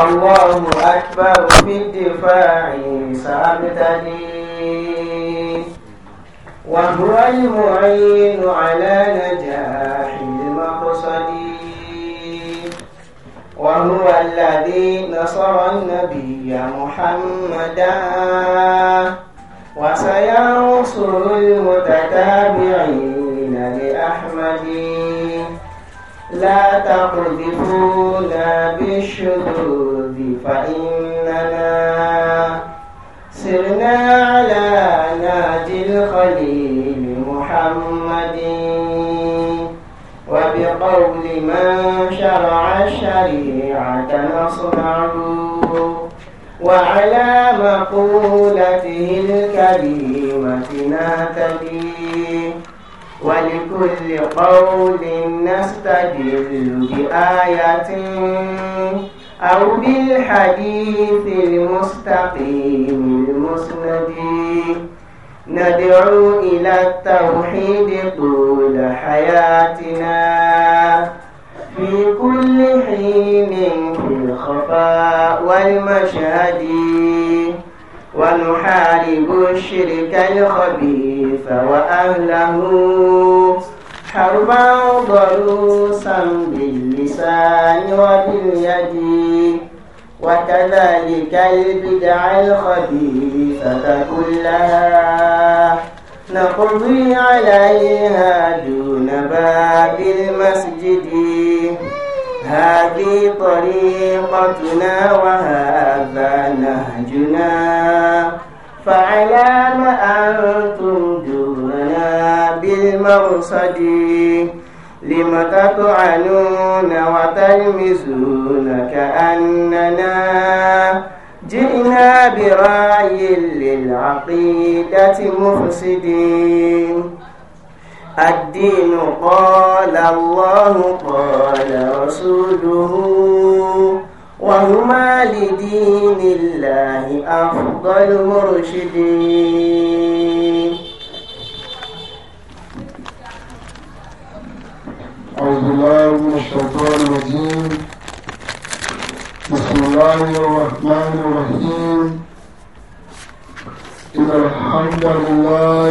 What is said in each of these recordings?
اللهم أكبر في الدفاع سأبتدي وهو المعين على نجاح المقصد وهو الذي نصر النبي محمدا وسينصر المتتابعين لأحمد لا تقذفونا بالشذوذ فإننا سرنا على ناج الخليل محمد وبقول من شرع الشريعة نصنع وعلى مقولته الكريمة نهتدي ولكل قول نستدل بآية أو بالحديث المستقيم المسند ندعو إلى التوحيد طول حياتنا في كل حين في الخفاء والمشهد ونحارب الشرك الخبيث وأهله حربا ضروسا باللسان وباليد وكذلك البدع الخبيثة كلها نقضي عليها دون باب المسجد هذه طريقتنا وهذا نهجنا فعلام أنتم دوننا بالمرصد لم تطعنون وتلمسون كأننا جئنا برأي للعقيدة مفسدين الدين قال الله قال رسوله وهما لدين الله أفضل مرشدين أعوذ بالله من الشيطان الرجيم بسم الله الرحمن الرحيم إن الحمد لله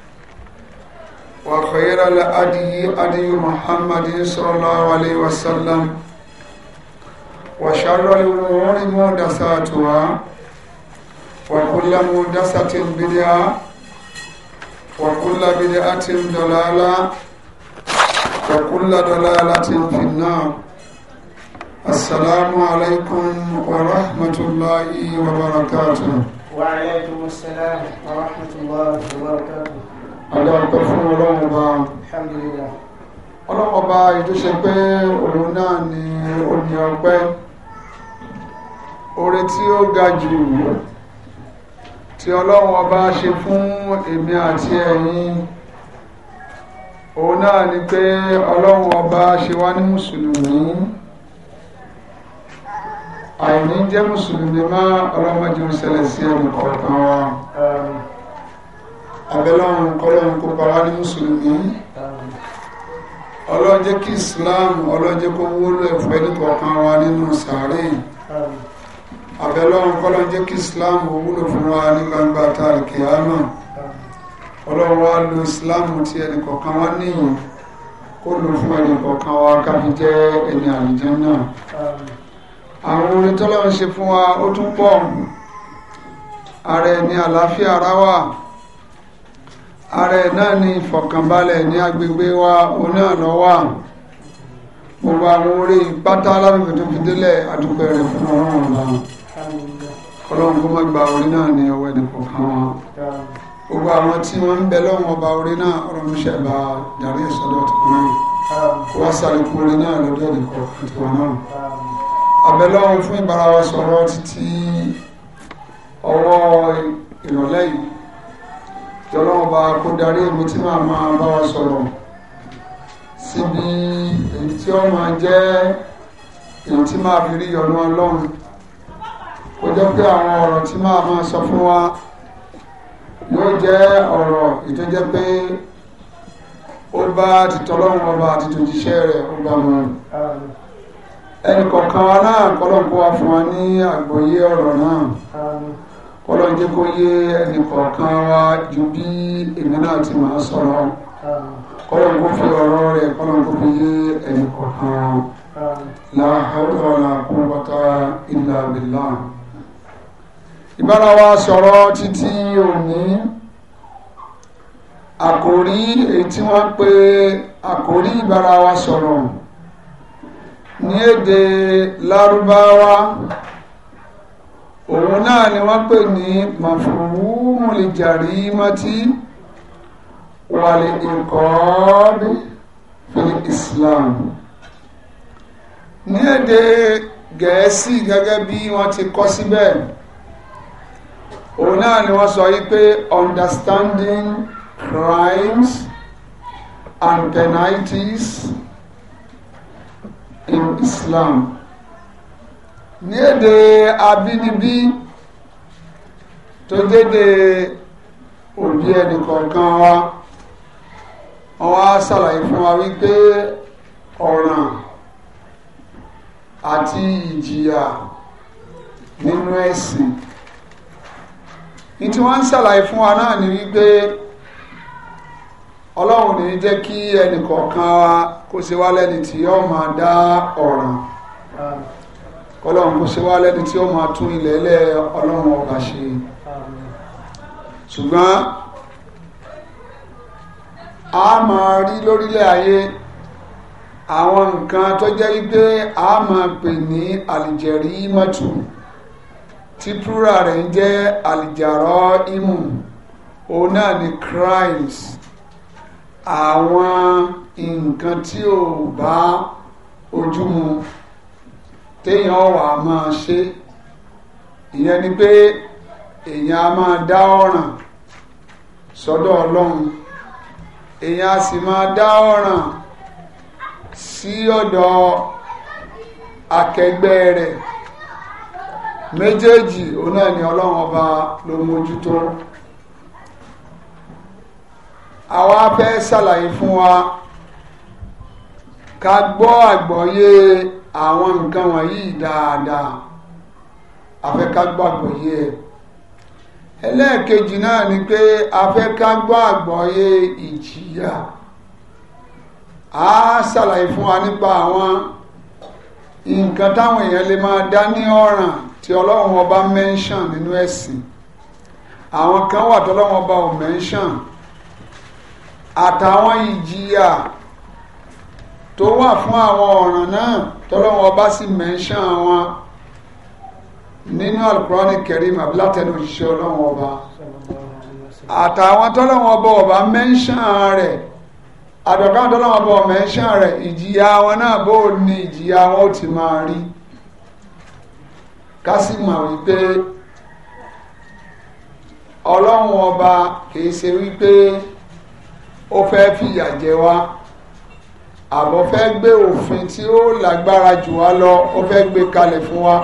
وخير الأدي أدي محمد صلى الله عليه وسلم وشر الأمور مهدساتها وكل مهدسة بدعة وكل بدعة ضلالة وكل ضلالة في النار السلام عليكم ورحمة الله وبركاته وعليكم السلام ورحمة الله وبركاته ọ̀dọ̀ ọ̀pẹ́ fún ọlọ́run ọba ọlọ́run ọba ìtúnṣe pé òun náà ni òní ọpẹ́ oore tí ó ga jù tí ọlọ́run ọba ṣe fún èmi àti ẹ̀yin òun náà ni pé ọlọ́run ọba ṣe wá ní mùsùlùmí àìní jẹ́ mùsùlùmí má ọlọ́mọdé ń ṣẹlẹ̀ sí ẹnì kọ̀ọ̀kan wa abẹ́lọ́run kọ́lọ́run kó para ní mùsùlùmí ọlọ́jẹ́ kí islam ọlọ́jẹ́ kó wúlò ẹ̀fọ́ ẹni kọ̀ọ̀kan wa nínú sàárè abẹ́lọ́run kọ́lọ́jẹ́ kí islam wúlò fún wa ní gbangba tàríkì àmà ọlọ́run wa lo islam ti ẹni wa níyìn kó lò fún ẹni wa káfí jẹ́ ẹni àlùjẹ́ náà àwọn orin tọ́lọ́run ṣe fún wa ó tún pọ̀ ààrẹ ni àlàáfíà ara wà ara ẹ̀ náà ni ìfọ̀kànbalẹ̀ ní agbègbè wa oníhànà wà gbogbo àwọn orí pátá alábẹ̀fẹ̀ tó fi délẹ̀ àdúgbò rẹ̀ fún ọlọ́run ọ̀la ọlọ́run kó má gba orí náà ní ọwọ́ ẹni kọ̀ọ̀kan wọn gbogbo àwọn tí wọ́n ń bẹ lọ́wọ́n ọba orí náà ọ̀rọ̀ ń ṣẹ̀bà jàre ìsọdọ̀ tó náà wá sàlékún orí náà lọ́dọ̀ ẹni kọ̀ọ̀kan tó náà abẹ́lọ́run fún ìbára wa sọ̀rọ̀ títí ọwọ́ ìrọ̀lẹ́ yìí kí ọlọ́run bá kó darí èmi tí màá máa bá wa sọ̀rọ̀ síbi èyí tí ó máa jẹ́ èyí tí màá fi rí ọ̀nà ọlọ́run kó jẹ́ pé àwọn ọ̀rọ̀ tí màá máa sọ fún wa yóò jẹ́ ọ̀rọ̀ ìtọ́jẹ́ pé ó bá tìtọ́lọ́run ọba àti tòjíṣẹ́ rẹ̀ ó bá wọn ẹnì kọ̀ọ̀kan wa náà kọ́lọ́ǹkọ́ wa fún wa ní àgbọ́yé ọ̀rọ̀ náà. ọlọ́run jẹ́ kó yé ẹnì wa ju bí èmi náà ti máa sọ̀rọ̀ ọrọ fi ọ̀rọ̀ rẹ̀ fi yé wa la wa sọ̀rọ̀ títí òní àkòrí èyí tí wọ́n pè àkòrí sọ̀rọ̀ ní èdè lárúbáwá. òun náà ni wọ́n pè ní mafhumul jarimati wal iqab fil islam ní èdè gẹ̀ẹ́sì gẹ́gẹ́ bí wọ́n ti kọ́ síbẹ̀ òun náà ni wọ́n sọ wípé understanding crimes and penalties in Islam ní abịnibi to tó dédé òbí ẹnì kọ̀ọ̀kan wa wọ́n wá ṣàlàyé fún wa wípé ọ̀ràn àti ìjìyà nínú ẹ̀sìn ní tí wọ́n ń ṣàlàyé fún wa náà ni wípé ọlọ́run ní jẹ́ kí ẹnì kọ̀ọ̀kan wa kó ṣe wá tí kọlọ́run kó ṣe wá lẹ́ni tí ó máa tún ilẹ̀ ilẹ̀ ọlọ́run ọba ṣe ṣùgbọ́n a máa rí lórílẹ̀ ayé àwọn nǹkan tó jẹ́ wípé a máa pè ní àlìjẹ̀rí mọ́tò tí plural rẹ̀ ń jẹ́ àlìjàrọ́ imú òun náà ni crimes àwọn nǹkan tí ò bá ojú mu téèyàn wà á máa ṣe ìyẹn ni pé èèyàn á máa dá ọ̀ràn sọ́dọ̀ ọlọ́run èèyàn á sì máa dá ọ̀ràn sí ọ̀dọ̀ akẹgbẹ́ rẹ̀ méjèèjì òun náà ni ọlọ́run ọba ló mójútó àwa fẹ́ ṣàlàyé fún wa ká gbọ́ àgbọ́yé àwọn nǹkan wọ̀nyí dáadáa afẹ́ká gbàgbọ́ yé ẹ̀ e. ẹlẹ́ẹ̀kejì náà ni pé afẹ́ká gbàgbọ́ yé ìjìyà a ṣàlàyé fún wa nípa àwọn nǹkan táwọn èèyàn lè máa dá ní ọ̀ràn tí ọlọ́run ọba mẹ́ńṣàn nínú ẹ̀sìn àwọn kan wà tọ́lọ́run ọba ò mẹ́ńṣàn àtàwọn ìjìyà tó wà fún àwọn ọ̀ràn náà tọ́lọ́wọ́n bá sì mẹ́ńṣán wọn nínú alukurani kẹrim àbí látẹnu òṣìṣẹ́ ọlọ́wọ́n ọba àtàwọn tọ́lọ́wọ́n ọba ọba mẹ́ńṣán rẹ̀ àdọ̀ká tọ́lọ́wọ́n ọba mẹ́ńṣán rẹ̀ ìjìyà wọn náà bó ni ìjìyà wọn ó ti máa rí ká sì mọ̀ wípé ọlọ́run ọba kìí ṣe wípé ó fẹ́ fìyà jẹ wá àbọ̀ fẹ́ gbé òfin tí ó lágbára jù wá lọ ó fẹ́ gbé kalẹ̀ fún wa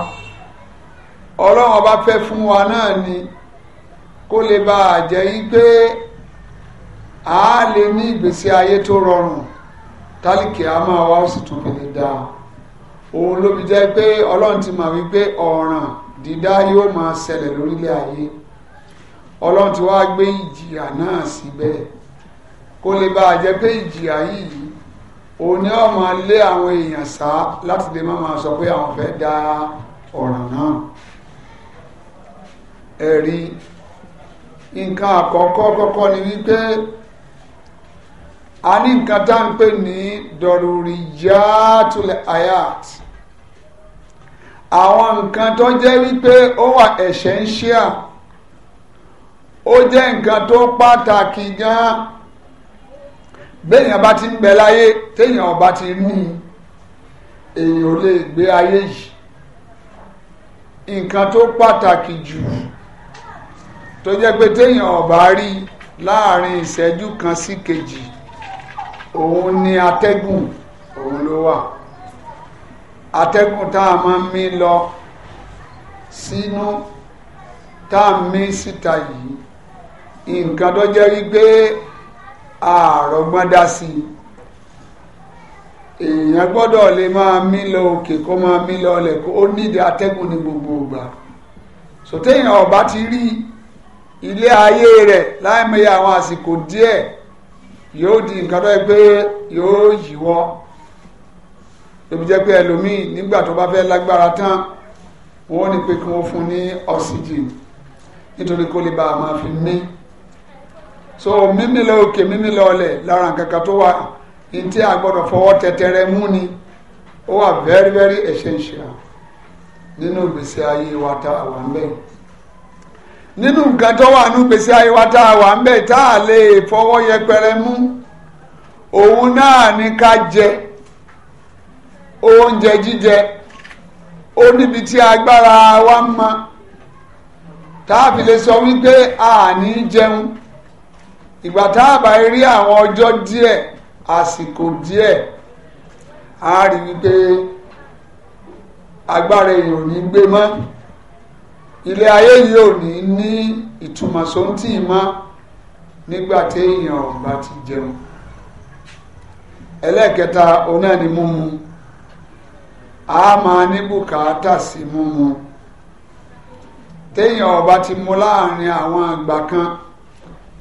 ọlọ́run ọba fẹ́ fún wa náà ni kó lè bá a jẹ́ yí pé a lè ní ìgbésí ayé tó rọrùn tálíkì a máa wá ó sì tún fi lè dáa òun ló fi jẹ́ pé ọlọ́run ti mọ̀ wípé ọ̀ràn dídá yóò máa ṣẹlẹ̀ lórílẹ̀ ayé ọlọ́run ti wá gbé ìjìyà náà síbẹ̀ kó lè bá a jẹ́ pé ìjìyà yìí òun ni wọ́n máa lé àwọn èèyàn sá láti lè má máa sọ pé àwọn fẹ́ dá ọ̀ràn náà ẹ̀rí nǹkan àkọ́kọ́ kọ́kọ́ ni wípé a ní nǹkan tá ń pè ní dọ̀rùrì yàtúlẹ̀ ayat àwọn nǹkan tó jẹ́ wípé ó wà essential ó jẹ́ nǹkan tó pàtàkì gan-an béèyàn bá ti ń bẹ láyé téèyàn ọba ti ní èèyàn ò lè gbé ayé yìí nǹkan tó pàtàkì jù tó jẹ́ pé téèyàn ọba rí láàrin ìṣẹ́jú kan sí kejì òun ni atẹ́gùn òun ló wà atẹ́gùn tá a máa ń mí lọ sínú tá a mí síta yìí nǹkan tó jẹ́ wípé àrọ̀gbọ́n dá sí i èèyàn gbọ́dọ̀ lè máa mí lọ òkè kó máa mí lọ ọlẹ̀ kó ó nídìí atẹ́gùn ní gbogbo ìgbà sòtéèyàn ọba ti rí ilé ayé rẹ̀ láìmọye àwọn àsìkò díẹ̀ yóò di nǹkan tó yẹ pé yóò yíwọ́ ebi jẹ́ pé ẹlòmíì nígbà tó bá fẹ́ lágbára tán wọ́n ní pé kí wọ́n fún ní oxygen nítorí kó lè bá a máa fi mí so mímí lọ òkè mímí lọ ọlẹ̀ lára nǹkan kan tó wà ní tí a tẹtẹrẹ mú ni ó wà very very essential nínú ìgbésí ayé wa tá a wà ń bẹ̀ nínú nǹkan tó wà nínú ìgbésí ayé wa tá a wà ń bẹ̀ tá a lè fọwọ́ yẹpẹrẹ mú òun náà ni ká jẹ oúnjẹ jíjẹ ó níbi tí agbára wa mọ tá a fi lè sọ wípé a ní jẹun ìgbà tá a bá rí àwọn ọjọ́ díẹ̀ àsìkò díẹ̀ a rí wípé agbára èèyàn ò ní gbé mọ́ ilé ayé yìí ò ní ní ìtumọ̀ sóńtì mọ́ nígbà tí èèyàn bá ti jẹun ẹlẹ́ẹ̀kẹta òun náà ni múmu a máa ní bùkátà sí múmu téèyàn ò ti mu láàrin àwọn àgbà kan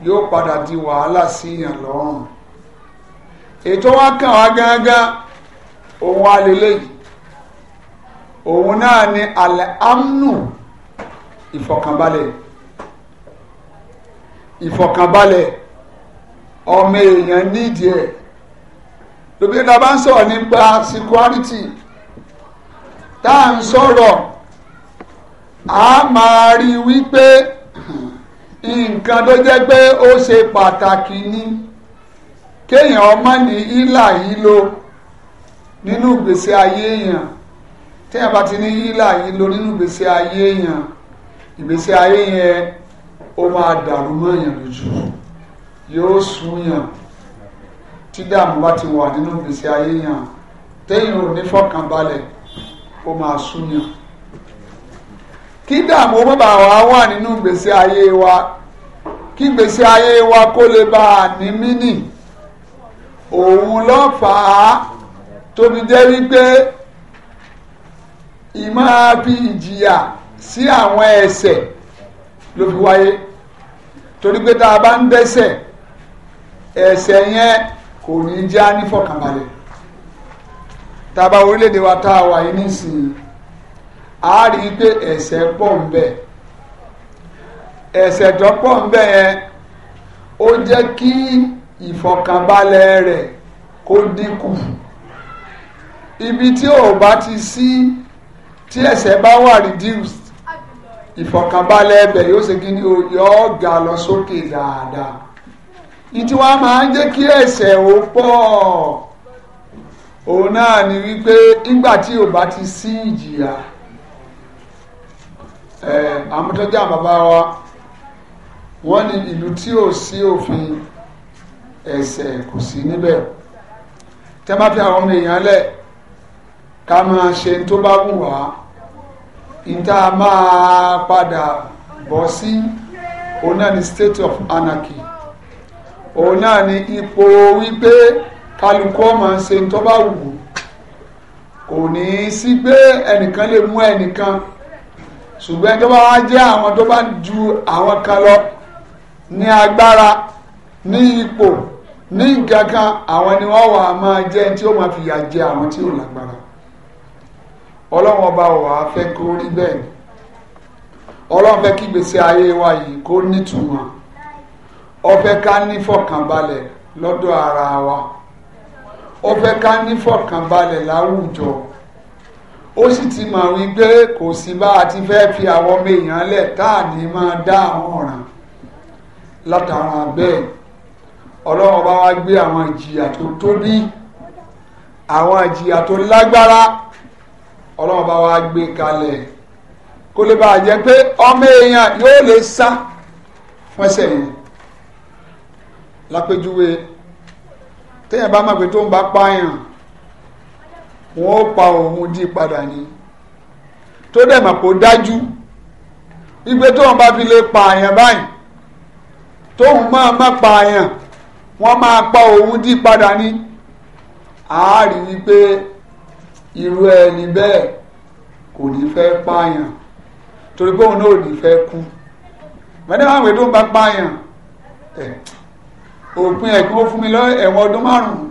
yóò padà di wàhálà sí yàn lọ́rùn ètò wa kàn wá gángan òun àlélẹ́yìí òun náà ni alẹ́ amnu ìfọ̀kànbalẹ̀ ìfọ̀kànbalẹ̀ ọmọ èèyàn nídìí ẹ̀ lóbi ta bá ń sọ̀rọ̀ nípa security tá à ń sọ̀rọ̀ a máa rí wípé nǹkan tó jẹ́ pé ó ṣe pàtàkì ni kéèyàn ọmọ ní hílà yìí lò nínú ìgbésí ayé èèyàn téèyàn bá ti ní hílà yìí lò nínú ìgbésí ayé èèyàn ìgbésí ayé yẹn ó máa dàrú mọ́ èèyàn lójú yóò súnyàn tí dààmú bá ti wà nínú ìgbésí ayé èèyàn téèyàn ò ní fọkànbalẹ̀ ó máa súnyàn kí dààmú má bàa wá wà nínú gbèsè ayé wa kí gbèsè ayé wa kó lè bá a ní mínì òun ló fà á tóbi jẹ́ wípé ìmáa fi ìjìyà sí àwọn ẹ̀ṣẹ̀ ló fi wáyé torí pé tá a bá ń dẹ́ṣẹ̀ ẹ̀ṣẹ̀ yẹn kò ní já ní fọkànbalẹ̀ tá a bá orílẹ̀-èdè wa tá a wà yìí nísìnyí a rí i pé ẹ̀ṣẹ̀ pọ̀ ń bẹ ẹ̀ṣẹ̀ tó pọ̀ ń bẹ yẹn ó jẹ́ kí ìfọ̀kànbalẹ̀ rẹ̀ kó dínkù ibi tí ò bá ti sí tí ẹ̀ṣẹ̀ bá wà reduced ìfọ̀kànbalẹ̀ ẹbẹ̀ yóò ṣe kí ni o yọ ga lọ sókè dáadáa ìtí máa ń jẹ́ kí ẹ̀ṣẹ̀ ó pọ̀ òun náà ni wípé nígbà tí ò bá ti sí ìjìyà. Eh, àwọn tó jẹ́ àbàbá wa wọ́n ní ìlú tí ò sí òfin ẹ̀ṣẹ̀ kò sí níbẹ̀ tẹ́ bá fi àwọn ọmọ èèyàn lẹ̀ ká máa ṣe tó bá wù wá ìta máa padà bọ́ sí òun náà ni state of anarchy òun náà ni ipò wípé kálukú máa ń ṣe tó bá wù kò ní í sí pé ẹnìkan lè mú ẹnìkan ṣùgbọ́n tó bá wá jẹ́ àwọn tó bá ju àwọn kan lọ ní agbára ní ipò ní nǹkan kan àwọn ni wọ́n wà máa jẹ́ tí ó máa fìyà jẹ àwọn tí ò lágbára ọlọ́run ọba wà á fẹ́ kó rí bẹ́ẹ̀ ọlọ́run fẹ́ kí gbèsè ayé wa yìí kó nítumọ̀ ó fẹ́ ká nífọ̀kànbalẹ̀ lọ́dọ̀ ara wa ó fẹ́ ká nífọ̀kànbalẹ̀ láwùjọ ó sì ti mọ̀ wípé kò sí bá a ti fẹ́ fi àwọn ọmọ èèyàn lẹ̀ táàdì máa dá àwọn ọ̀ràn látara bẹ́ẹ̀ ọlọ́run bá wá gbé àwọn ìjìyà tó tóbi àwọn ìjìyà tó lágbára ọlọ́run bá wá gbé kalẹ̀ kó lè bá a jẹ́ pé ọmọ èèyàn yóò lè sá fún ẹsẹ̀ yẹn lápèjúwe téèyàn bá mọ̀ pé tó ń bá pààyàn wọ́n pa òun dí padà ni tó dẹ̀ mọ̀ kó dájú igbe tóun bá fi lè pa àyàn báyìí tóun máa má pa àyàn wọ́n máa pa òun dí padà ni àárí wípé irú ẹni bẹ́ẹ̀ kò ní fẹ́ pààyàn torí pé òun náà ò ní fẹ́ kú mẹ́tẹ́wọ́n àwọn ètò ń bá pààyàn òpin ẹ̀kọ́ fún mi lọ ẹ̀wọ̀n ọdún márùn-ún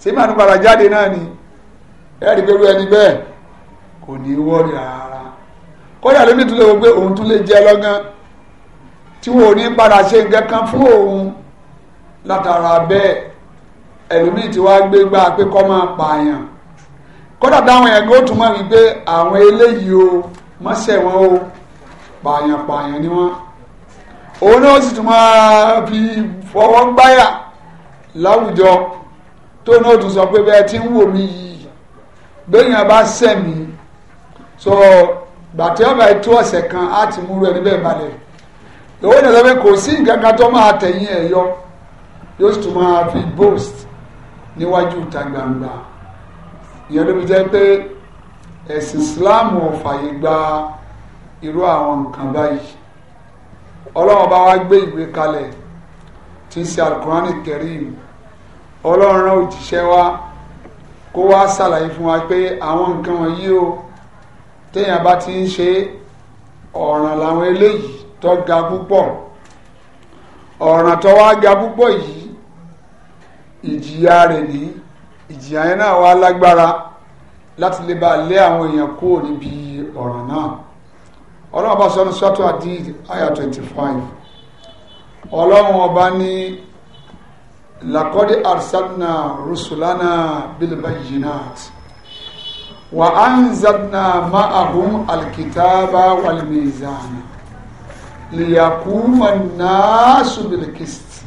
sí màdùn padà jáde náà ni ẹ̀rí pẹ̀lú ẹni bẹ́ẹ̀ kò ní í wọ́ọ̀rì rárá kódà lómi tún lè wọ pé òun tún lè jẹ lọ́gán tí wọn ò ní padà ṣe nǹkan kan fún òun látara bẹ́ẹ̀ ẹlòmíì tí wàá gbé gbá pé kọ́ máa pààyàn kódà táwọn yẹn kó tún wípé àwọn eléyìí o mọ́sẹ̀ wọn o pààyàn pààyàn ni wọ́n òun náà sì tún máa fi fọwọ́ gbáyà láwùjọ tó náà tún sọ pé bẹ́ẹ̀ tí ń wò mí yìí béèyàn bá sẹ̀mí so bàtí ọba ètò ọ̀sẹ̀ kan á ti múru ẹni bẹ́ẹ̀ balẹ̀ ìwé ìdàgbà pé kò sí nǹkan kan tó máa tẹ̀yìn ẹ̀ yọ yóò tún máa fi boast níwájú ìta gbangba ìyẹn ló fi jẹ́ pé ẹ̀sìn Islam ò fàyè gba irú àwọn nǹkan báyìí ọlọ́run bá wá gbé ìwé kalẹ̀ tí ń ṣe alukurani kẹrim ọlọ́run òjíṣẹ́ wá kó wá ṣàlàyé fún wa pé àwọn nǹkan wọ̀nyí o téèyàn bá ti ń ṣe ọ̀ràn làwọn eléyìí tó ga púpọ̀ ọ̀ràn tó wá ga púpọ̀ yìí ìjìyà rẹ̀ ní ìjìyà yẹn náà wá lágbára láti lè bá lé àwọn èèyàn kúrò níbi ọ̀ràn náà ọlọ́run bá sọ́nu sọ́tọ̀ àdí àyà twenty five ọlọ́run ọba ní lakọ́dí arsalna rusulana bilbayinat wa anzalna ma'ahum alkitaba walmizana liyakuma naasu bilkist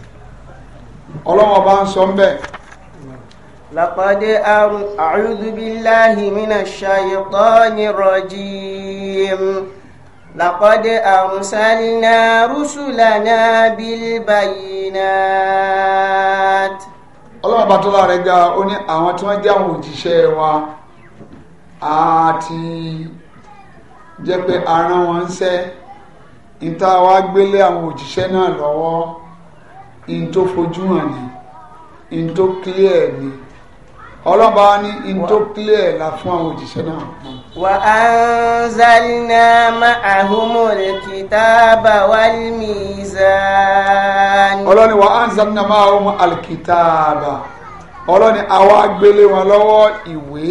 ọlọ́wọ́ bá ń sọ ń bẹ́ẹ̀. لقد أعوذ بالله من الشيطان الرجيم لقد أرسلنا رسلنا بالبينات ọlọ́run bá tọ́lá rẹ̀ ga ó ní àwọn tí wọ́n jẹ́ àwọn òjíṣẹ́ wa àti jẹ́ pé ara wọn ń sẹ́ níta wá gbélé àwọn òjíṣẹ́ náà lọ́wọ́ ní tó fojú hàn ní ní tó clear ní ọlọ́ba ní intokile ẹ̀ la fún àwọn òjíṣẹ́ náà. wà á ń zálínà máàhùmùrè kìtàbà wàlmìzàn. ọlọ́ni wà á ń zálínà máàhùmù àlìkìtàbà ọlọ́ni àwa gbélé wọn lọ́wọ́ ìwé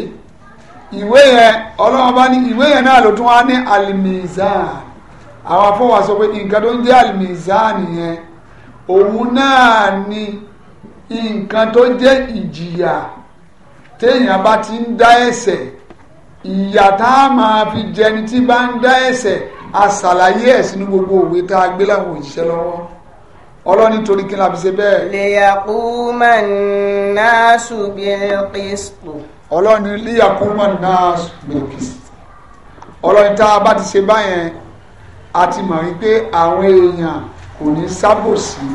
ìwé yẹn ọlọ́ba ní ìwé yẹn náà ló tún wá ní àlìmìzàn àwọn afọwọ́ sọ pé nǹkan tó ń jẹ́ àlìmìzàn yẹn òun náà ni nǹkan tó jẹ́ ìjìyà téèyàn bá ti ń dá ẹ̀ṣẹ̀ ìyà tá a máa fi jẹni tí bá ń dá ẹ̀ṣẹ̀ a ṣàlàyé ẹ̀ sínú gbogbo òwe tá a gbé láwọn òṣìṣẹ́ lọ́wọ́ ọlọ́ni torí kí n láfi ṣe bẹ́ẹ̀. lèyàkú máa ń ná ṣùgbì kristu. ọlọ́ni lèyàkú máa ń ná ṣùgbì kristu. ọlọ́ni tá a bá ti ṣe báyẹn a ti mọ̀ wípé àwọn èèyàn kò ní sábòsí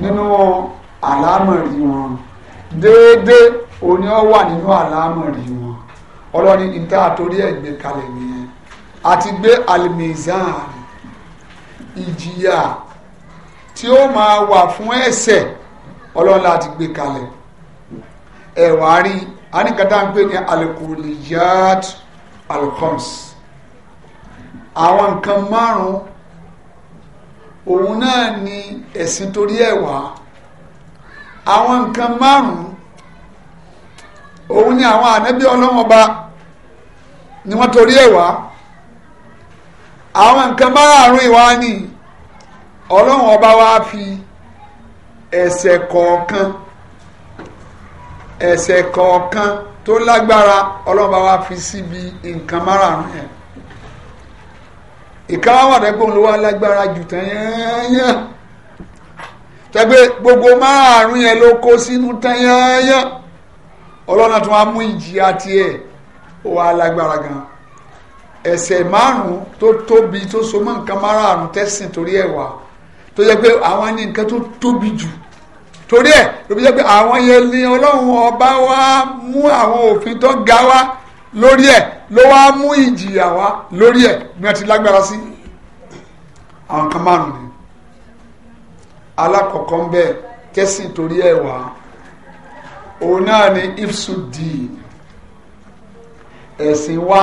nínú àlámọ̀rí wọn déédéé òní ọ wà nínú àlámọ̀rí wọn ọlọ́ni ní tá a torí ẹ̀ gbé kalẹ̀ nìyẹn àti gbé alimizan ìjìyà tí ó máa wà fún ẹ̀ṣẹ̀ ọlọ́run láti gbé kalẹ̀ ẹ̀wà rí anìkàtà ń pè ní alikuruliyat alcoms àwọn nǹkan márùn-ún òun náà ni ẹ̀sìn torí ẹ̀wà àwọn nǹkan márùn-ún òun ni àwọn ànábì ọlọ́wọ́n ba ni wọ́n torí ẹ̀ wá àwọn nǹkan márààrún ìwá ni ọlọ́wọ́n ọba wa fi ẹ̀ṣẹ̀ kọ̀ọ̀kan ẹ̀ṣẹ̀ kọ̀ọ̀kan tó lágbára ọlọ́wọ́n ọba wa fi síbi nǹkan márààrún yẹn ìkáwá wà ló wá lágbára jù tán yẹ́nyẹ́n tẹ́gbẹ́ gbogbo márààrún yẹn ló kó sínú tán yẹ́nyẹ́n ọlọ́run tó wá mú ìjìyà tiẹ̀ ó wá lágbára gan ẹ̀ṣẹ̀ márùn-ún tó tóbi tó so mọ́ nǹkan márùn-ún tẹ́sìn torí ẹ̀ wá tó jẹ́ pé àwọn ní nǹkan tó tóbi jù torí ẹ̀ ló fi jẹ́ pé àwọn yẹn ní ọlọ́run ọba wá mú àwọn òfin tó ga wá lórí ẹ̀ ló wá mú ìjìyà wá lórí ẹ̀ bí wọ́n ti lágbára sí àwọn kan márùn-ún ni alákọ̀ọ́kọ́ ń bẹ́ẹ̀ tẹ́sìn torí ẹ̀ wá òun náà ni ifsudin wa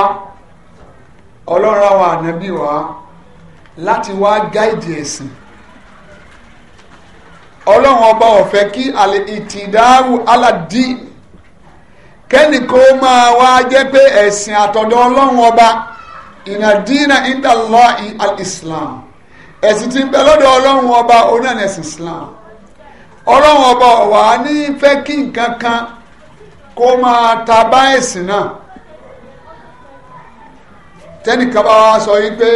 ọlọ́run àwọn ànábì wa láti wá gáìdì ẹ̀sìn ọlọ́run ọba ọ̀fẹ́ kí àlè ìtìdáàrú aládì kẹ́nìkan ó máa wá jẹ́ pé ẹ̀sìn àtọ̀dọ̀ ọlọ́run ọba ìnàdínà ìdàlọ́ al-Islam ẹ̀sìn ti ń bẹ lọ́dọ̀ ọlọ́run ọba Islam ọlọ́run ọba ọ̀wà ní fẹ́ kí nǹkan kan kó máa ta bá ẹ̀sìn náà tẹ́nìkan bá wá sọ yí pé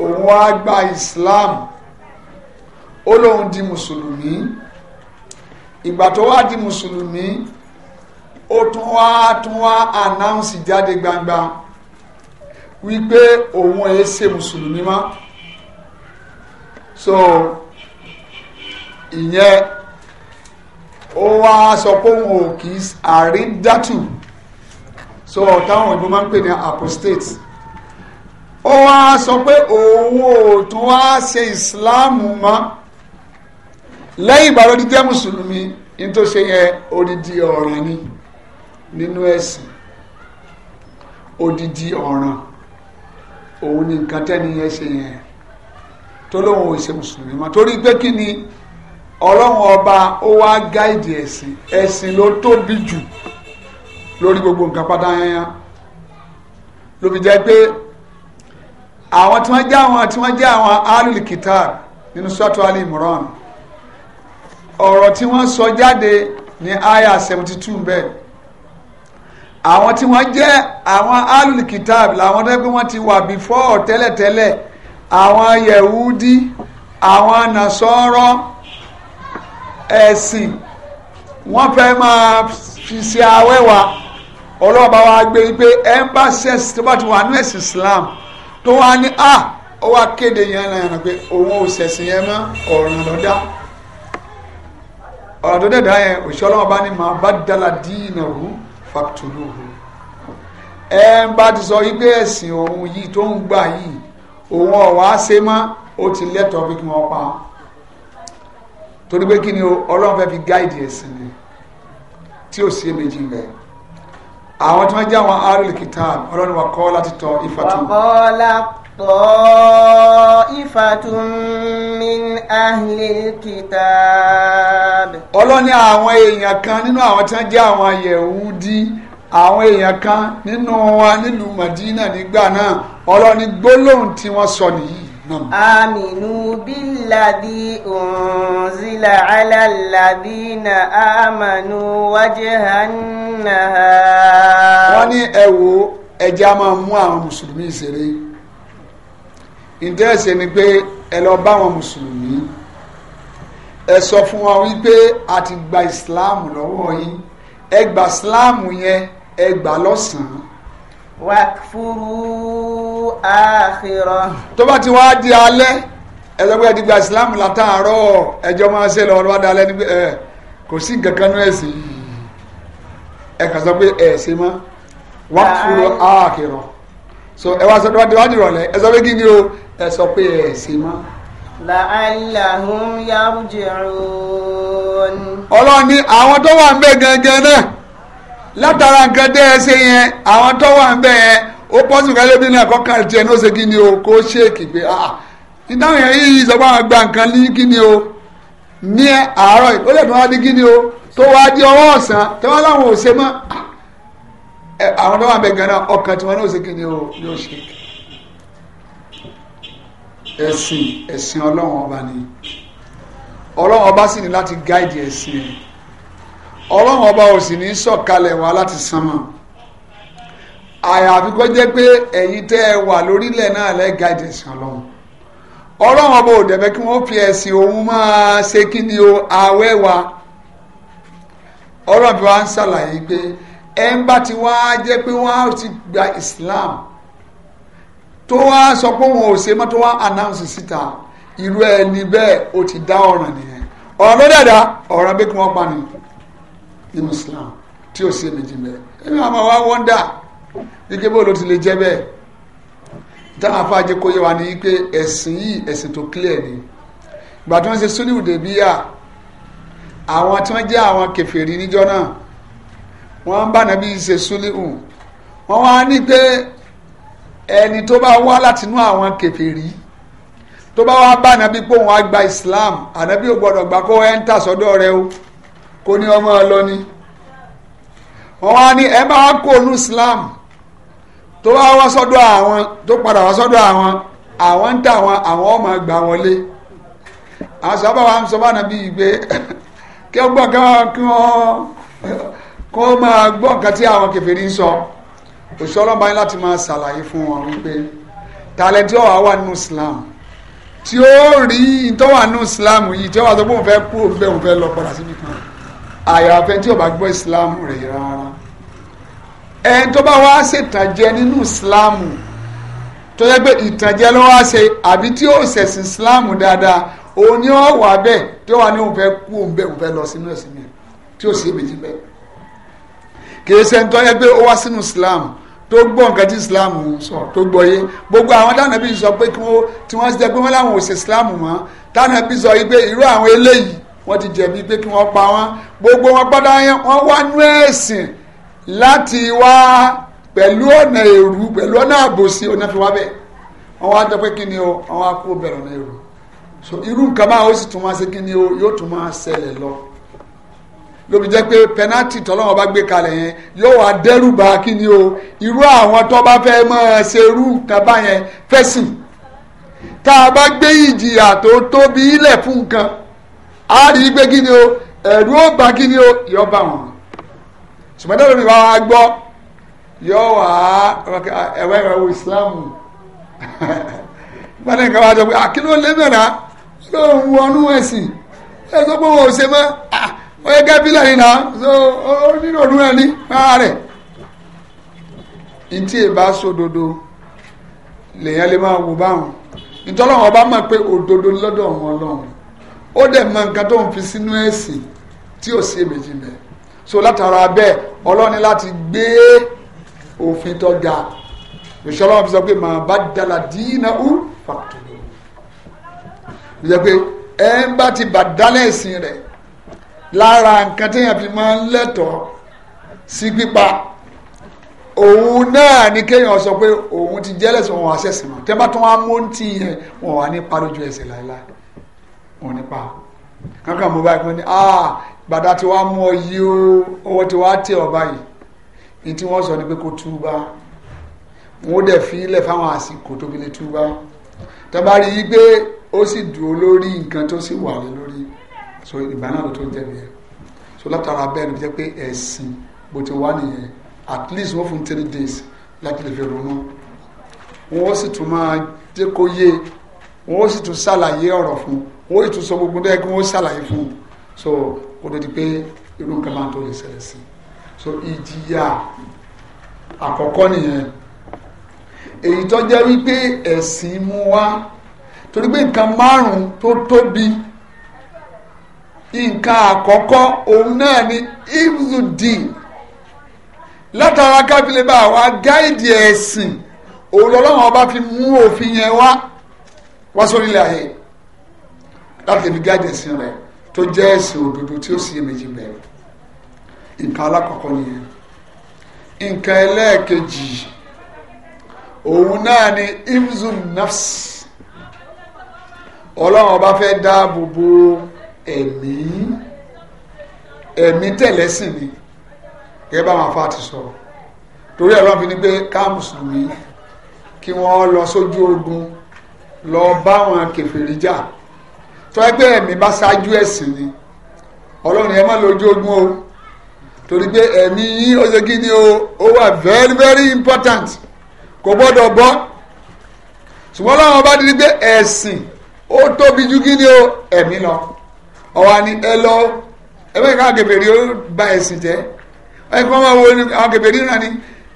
òun wá gba Islam ó lóun di mùsùlùmí ìgbà tó wá di mùsùlùmí ó tún wá tún wá announce jáde gbangba wípé òun ẹ̀ ṣe mùsùlùmí mọ́ so ìyẹn ó wá sọ pé òun ò kì í àrídàtù so táwọn ìbọn máa ń pè ní apostate ó wá sọ pé òun ò tún wá ṣe ìsìláàmù mọ́ lẹ́yìn ìbára odi jẹ́ mùsùlùmí nítorí ṣe yẹn odidi ọ̀ràn ni nínú ẹ̀sìn odidi ọ̀ràn òun ni nǹkan tẹ́ni yẹn ṣe yẹn tó lóun ò ṣe mùsùlùmí mọ́ torí pé kí ni ọlọ́run ọba ó wá gáìdì ẹ̀sìn ẹ̀sìn ló tóbi jù lórí gbogbo nǹkan pátá yányá ló fi jẹ́ pé àwọn tí wọ́n jẹ́ àwọn tí wọ́n jẹ́ àwọn alulikitar nínú sọ́tọ̀ ali imran ọ̀rọ̀ tí wọ́n sọ jáde ní aya seventy two bẹ́ẹ̀ àwọn tí wọ́n jẹ́ àwọn alulikitar làwọn tó yẹ pé wọ́n ti wà before tẹ́lẹ̀tẹ́lẹ̀ àwọn yẹ̀wúdí àwọn nàṣọ́rọ́ ẹ̀sìn wọ́n fẹ́ máa fi ṣe awẹ́wà ọlọ́ọ̀bá wa gbé pé embassies tó bá ti wà ní ẹ̀sìn Islam tó wá ní a ó wá kéde yẹn náà pé òun ò ṣẹ̀sìn yẹn mọ́ ọ̀ràn lọ́dá ọ̀rọ̀ tó dẹ̀dá yẹn òṣìṣẹ́ ọlọ́wọ́ bá ní máa bá dala díìnà rú fàtúlù rú ń bá ti sọ wípé ẹ̀sìn òun yìí tó ń gbà yìí òun ọ̀wá ṣe mọ́ ó ti lẹ́tọ̀ọ́ bí kí wọ́n pa á torí pé kí ni o ọlọ́run fẹ́ fi gáìdì ẹ̀sìn ni tí ò sí èméjì rẹ̀ àwọn tí wọ́n jẹ́ àwọn arìlì kìtàn ọlọ́run wà kọ́ láti tọ ìfàtún. wàkọ́lá tọ́ífàtún min ahlil kìtàb. ọlọ́run ní àwọn èèyàn kan nínú àwọn tí wọ́n jẹ́ àwọn yẹ̀wúdí àwọn èèyàn kan nínú wa nílùú Madina nígbà náà ọlọ́run ní gbólóhùn tí wọ́n sọ nìyí آمنوا بالذي أنزل على الذين آمنوا وجه النهار wọ́n ní ẹ wo ẹjẹ́ a máa mú àwọn mùsùlùmí ṣeré ìdẹ́ẹ̀sẹ̀ ni pé ẹ lọ bá àwọn mùsùlùmí ẹ sọ fún wọn wípé a ti gba ìsìláàmù lọ́wọ́ yín ẹ gba ìsìláàmù yẹn ẹ gbà lọ́sàn-án wàkfúrú àkìrọ. tó bá ti wá di alẹ́ ẹ̀sọ́ pé ẹ ti gba ìsìlámù látàárọ̀ ẹjọ́ máa ṣe lọ́wọ́ lọ́wọ́ dalẹ́ ní kò sí nǹkan kan náà ẹ̀sìn ẹ kàn sọ pé ẹ ṣe mọ́ wàkfúrú àkìrọ so ẹ wá sọ tó bá ti wá di ìrọ̀lẹ́ ẹ sọ pé kí ni o ẹ sọ pé ẹ ṣe mọ́. la'allahum yarji'un. ọlọ́run ni àwọn tó wà ń bẹ gangan náà látara nǹkan tẹ́ ẹ ṣe yẹn àwọn tó wà ń bẹ̀ yẹn ó pọ́sùn kálẹ̀ bí náà kọ́kàn tiẹ̀ ní ó ṣe kí ni o kó ṣèkì pé ah, ah ìdáhùn yẹn yìí sọ pé àwọn gba nǹkan ní kí ni o ní àárọ̀ ó lè tó wá ní kí ni o tó wá di ọwọ́ ọ̀sán tó wá láwọn ò ṣe mọ́ ah, àwọn tó wà ń bẹ̀ gan-an ọkàn tiwọn ní ó ṣe kí ni o yóò ṣèkì ẹ̀sìn ẹ̀sìn ọlọ́run ọba ni ọlọ́run ọba sì ní láti gáìdì ẹ̀sìn ẹ̀ ọlọ́run ọba ò sì ní sọ̀kalẹ̀ wá láti sánmà àyàfi kó jẹ́ pé ẹ̀yin tẹ́ ẹ wà lórílẹ̀ náà lẹ́ga ìjẹ̀sìn ọlọ́run ọlọ́run ọba ò dẹ̀bẹ́ kí wọ́n fi ẹ̀sìn òun máa ṣe kí ni o àwẹ́ ọlọ́run bí wọ́n ń ṣàlàyé pé ẹ ń bá ti wá jẹ́ pé wọ́n á ti gba Islam tó wá sọ pé wọn ò ṣe mọ́ tó wá announce síta irú ẹni bẹ́ẹ̀ ó ti dá ọ̀ràn nìyẹn ọ̀ràn ló dàda ọ̀ràn bí kí wọ́n pa nìyẹn nínú Islam tí ó sì èméjì mẹ́ ẹni àwọn wa wọ́ndà ike bó ló ti lè jẹ́ bẹ́ẹ̀ táwọn afáàjẹ kó yẹ wa ní pé ẹ̀sìn yìí ẹ̀sìn tó clear ni ìgbà tí wọ́n ṣe sunni dèbíyà àwọn tí wọ́n jẹ́ àwọn kèfèrí níjọ́ náà wọ́n bá nàbí ṣe súlíhù wọ́n wá ní pé ẹni tó bá wá látinú àwọn kèfèrí tó bá wá bá nàbí pé òun á gba Islam ànàbí ò gbọ́dọ̀ gbà kó ẹ́ńtà sọ́dọ̀ rẹ o kò ní ọmọ ọ lọ ni wọ́n wá ní ẹ bá kó nu Islam tó wá wá sọ́dọ̀ àwọn tó padà wá sọ́dọ̀ àwọn àwọn ń tà wọn àwọn ọmọ gbà wọlé àwọn sábà wa ń sọ báyìí bí ìgbé kí wọ́n gbọ́ kí wọ́n kó máa gbọ́ nǹkan tí àwọn kèfèrí ń sọ òṣìṣẹ́ ọlọ́mọba yín láti máa ṣàlàyé fún wọn wípé tàlẹ́ntì ọ̀wà wà nínú Islam tí ó rí ìtọ́wà nínú Islam yìí tí ó wà sọ pé òun kú òun fẹ́ lọ padà síbi kan àyàfẹ́ tí ó bá gbọ́ islam rẹ̀ rárá ẹni tó bá wá ṣètànjẹ nínú islam tó yẹ pé ìtànjẹ ló wá ṣe àbí tí ó ṣẹ̀sìn islam dáadáa òun ni ó wà bẹ́ẹ̀ tí ó wà ní òun fẹ́ kú òun bẹ́ẹ̀ òun fẹ́ lọ sínú ẹ̀sìn mi tí ó sì èméjì bẹ́ẹ̀ kìí ṣe ń yẹ pé ó wá sínú islam tó gbọ́ nǹkan tí islam sọ tó gbọ́ yé gbogbo àwọn dáná bí sọ pé kí wọ́n ti jẹ́ pé wọ́n láwọn ò ṣe islam mọ́ dáná bí sọ yìí pé irú àwọn eléyìí wọ́n ti jẹ̀bi pé kí wọ́n pa wọ́n gbogbo wọn gbọ́dọ̀ yẹn wọ́n wá nú ẹ̀sìn láti wá pẹ̀lú ọ̀nà èrú pẹ̀lú ọ̀nà àbòsí ọ̀nà fi wọ́n wá jẹ́ pé kí ni o àwọn akó bẹ̀rẹ̀ ọ̀nà èrú so irú nǹkan báyìí ó sì tún máa ṣe kí ni o yóò tún máa ṣẹlẹ̀ lọ lóbi jẹ́ pé pẹnátì tọ́lọ́wọ́n bá gbé kalẹ̀ yẹn yóò wá dẹ́rù bá kí ni o irú àwọn tó bá fẹ́ máa ṣe irú nǹkan báyẹn fẹ́sìn tá a bá gbé ìjìyà tó tóbi ilẹ̀ fún nǹkan á rí i pé kí ni o ẹ̀rú ó bá kí ni o yọ bá wọn ṣùgbọ́n tó lómi wàá gbọ́ yọ wà á ẹ̀wẹ́ ẹ̀wẹ́ wo ìsìláàmù gbọ́dọ̀ nǹkan wá sọ pé àkínú lẹ́mẹ̀rà ló ń wọnú ẹ̀sìn ẹ sọ pé wọn ò ṣe mọ́ ọ yẹ gẹ́bílẹ̀ nínú ọ nínú ọdún ẹni rárá rẹ̀ ntí ìbá sódodo lèyàn lè máa wò báwọn ntọ́lọ́wọ́n ọba mọ̀ pé òdodo lọ́dọ̀ wọn lọ́wọ́ ó dẹ̀ mọ nǹkan tó ń fi sínú ẹ̀sìn tí ò sí èméjì mẹ́ so látara bẹ́ẹ̀ ọlọ́ni láti gbé òfin tó ga òṣìṣẹ́ ọlọ́run fi sọ pé màá bá dala dínà ú fàtó ló jẹ́ pé ẹ ń bá ti bà dálẹ̀ ẹ̀sìn rẹ̀ lára nǹkan téèyàn fi máa ń lẹ́tọ̀ọ́ sí pípa òun náà ni kéèyàn sọ pé òun ti jẹ́lẹ̀sìn wọn wá sẹ̀sìn mọ́ tẹ́ bá tún wá mú ti yẹn wọn wà ní parójú ẹsẹ̀ láéláé wọn nípa kankan mo báyìí pé ní ah gbàdá tí wàá mú ọ yí o owó tí wàá tẹ ọ báyìí ní tí wọ́n sọ ni pé kó túbá wọn ó dẹ̀ fi ilẹ̀ fáwọn àsìkò tóbi lè túbá tọ́ba rí i pé ó sì dúró lórí nǹkan tó sì wà lórí so ìgbà náà ló tó ń jẹ̀bi ẹ̀ so látara bẹ́ẹ̀ ni jẹ́ pé ẹ̀sìn bó ti wá nìyẹn at least wọ́n fún three days láti lè fi ronú wọ́n ó sì tún máa jẹ́ kó yé wọ́n ó sì tún ṣàlàyé ọ̀rọ̀ fún un wọ́n yìí tún sọ gbogbo dẹ́ kí wọ́n ṣàlàyé fún un so kó tó di pé irú nǹkan máa tó lè ṣẹlẹ̀ sí so ìjìyà àkọ́kọ́ nìyẹn èyí tó jẹ́ wípé ẹ̀sìn mú wá torí pé nǹkan márùn-ún tó tóbi nǹkan àkọ́kọ́ òun náà ni ibzudin látara kábílẹ̀ bá wa gáìdì ẹ̀sìn òun lọ́lọ́wọ́n ọba fi mú òfin yẹn wá wá sórí ilẹ̀ ayé láti lè fi gáàdì ẹ̀sìn rẹ̀ tó jẹ́ ẹ̀sìn òdodo tí ó sì yẹ méjì bẹ̀rẹ̀ nǹkan alákọ̀ọ́kọ́ nìyẹn nǹkan ẹlẹ́ẹ̀kejì òun náà ni imzun nafs ọlọ́run ọba fẹ́ dáàbò bo ẹ̀mí ẹ̀mí tẹ̀lẹ́sìn ni gẹ́gẹ́ bá àwọn afá ti sọ̀rọ̀ torí ẹ̀rọ fi ni pé ká mùsùlùmí kí wọ́n lọ sójú ogun lọ bá wọn kèfèrí jà tó ẹgbẹ́ ẹ̀mí bá ṣáájú ẹ̀sìn ni ọlọ́run ẹ má lójú ogun o torí pé ẹ̀mí yín ó ṣe kí ni o ó wà very very important kò gbọ́dọ̀ bọ́ ṣùgbọ́n láwọn bá dirí pé ẹ̀sìn ó tóbi ju kí ni o ẹ̀mí lọ ọ̀wà ni ẹ lọ ẹgbẹ́ ìka àgbèbèrè ó ba ẹ̀sìn jẹ́ ẹ̀kọ́ máa wo ni àwọn àgbèbèrè náà ni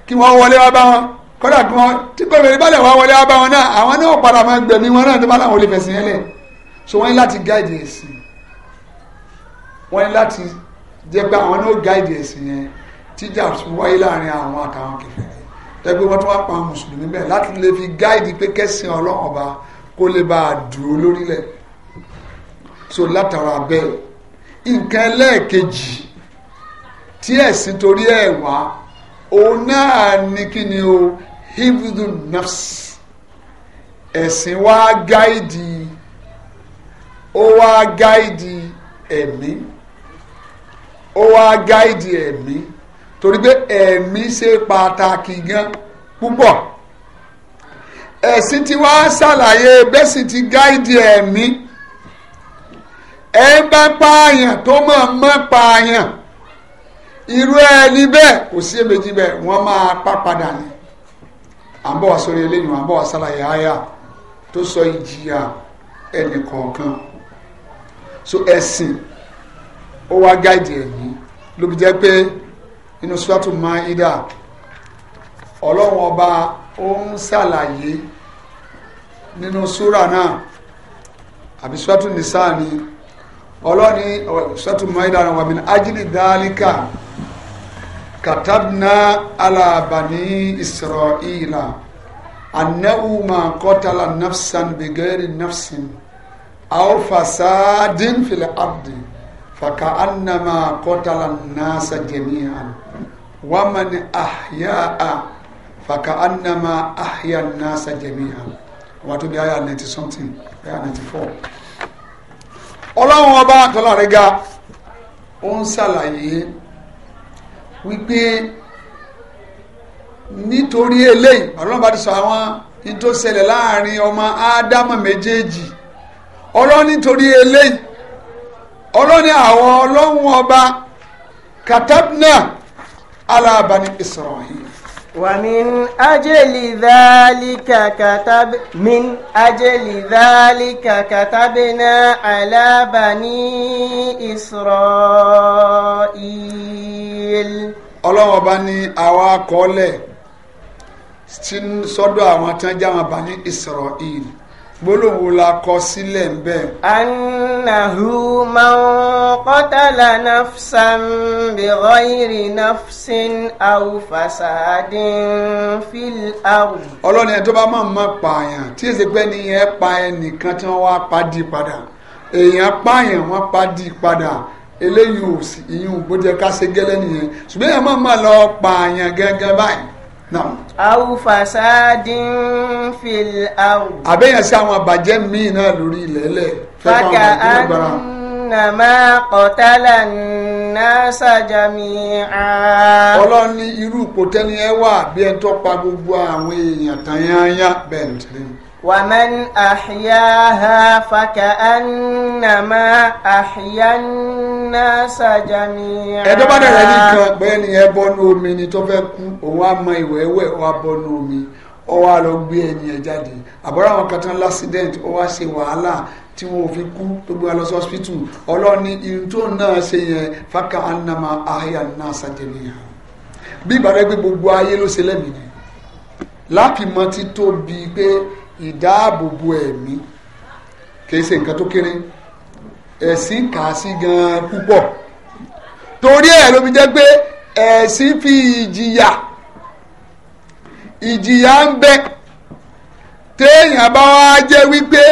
kí wọ́n wọlé wá bá wọn kódà kí wọ́n tí gbọ́dọ̀ ìbálẹ̀ wá wọlé wá bá wọn náà àwọn náà padà máa gbẹ̀mí wọn náà tó bá láwọn olè fẹ̀sìn yẹn lẹ̀ so wọ́n ní láti gáìdì ẹ̀sìn wọ́n ní láti jẹ́ pé àwọn náà gáìdì ẹ̀sìn yẹn tíjà wáyé láàrin àwọn àtàwọn kẹfẹ́rẹ́ tẹ́gbẹ́ wọ́n tún wá pa mùsùlùmí bẹ́ẹ̀ láti lè fi gáìdì pé kẹ́sìn ọlọ́run ọba kó lè bá a dúró lórílẹ̀ so látara bẹ́ẹ̀ nǹkan ẹlẹ́ẹ̀kejì tí ẹ̀sìn torí ẹ̀ wá òun náà ní kí ni o hibdu nafs ẹ̀sìn wá gáìdì ó wá gáìdì ẹ̀mí ó wá gáìdì ẹ̀mí torí pé ẹ̀mí ṣe pàtàkì gan púpọ̀ ẹ̀sìn tí wàá ṣàlàyé bẹ́sì ti gáìdì ẹ̀mí ẹ bá pààyàn tó mọ̀ mọ́ pààyàn irú ẹni bẹ́ẹ̀ kò sí èméjì bẹ́ẹ̀ wọ́n máa pa padà ní à ń bọ̀ wá sórí eléyìí à ń bọ̀ wá ṣàlàyé àyà tó sọ ìjìyà ẹnì kọ̀ọ̀kan so ẹ̀sìn ó wá gáìdì ẹ̀mí ló fi jẹ́ pé inú sùpàtù Maida ọlọ́run ọba ó ń ṣàlàyé nínú súrà náà àbí sùpàtù nìsáà ni ọlọ́ni sùpàtù Maida náà wà mí ajílì dálíkà katabna alabani bani isra'ila annahu ma qatala nafsan bighayri nafsin أو fasadin في الأرض، فكأنما قتل الناس nasa ومن أحياء، فكأنما ahya'a الناس annama ahya nasa jami'an wato bi aya 90 something aya 94 ọlọ́run ọba àtọ́lá rẹ̀ ga ó ń ṣàlàyé wípé nítorí eléyìí ọlọ́run bá ti sọ àwọn ní láàrin ọmọ ádámà méjèèjì ọlọ́run nítorí eléyìí ọlọ́run àwọn ọlọ́run ọba katabna ala bani Isra'il. ومن أجل ذلك كتب من أجل ذلك كتبنا على بني إسرائيل ọlọ́wọ́n bá ní àwa kọ́lẹ̀ sọ́dọ̀ àwọn tí wọ́n jẹ́ àwọn bani Israel gbólóhùn la kọ sílẹ̀ ń bẹ̀. annahu man qatala nafsan bi ghayri nafsin aw fasadin fil ard. ọlọ́ni ẹ̀ tó bá máa ma pààyàn tí èsì pé nìyẹn pa ẹnìkan tí wọ́n wá pàdé padà èèyàn pààyàn wọ́n pàdé padà eléyìí ò sí ìyún bó jẹ́ ká ṣe gẹ́lẹ́ nìyẹn ṣùgbọ́n èèyàn máa ma lọ pààyàn gẹ́gẹ́ báyìí naam. aw fasadin fil ard. àbẹ̀yẹn sí àwọn àbàjẹ́ míì náà lórí ilẹ̀ lẹ̀. fàkà annama qatala nasa jami'a. ọlọ́ni irú ipò tẹ́ni ẹ wà bí ẹ tó pa gbogbo àwọn èèyàn tán yányá bẹ́ẹ̀ ni ومن أحياها فكأنما أحيا الناس جميعا ẹjọ́ bá dàrẹ́ nìkan bẹ́ẹ̀ ni ẹ bọ́nú omi ni tó fẹ́ kú òun á mọ ìwẹ́wẹ́ ó wá bọ́nú omi ó wá lọ gbé ẹni ẹ jáde àbúrò àwọn kan tán l'accident ó wá ṣe wàhálà tí wọn ò fi kú tó gbé wa lọ sí hospital ọlọ́ọ̀ni irun náà ṣe yẹn فكأنما أحيا الناس جميعا bí ìbára gbogbo ayé ló ṣe lẹ́mìí ni láàfin mọ́ títóbi pé ìdáàbòbò ẹ̀mí kì í ṣe nǹkan tó kéré ẹ̀sìn kà á sí gan-an púpọ̀ torí ẹ̀ ló fi jẹ́ pé ẹ̀sìn fi ìjìyà ìjìyà ń bẹ téèyàn bá wá jẹ́ wípé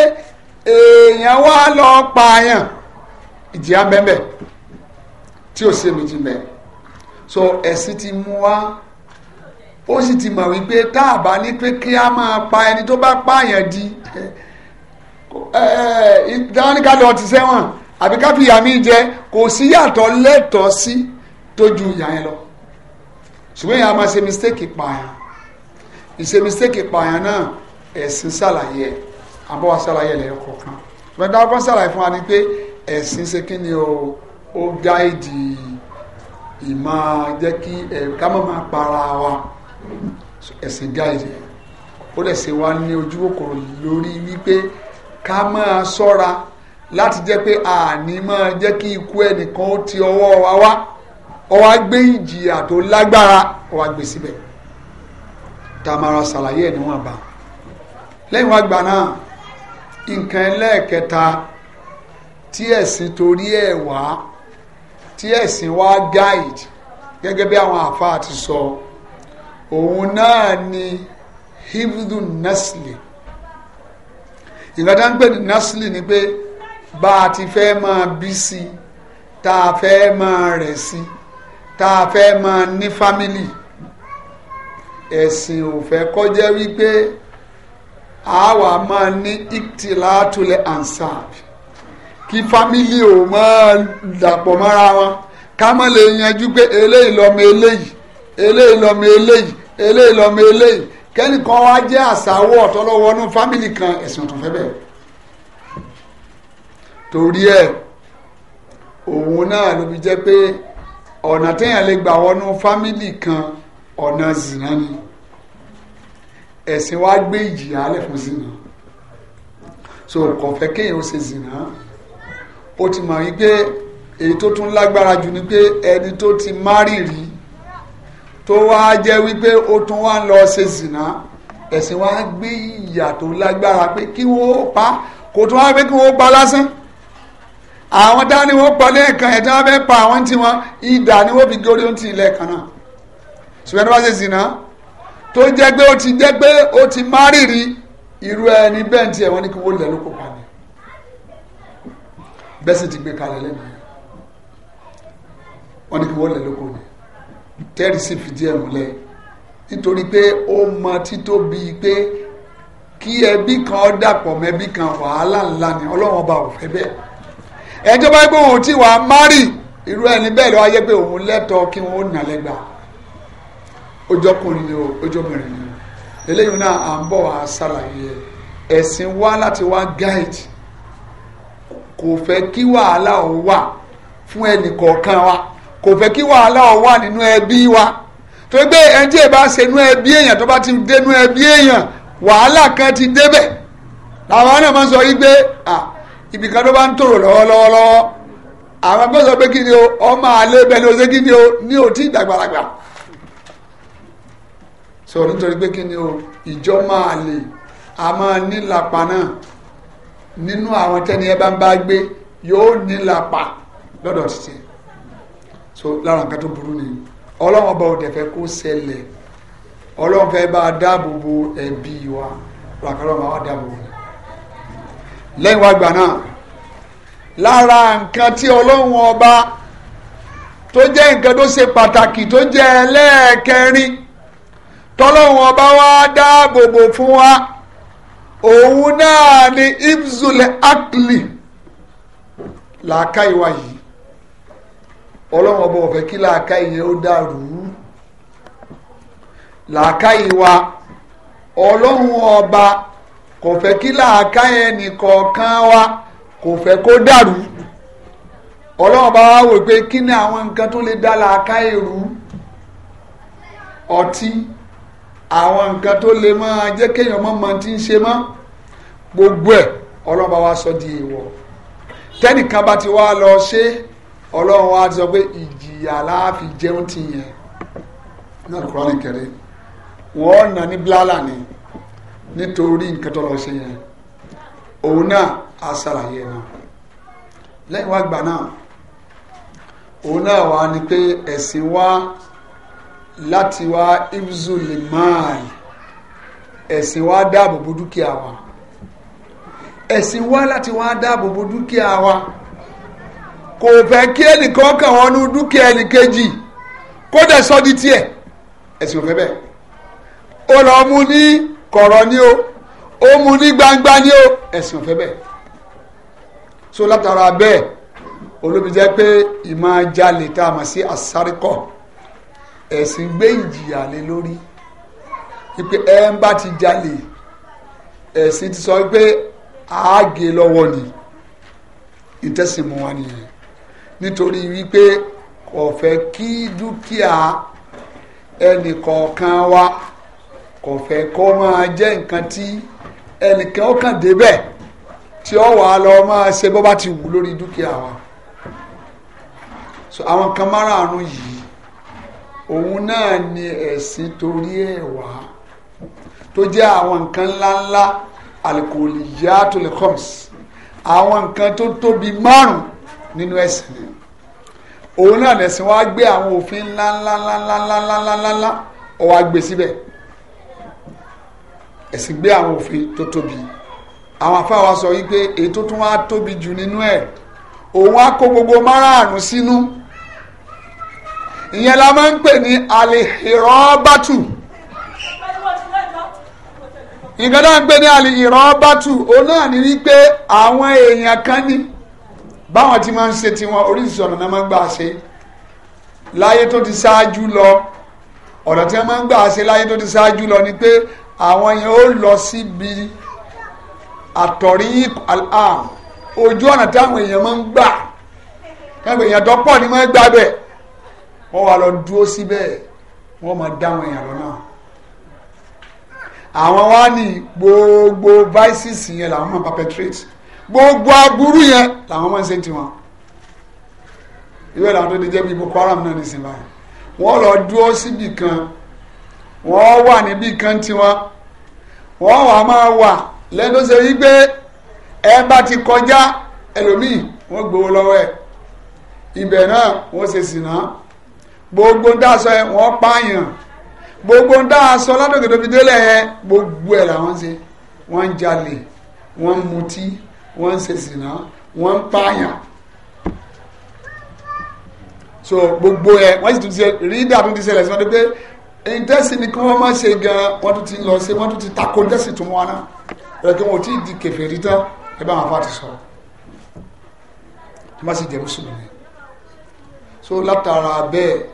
èèyàn wá lọ pààyàn ìjìyà ń bẹ ń bẹ tí ò sí èmi jì so ẹ̀sìn ti mú wá ó sì ti mọ̀ wípé tá a bá ní pé kí a máa pa ẹni tó bá pààyàn di dáníkàlọ́ ti sẹ́wọ̀n àbí ká fi ìyá jẹ kò sí yàtọ̀ lẹ́tọ̀ọ́ sí tójú ìyá yẹn lọ ṣùgbọ́n ìyá máa ṣe mistake pààyàn ìṣe mistake pààyàn náà ẹ̀sìn ṣàlàyé ẹ̀ àbọ̀ wa ṣàlàyé ẹ̀ lẹ́yìn kọ̀ọ̀kan ṣùgbọ́n dáwọ́ kan ṣàlàyé fún wa ni pé ẹ̀sìn ṣe kí ni o ó gáìdì ìmọ̀ jẹ́ kí ẹ̀ ká máa para wa ẹ̀sìn gáìdì ó dẹ̀ ṣe wá ní ojú kòkòrò lórí wípé ká máa ṣọ́ra láti jẹ́ pé àní máa jẹ́ kí ikú ẹnìkan ó ti ọwọ́ wa wá ó wá gbé ìjìyà tó lágbára ó wá gbé tá a máa ra ṣàlàyé ẹ̀ níwọ̀nba lẹ́yìn wá gbà náà nǹkan ẹlẹ́ẹ̀kẹta tí ẹ̀sìn torí ẹ̀ wá tí ẹ̀sìn wá guide gẹ́gẹ́ bí àwọn àfáà ti sọ. So òun náà ni hibdu nasli ìgbà tá ń pè ní nasli ni pé bá a ti fẹ́ máa bí sí tá a fẹ́ máa rẹ̀ sí tá a fẹ́ máa ní fámìlì ẹ̀sìn ò fẹ́ kọjá wípé àwa máa ní ìtìlátulẹ̀ ansab kí fámìlì ò máa dàpọ̀ mọ́ra wọn ká má lè yanjú pé eléyìí lọ́mọ eléyìí eléyìí lọ́mọ eléyìí eléyìí lọ́mọ eléyìí kẹ́nìkan wá jẹ́ àṣàwọ̀ ọ̀tọ́lọ́wọ́ nú fámìlì kan ẹ̀sìn ọ̀tún fẹ́ bẹ́ẹ̀ torí ẹ̀ òun náà ló fi jẹ́ pé ọ̀nà téèyàn lè gbà wọnú fámìlì kan ọ̀nà zìnà ni ẹ̀sìn wá gbé ìjìyà alẹ́ fún zìnà so kò fẹ́ kéèyàn ó ṣe zìnà ó ti mọ̀ wípé èyí tó tún lágbára jù ni pé ẹni tó ti márì rí tó wá jẹ́ wípé ó tún wá ń lọ ṣe zìnà ẹ̀sìn wá gbé ìyà tó lágbára pé kí wọ́n pa kò tún wá pé kí wọ́n pa lásán àwọn dání wọ́n pa lẹ́ẹ̀kan ẹ̀ tí wọ́n fẹ́ pa àwọn tí wọ́n ìdà ni wọ́n fi gorí ohun ti ilẹ̀ kan náà ṣùgbọ́n tó bá ṣe zìnà tó jẹ́ pé ó ti jẹ́ pé ó ti má rìrì irú ẹni bẹ́ẹ̀ tiẹ̀ wọ́n ní kí wọ́n lẹ̀ lóko pa ni bẹ́ẹ̀ sì ti gbé kalẹ̀ lẹ́nu wọ́n ní kí wọ́n lẹ̀ lóko ni tẹ́rì sì fìdí ẹ̀ múlẹ̀ nítorí pé ó mọ títóbi pé kí ẹbí kan dàpọ̀ mẹ́bí kan wàhálà ńlá ni ọlọ́run ọba ò fẹ́ bẹ́ẹ̀ ẹjọ́ bá gbé òun tí wàá márì irú ẹni bẹ́ẹ̀ lọ́wọ́ ayé pé òun lẹ́tọ̀ọ́ kí wọ́n nà lẹ́gbàá ojókùnrin ni o ojóbìnrin ni o eléyìí náà à ń bọ̀ wá ṣàlàyé ẹ̀sìn wá láti wá guide kò fẹ́ kí wàhálà ò wà fún ẹnì kọ̀ọ̀kan wa. kò fẹ́ kí wàhálà ọ̀ wà nínú ẹbí wa tó gbé ẹni tí ẹ bá ṣe nú ẹbí èèyàn tó bá ti dé nú ẹbí èèyàn wàhálà kan ti débẹ̀ làwọn náà máa ń sọ yí pé ibì kan tó bá ń tòrò lọ́wọ́lọ́wọ́ àwọn akọ́ sọ pé kí ni o ọmọ alẹ́ bẹ́ẹ̀ ni o ṣe kí ni o ní o tí ìdàgbàlagbà sọ nítorí pé kí ni o ìjọ máa lè a máa nílapa náà nínú àwọn tẹ́ni ẹ bá ń bá gbé yóò nílapa lọ́dọ̀ títí so lára nǹkan tó burú ni ọlọ́run ọba òdẹ fẹ́ kó ṣẹlẹ̀ ọlọ́run fẹ́ bá dáàbò bo ẹbí wa làkàrọ̀ máa wá dáàbò bo lẹ́yìn wá gbà náà lára nǹkan tí ọlọ́run ọba tó jẹ́ nǹkan tó ṣe pàtàkì tó jẹ́ ẹlẹ́ẹ̀kẹrin tọ́lọ́run ọba wá dáàbò bo fún wa òun náà ni ibzul akli làákà ìwà yìí ọlọ́run ọba ọ̀fẹ́ kí làákàyè yẹn ó dàrú làákàyè wa ọlọ́run ọba kò fẹ́ kí làákàyè nìkọ̀ọ̀kan wa kò fẹ́ kó dàrú ọlọ́run ọba wa wò pé kí ni àwọn nǹkan tó lè dá làákàyè rú ọtí àwọn nǹkan tó lè máa jẹ́ kéèyàn mọ́ mọ́ tí ń ṣe mọ́ gbogbo ẹ̀ ọlọ́run ọba wa sọ di èèwọ̀ tẹ́nìkan bá ti wá lọ ṣe é ọlọ́run wa ti sọ pé ìjìyà láàfin jẹun ti yẹn náà Kùránì kẹrẹ wọ́n nà ní bílálà ni nítorí nǹkan tó lọ ṣe yẹn òun náà á ṣàlàyé náà lẹ́yìn wá gbà náà òun náà wà ní pé ẹ̀sìn wa láti wá ibzu lè máa ẹ̀sìn wa dáàbò bo dúkìá wa ẹ̀sìn wa láti wá dáàbò bo dúkìá wa kò fẹ́ kí ẹnìkan kàn wọ́n nu dúkìá ẹnìkejì kó dẹ̀ sọ di tiẹ̀ ẹ̀sìn òfẹ́ bẹ́ẹ̀ ó lọ mú ní kọ̀rọ̀ ni o ó mú ní gbangba ni o ẹ̀sìn òfẹ́ bẹ́ẹ̀ so látara bẹ́ẹ̀ olóbi jẹ́ pé ìmọ̀ jalè tá a mọ̀ sí asárikọ̀ ẹ̀sìn gbé ìjìyà lé lórí wípé ẹ ń bá ti jalè ẹ̀sìn ti sọ wípé àágé lọ́wọ́ ni ìtẹ̀sìn mú wa nìyẹn nítorí wípé kò fẹ́ kí dúkìá ẹnìkọ̀ọ̀kan wa kò fẹ́ kó máa jẹ́ nǹkan tí ẹnìkan ó kàn débẹ̀ tí ó wàá lọ máa ṣe bó bá ti wù lórí dúkìá wa so àwọn kan márààrún yìí òun náà ni ẹ̀sìn torí ẹ̀ wá tó jẹ́ àwọn nǹkan ńláńlá alukoliyatul khams àwọn nǹkan tó tóbi márùn nínú ẹ̀sìn ni òun náà lẹ̀sìn wá gbé àwọn òfin ńláńláńláńláńláńláńlá ó wá gbé síbẹ̀ ẹ̀sìn gbé àwọn òfin tó tóbi àwọn afáwa sọ wípé èyí tó tún wá tóbi jù nínú ẹ̀ òun á kó gbogbo márààrún sínú ìyẹn la máa ń pè ní alìhìrọ́bátù nǹkan náà ń pè ní alìhìrọ́bátù òun náà ní wípé àwọn èèyàn kan ní báwọn ti máa ń ṣe tiwọn oríṣiríṣi ọ̀nà náà máa ń gbà ṣe láyé tó ti ṣáájú lọ ọ̀nà tí wọ́n máa ń gbà ṣe láyé tó ti ṣáájú lọ ni pé àwọn yẹn ó lọ síbi àtọ̀rí alam ojú ọ̀nà táwọn èèyàn máa ń gbà káwọn èèyàn tó pọ̀ ni máa ń gbà bẹ̀ wọ́n wà lọ dúró síbẹ̀ wọ́n máa dá àwọn èèyàn lọ́nà àwọn wá ní gbogbo vices yẹn làwọn máa perpetrate gbogbo aburú yẹn làwọn máa ń ṣe tiwọn ìwé làwọn tó ti jẹ́ bíi boko haram náà nísìnyí báyìí wọ́n lọ dúró síbì kan wọ́n wà níbì kan tiwọn wọ́n wà máa wà lẹ́nu ṣe wípé ẹ bá ti kọjá ẹlòmíì wọ́n gbowó lọ́wọ́ ẹ̀ ibẹ̀ náà wọ́n ṣe sì náà gbogbo ń dáṣọ ẹ wọ́n pààyàn gbogbo ń dáṣọ ládòkè tó fi délẹ̀ ẹ gbogbo ẹ̀ làwọn ṣe wọ́n ń jalè wọ́n ń mutí wọ́n ń ṣe sìnà pààyàn so gbogbo ẹ wọ́n sì tún ti ṣe rídà tún ti ṣẹlẹ̀ sí wọn pé ìtẹ́sí ni kí wọ́n má ṣe gan wọ́n tún ti lọ sí wọ́n tún ti takò ìtẹ́sí tún wọn náà rẹ̀ kí wọ́n ti di kèfèrí tán ẹ bá wọn fa ti sọ̀rọ̀ tí wọ́n sì jẹ́ mùsùlùmí so látara bẹ́ẹ̀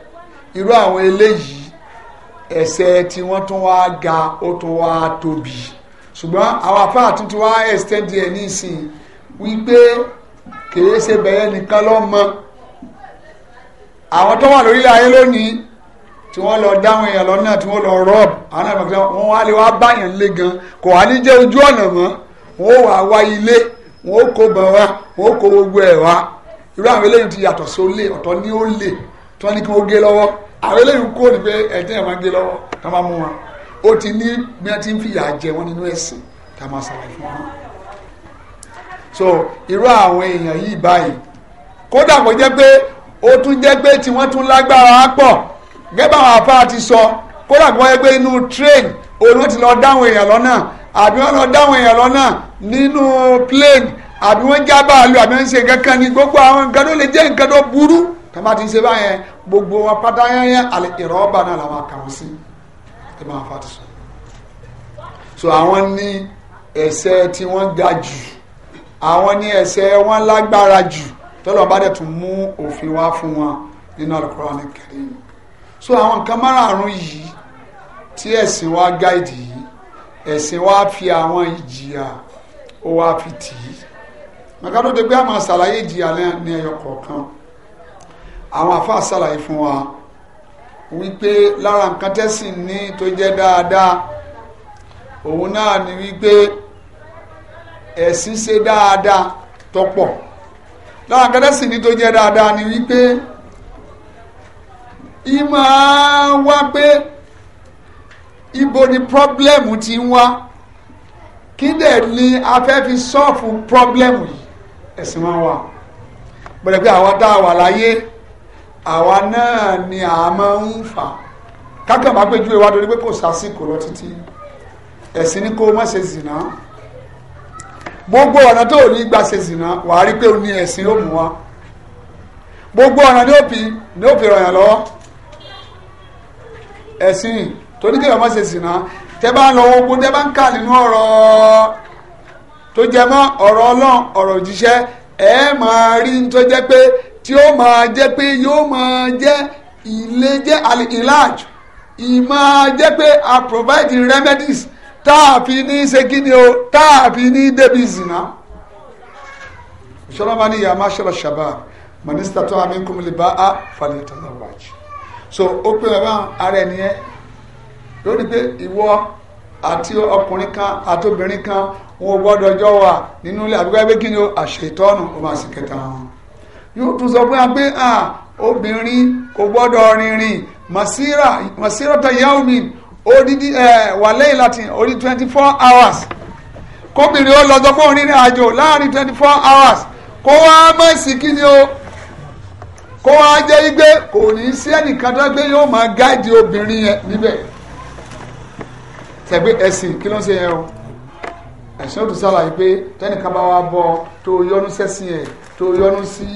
irú àwọn eléyìí ẹ̀ṣẹ̀ tí wọ́n tún wá ga ó tún wá tóbi ṣùgbọ́n àwọn afá àtúntí wá extend ẹ̀ ní ìsìn wípé kìí ṣe bẹ̀rẹ̀ nìkan ló mọ àwọn tó wà lórílẹ̀ ayé lónìí tí wọ́n lọ dáhùn èèyàn lọ́nà tí wọ́n lọ rọ́ọ̀bù àwọn àgbà kan wọ́n wá lè wá báyàn lé gan kò wá ní jẹ́ ojú ọ̀nà mọ́ wọ́n wà wá ilé wọ́n kó bọ̀ wá wọ́n kó gbogbo ẹ̀ wá irú àwọn eléyìí ti yàtọ̀ sí olè ọ̀tọ̀ ní olè tí wọ́n ní kí wọ́n gé lọ́wọ́ àwọn eléyìí kó ní pé ẹ̀jẹ̀ máa gé lọ́wọ́ tí wọ́n máa mú wọn. o ti ní bí wọ́n ti ń jẹ wọn nínú ẹ̀sìn ká máa ṣàlàyé fún wọn. so irú àwọn èèyàn yìí báyìí kódà kó jẹ́ pé ó tún jẹ́ pé tí tún lágbára pọ̀ gẹ́gẹ́ ti sọ kódà kó jẹ́ pé inú train òun ti lọ dáwọn èèyàn lọ́nà àbí lọ dáwọn èèyàn lọ́nà nínú plane àbí wọ́n já báàlú àbí wọ́n ń gbogbo àwọn nǹkan tó lè jẹ́ nǹkan tó burú gbogbo wọn pátá yẹn yẹn àlè ìrọ̀ ọba náà làwọn Imam Fati sọ so àwọn ní ẹ̀ṣẹ̀ tí wọ́n ga jù àwọn ní ẹ̀ṣẹ̀ wọn lágbára jù tọ́lọ̀ bá dẹ̀ tún mú òfin wá fún wọn nínú Al-Qur'an Karim so àwọn nǹkan márààrún yìí tí ẹ̀sìn wa gáìdì yìí ẹ̀sìn wa fi àwọn ìjìyà ó wá fi tì í màkàtó dé pé àwọn àṣàlàyé ìjìyà ní ẹyọ kọ̀ọ̀kan àwọn àfa àṣàlàyé fún wa wípé lára nǹkan tẹ́sìn ní tó jẹ́ dáadáa òun náà ni wípé ẹ̀sìn ṣe dáadáa tọ́pọ̀ lára nǹkan tẹ́sìn ní tó jẹ́ dáadáa ni wípé ìmọ̀ wá pé ibo ni pọ́blẹ́mù ti ń wá kí dẹ̀ ni a fẹ́ fi sọ́ọ̀fù pọ́blẹ́mù yìí ẹ̀sìn wọn wà bẹ̀rẹ̀ pé àwọn tá a wà láyé. àwa náà ni a máa ń fà kákan bá péjú ewa torí pé kò sásìkò lọ títí ẹ̀sìn ni kó má ṣe zìnà gbogbo ọ̀nà tó ní gbà ṣe zìnà rí pé o ní ẹ̀sìn ló mú wa gbogbo ọ̀nà ní òpin ní òpin lọ́wọ́ ẹ̀sìn tó ní kéèyàn má ṣe tí ó máa jẹ́ pé yóò máa jẹ́ ilé jẹ́ al-ilaj ìmọ̀ jẹ́ pé a provide remedies tá a fi ní ṣe kí ni o tá a fi ní débi zina. ìṣọ́nà máa ní ìyá máṣọ́lá ṣàbá mínísítà tó àmì kùmìlì bá a falẹ̀ tọ́lá wájú. so ó pè wá ara ẹni yẹn lórí pé ìwọ àti ọkùnrin kan àti obìnrin kan wọn ò jọ wà nínú ilé àbíkọ́ ẹgbẹ́ kí ni o àṣetọ́nù ó máa wọn yóò tún sọ fún wa pé obìnrin kò gbọ́dọ̀ rìnrìn masira masira ta yaomi odidi ẹ wàlẹ́ ìlàtìn orí twenty four hours kóbìnrin ó lọ́jọ́ fún onírìn àjò láàrin twenty four hours kó wá mọ̀ sí kí ni o kó wá jẹ́ igbe kò ní sí ẹnìkan tó gbé yóò máa gáàdì obìnrin yẹn níbẹ̀ tẹ̀gbé ẹ̀sìn kí ló ń ṣe yẹn o ẹ̀sìn ó tún ṣàlàyé pé tẹ́nìkan bá wá bọ́ tó yọnu sẹ́sìn yẹn tó yọ́nú sí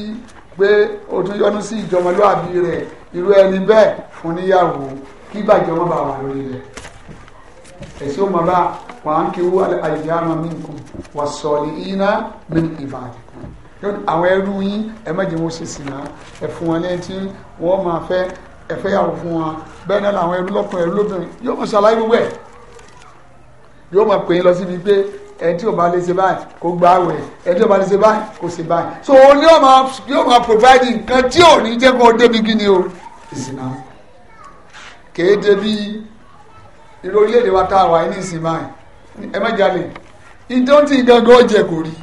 pé ó tún yọ́nú sí ìjọmọlúàbí rẹ̀ irú ẹni bẹ́ẹ̀ fún níyàwó kí ìbàjẹ́ wọn bá wà lórí rẹ̀ ẹ̀sìn ó mọ̀lá wà á ń kí wú àyíyáma mi kù wà sọ̀lì iná mi ìbàdí àwọn ẹrú yín ẹ mẹ́jẹ̀ wọn ṣe sìnà ẹ wọn lẹ́yìn tí máa fẹ́ ẹ yàwó fún wọn bẹ́ẹ̀ náà làwọn ẹrú lọ́kùnrin ẹrú lóbìnrin yóò mọ̀ ṣàlàyé gbogbo yóò mọ̀ pè é lọ síbi pé ẹni tí o bá lè ṣe báyìí kó gba àwẹ̀ ẹni tí o bá lè ṣe báyìí kó ṣe báyìí so òun ni yóò máa provide nǹkan tí ò ní jẹ́ kó débi gíní o ìsìnà kèé débi irú orílẹ̀-èdè wa tá a wà ní ìsìn báyìí ẹ má jalè ìtọ́ tí gangan jẹ kò rí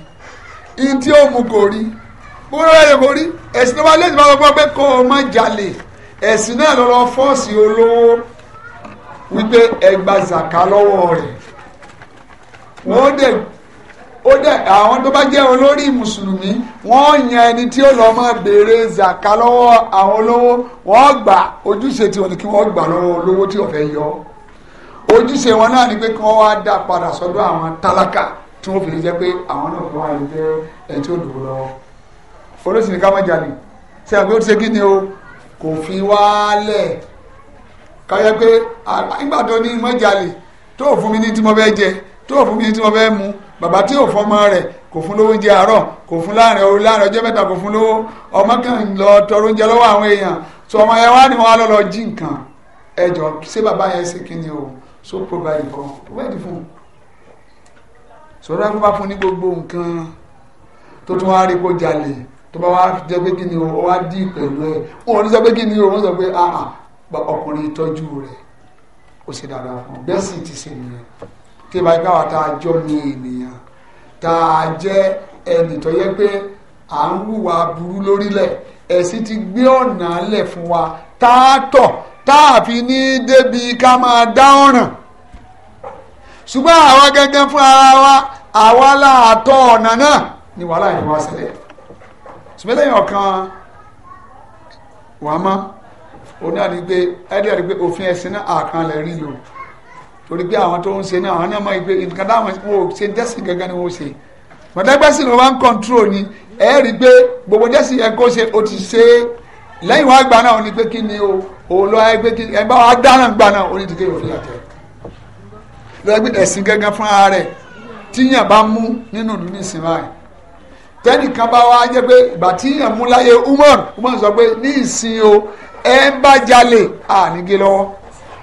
ìtí ó mu kò rí gbogbo ẹ̀ kò rí ẹ̀sìn tó bá lè máa gbọ́ pé kó o má jalè ẹ̀sìn náà lọ́ọ́ fọ́ọ̀sì olówó wípé ẹ gba lọ́wọ́ rẹ̀ wọ́n dẹ̀ ó dẹ̀ àwọn tó bá jẹ́ olórí mùsùlùmí wọ́n yan ẹni tí ó lọ máa béèrè zàká lọ́wọ́ àwọn olówó wọ́n gbà ojúṣe tiwọn ni kí wọ́n gbà lọ́wọ́ olówó tí ó yọ ojúṣe wọn náà ni pé kí wọ́n wá dá padà sọ́dọ̀ àwọn tálákà tí wọ́n fi jẹ́ pé àwọn náà fi wáyé jẹ́ ẹni tí ó dùn lọ́wọ́ olóṣèlú ká má jalè ṣe àgbẹ̀ ó ti ṣe kí ni o kò fi wálẹ̀ káyọ̀ pé nígbà tó ní mọ́jalè tó fún mi ní tí mo fẹ́ jẹ tó o fún mi tí mo fẹ́ mu bàbá tí o fọmọ rẹ̀ kò fún lówó oúnjẹ àárọ̀ kò fún láàrin orí láàrin ọjọ́ mẹ́ta kò fún lówó ọmọ kan lọ tọrọ oúnjẹ lọ́wọ́ àwọn èèyàn tó ọmọ yẹn wá ní wọn lọ lọ jí nǹkan ẹjọ ṣé bàbá yẹn ṣe kí ni o so provide nǹkan provide fún un sọ̀rọ̀ àgbà fún ní gbogbo nǹkan tó tún wá rí kó jalè tó bá wá jẹ́ pé kí ni o wá dì pẹ̀lú ẹ̀ wọn ò ní sọ pé kí ni o wọn sọ pé ah, ah, ọkùnrin ìtọ́jú rẹ̀ ó ṣe dáadáa fún un bẹ́ẹ̀ sì ti ṣe nìyẹn tí ìbá yẹn káwa tá a jọ ní ènìyàn tá a jẹ́ ẹnì tó yẹ pé à ń hùwà burú lórílẹ̀ ẹ̀sìn ti gbé ọ̀nà lẹ̀ fún wa tá a tọ̀ tá a fi ní débi ká máa dá ọ̀ràn ṣùgbọ́n àwa gẹ́gẹ́ fún ara wa àwa láàtọ̀ ọ̀nà náà ni wàhálà yìí wá sílẹ̀ ṣùgbọ́n lẹ́yìn ọ̀kan wàá mọ́ oní àdìgbé ẹ̀dí àdìgbé òfin ẹ̀sìn náà àkànlẹ̀ rí lò torí pé àwọn tó ń ṣe náà àwọn náà máa gbé nǹkan dáhùn wò ṣe dẹ́sìn gangan ni wọ́n ṣe mọ̀tẹ́gbẹ́sìn ló máa ń kọ́ńtúrò ni ẹ rí i pé gbogbo dẹ́sìn yẹn kó ṣe o ti ṣe é lẹ́yìn wá gba náà ni pé kí ni o òun lọ ẹ gbé kí ẹ bá wa dáná gba náà ó ní ti kéwòn fìlà lọ́wọ́ gbé ẹ̀sìn gangan fúnra rẹ̀ tíyàn bá mú nínú ìlú nísìnyí báyìí tẹ́nìkan bá wá jẹ́ pé ìgbà tíyàn mú láyé Umar Umar sọ pé ní ìsìn o ẹ ń bá jalè ànígé lọ́wọ́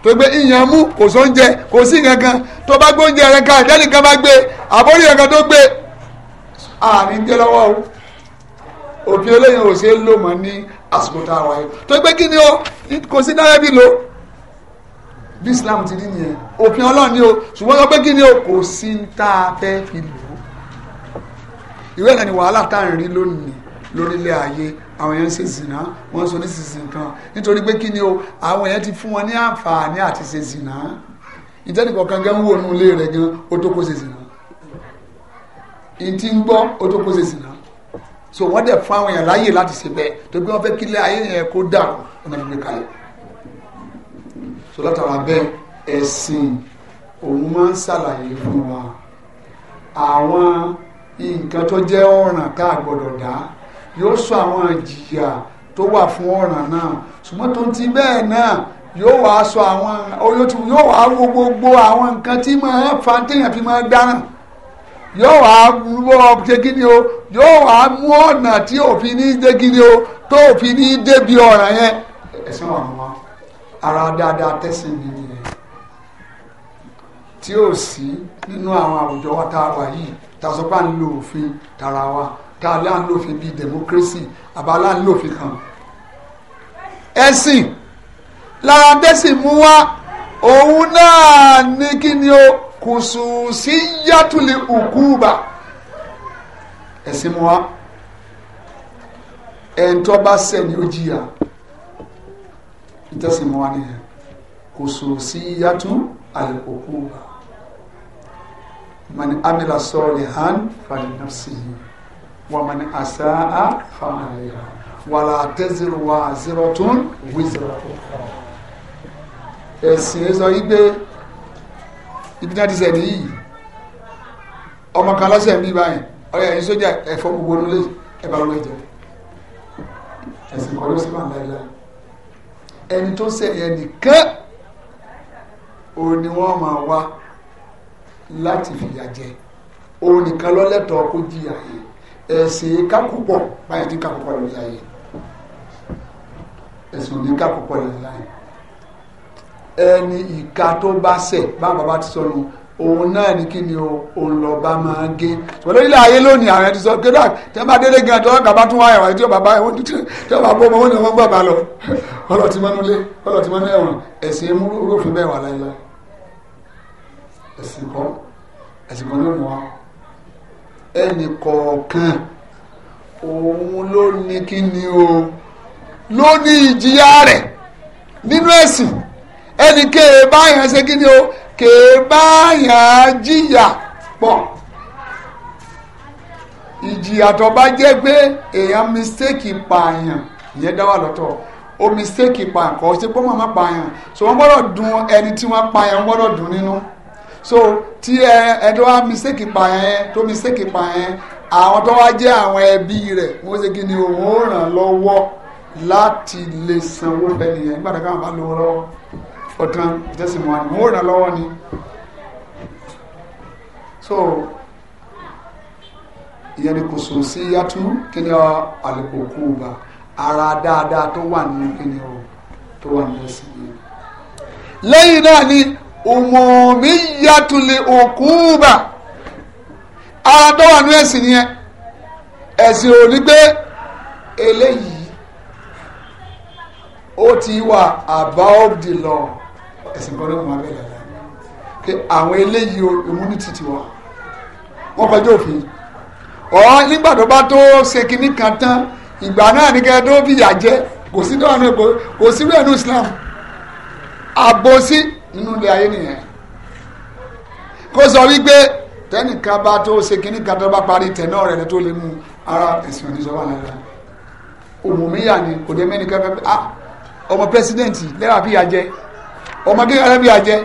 tó gbé ìyàn mú kò sóúnjẹ kò sí kankan tó bá gbóúnjẹ rẹ ká ìdánìkan bá gbé àbórí kankan tó gbé àní jẹ lọ́wọ́ o òfin eléyìí ò ṣe é lò mọ́ ní àsìkò tá a wáyé tó gbé kí ni o kò sí náírà bí lo bí Islam ti rí nìyẹn òfin Ọlọ́run ni o ṣùgbọ́n tó gbé kí ni o kò sí tá a fẹ́ fi lò ó ìwé náà ni wàhálà tá à ń rí lónìí lórílẹ̀ ayé àwọn èèyàn ṣe zina, wọ́n sọ ní sísìn kan nítorí pé kí ni o àwọn èèyàn ti fún wọn ní àǹfààní àti ṣe zìnà ìtẹ́nìkan kan gan wò nù ilé rẹ̀ gan ó tó kó ṣe zìnà ìtì ń gbọ́ ó tó kó ṣe zìnà so wọ́n dẹ̀ fún àwọn èèyàn láàyè láti ṣe bẹ́ẹ̀ tó bí wọ́n fẹ́ kílẹ̀ ayé yẹn kó dà ọ̀nà ìgbé kalẹ̀ so látara bẹ́ẹ̀ ẹ̀sìn òun máa ń ṣàlàyé fún wa àwọn nǹkan tó jẹ́ ọ̀ràn tá gbọ́dọ̀ dá yóò sọ àwọn ìjìyà tó wà fún ọ̀ràn náà ṣùgbọ́n tó ti bẹ́ẹ̀ náà yóò wá sọ àwọn olótú yóò wá wo gbogbo àwọn nǹkan tí máa fa téèyàn fi máa dáràn yóò wá wọ́ jẹ́gídí o yóò wá mú ọ̀nà tí òfin ní jẹ́gídí o tó òfin ní débi ọ̀ràn yẹn. ẹ̀sìn wà wọn ara dáadáa tẹ̀sìn mi nìyẹn tí ó sí nínú àwọn àwùjọ wa tá a wà yìí tá a sọ pé à ń lo òfin tara wa tá a lá ń lòfin bíi democracy àbá lá ń lòfin kan ẹ̀sìn lára dẹ́sìn mú wá òun náà ní kí ni o kùsù sí yàtúlẹ̀ òkúba ẹ̀sìn mú wá ẹ̀ńtọ́ bá sẹ́ni ó jìyà ìtẹ̀sìn mú wá nìyẹn kùsù sí yàtúlẹ̀ òkúba man amila sọ̀rọ̀ hàn fàlẹ́ nàfsì yìí wàmàní àṣà á fàmàlà wàlà àtẹ́sírò wà zero two wí zero two. ẹ̀sìn ẹ̀ sọ yí pé ibi náà ti sẹ̀ nìyí ọmọ kan lọ́sẹ̀ ń bí báyìí ọ̀rẹ́ ẹ̀yin sójà ẹ̀fọ́ gbogbo nílé ẹ̀bá lọ́wọ́ ẹ̀jẹ̀ ẹ̀sìn kọ́ ló sì máa ń láyé ẹni tó sẹ̀ yẹn nìkan òun ni wọ́n máa wá láti fìyà jẹ òun nìkan lọ́lẹ́tọ̀ọ́ kó jìyà yìí ẹ̀sìn kákúpọ̀ báyìí ti kákúpọ̀ lórí ayé ẹ̀sìn òní kákúpọ̀ lórí ayé ẹni ìka tó bá ṣẹ̀ báwọn bàbá ti sọ nu òun náà ní kí ni o òun lọ bá máa gé ṣùgbọ́n ilé ayé lónìí àwọn ẹni sọ pé dáa tẹ́ bá délé gan tọ́ gàba tún wáyà wáyé tí yóò bàbá ẹ̀wọ̀n títí tí yóò bá bọ́ ọmọ wọn ni wọ́n bàbá lọ ọlọ́tí mọ́nú lé ọlọ́tí mọ́nú ẹ̀wọ̀n ẹ̀sìn mú rúfin bẹ́ẹ̀ wà láyé láyé ẹ̀sìn kọ́ ẹ̀sìn kọ́ ló mú ẹnì kọ̀ọ̀kan òun ló ní kí ni o ló ní ìjìyà rẹ̀ nínú ẹ̀sìn ẹnì kéè ṣe kí ni o kéè báyàn jìyà pọ̀ ìjìyà tó bá jẹ́ pé èèyàn mistake pààyàn ìyẹn dá wà lọ́tọ̀ o mistake pààyàn kọ́ ṣe pé wọ́n pààyàn so wọ́n gbọ́dọ̀ dùn ẹni tí wọ́n pààyàn wọ́n gbọ́dọ̀ dùn nínú. No? so tí ẹ ẹ tó wá mistake pa yẹn tó mistake pa yẹn àwọn tó wá jẹ́ àwọn ẹbí rẹ̀ wọ́n ṣe kí ni òun ó ràn lọ́wọ́ láti lè sanwó ẹni yẹn nígbà tó káwọn bá lówó lọ́wọ́ ọ̀tán jẹ́sìn wọn ni òun ó ràn lọ́wọ́ ni so ìyẹn ni kò sùn sí yàtú kí ni àlùkò kú ba ara dáadáa tó wà nínú kí ni o tó wà nínú ẹsìn yẹn lẹ́yìn náà ni òmùmí yàtúlẹ̀ òkúùbà ara tó wà ní ẹ̀sìn yẹn ẹ̀sìn ò ní eléyìí ó ti wà above the law ẹ̀sìn kan ló mọ abẹ́rẹ́ pé àwọn eléyìí immunity ti wà wọ́n kọjá òfin ọ̀ nígbà tó bá tó ṣe kinní kan tán ìgbà náà ní kẹ́kẹ́ tó fìyà jẹ kò sí tó kò sí rẹ̀ Islam àbòsí nínú ilé ayé nìyẹn kó sọ wípé tẹnìkan bá tó ṣe kíní kan tó bá parí tẹ̀ náà rẹ̀ tó lè mú ara ẹ̀sìn oníṣọ́wà lára òmùmíyà ni kò dé mẹ́ni kankan pé ah ọmọ pẹ́sidẹ́ǹtì lẹ́wà bí ajẹ́ ọmọ kékeré bí ajẹ́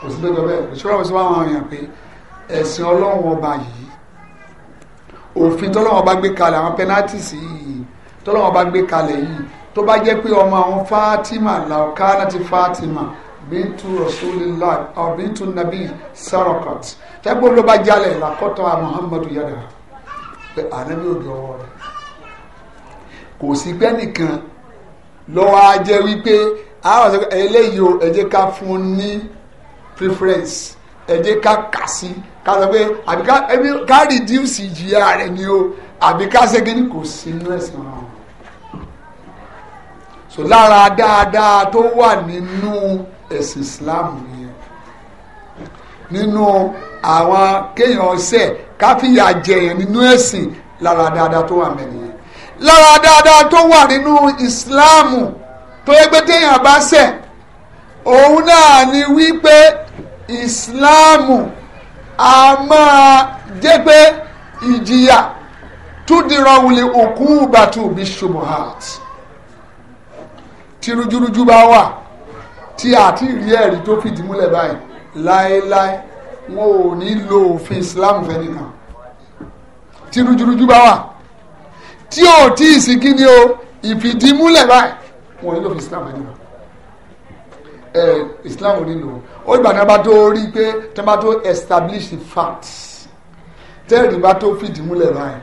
kò sí lójọ bẹ́ẹ̀ ìṣòro àwọn ìṣòro àwọn èèyàn pé ẹ̀sìn ọlọ́run ọba yìí òfin tọ́lọ́run ọba gbé kalẹ̀ àwọn pẹ́nátìsì yìí tọ́lọ́run ọba gbé kalẹ̀ yìí tó bá jẹ́ pé ọmọ àwọn Fatima làkánà ti Fatima bíntu rasulillah or Bintu nabi sarakat tẹ́gbọ́n ló bá jalè làkọ́tọ̀ à muhammadu yada pé ànábi ò dọ̀wọ́ rẹ̀ kò sí pẹ́ nìkan lọ́wọ́ á wípé eléyìí o ẹ ká fún ní preference ẹ jẹ́ ká kà sí ká sọ pé àbí ká reduce ìjìyà rẹ̀ ni o àbí ká ṣẹ́gi ní kò sí inú ẹ̀sìn ọ̀hún so lára dáadáa tó wà nínú ẹ̀sìn Islam nìyẹn nínú àwọn kéèyàn ọsẹ káfíyà jẹyàn nínú ẹ̀sìn lára dáadáa tó wà mẹ́nìyẹn lára dáadáa tó wà nínú Islamu tó yẹ pé téèyàn bá ṣẹ̀ òun náà ni wípé Islam a máa jẹ́ pé ìjìyà túndìrọ̀wùlì òkú bàtú bí ṣubuhat tí rújúrújú wà tí àti rí ẹ̀rí tó fìdí múlẹ̀ báyìí láéláé wọn ò ní lo òfin Islam fẹ́nìkan tí rújurújú bá wà tí ò tí ì sí kíni o ìfìdímúlẹ̀ báyìí wọn ò ní lo òfin Islam fẹ́nìkan ẹ Islam ò ní lo ó gbà náà bá tó rí pé tí bá tó establish the facts tẹ́ẹ̀rí bá tó fìdí múlẹ̀ báyìí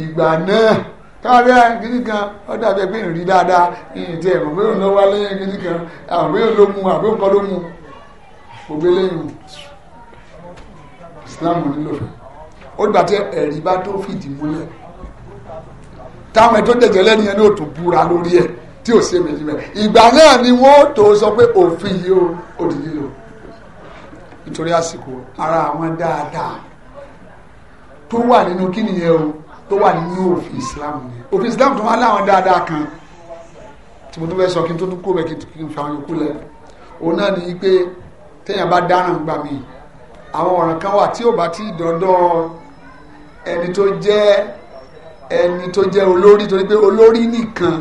ìgbà náà káwárí ẹ̀ gidi kan ó dàbí ẹgbẹ́ ìrìn rí dáadáa ìyìn tí ẹ̀rọ bẹ́ẹ̀ ló wá lẹ́yìn gidi kan àwọn bẹ́ẹ̀ ló mu àbí nǹkan ló mu gbogbo eléyìn Islam nílò ó dìgbà tí ẹ̀rí bá tó fìdí múlẹ̀ táwọn ètò dẹ̀jẹ̀ lẹ́nu yẹn ní òtò búra lórí ẹ̀ tí ò ṣe méjì ìgbà náà ni wọ́n tó sọ pé òfin yìí ó òdìdí lò nítorí àsìkò ara àwọn dáadáa tó wà nínú kí nìyẹn o tó wà nínú òfin Islam ni òfin Islam tó máa láwọn dáadáa kan tí mo tó fẹ́ sọ kí n tó tún kó bẹ́ẹ̀ kí n fa àwọn yòókù lẹ̀ òun náà ni pé téèyàn bá dáná gbà mí àwọn ọ̀ràn kan wà tí ò bá ti dọ́dọ́ ẹni tó jẹ́ ẹni tó jẹ́ olórí torí pé olórí nìkan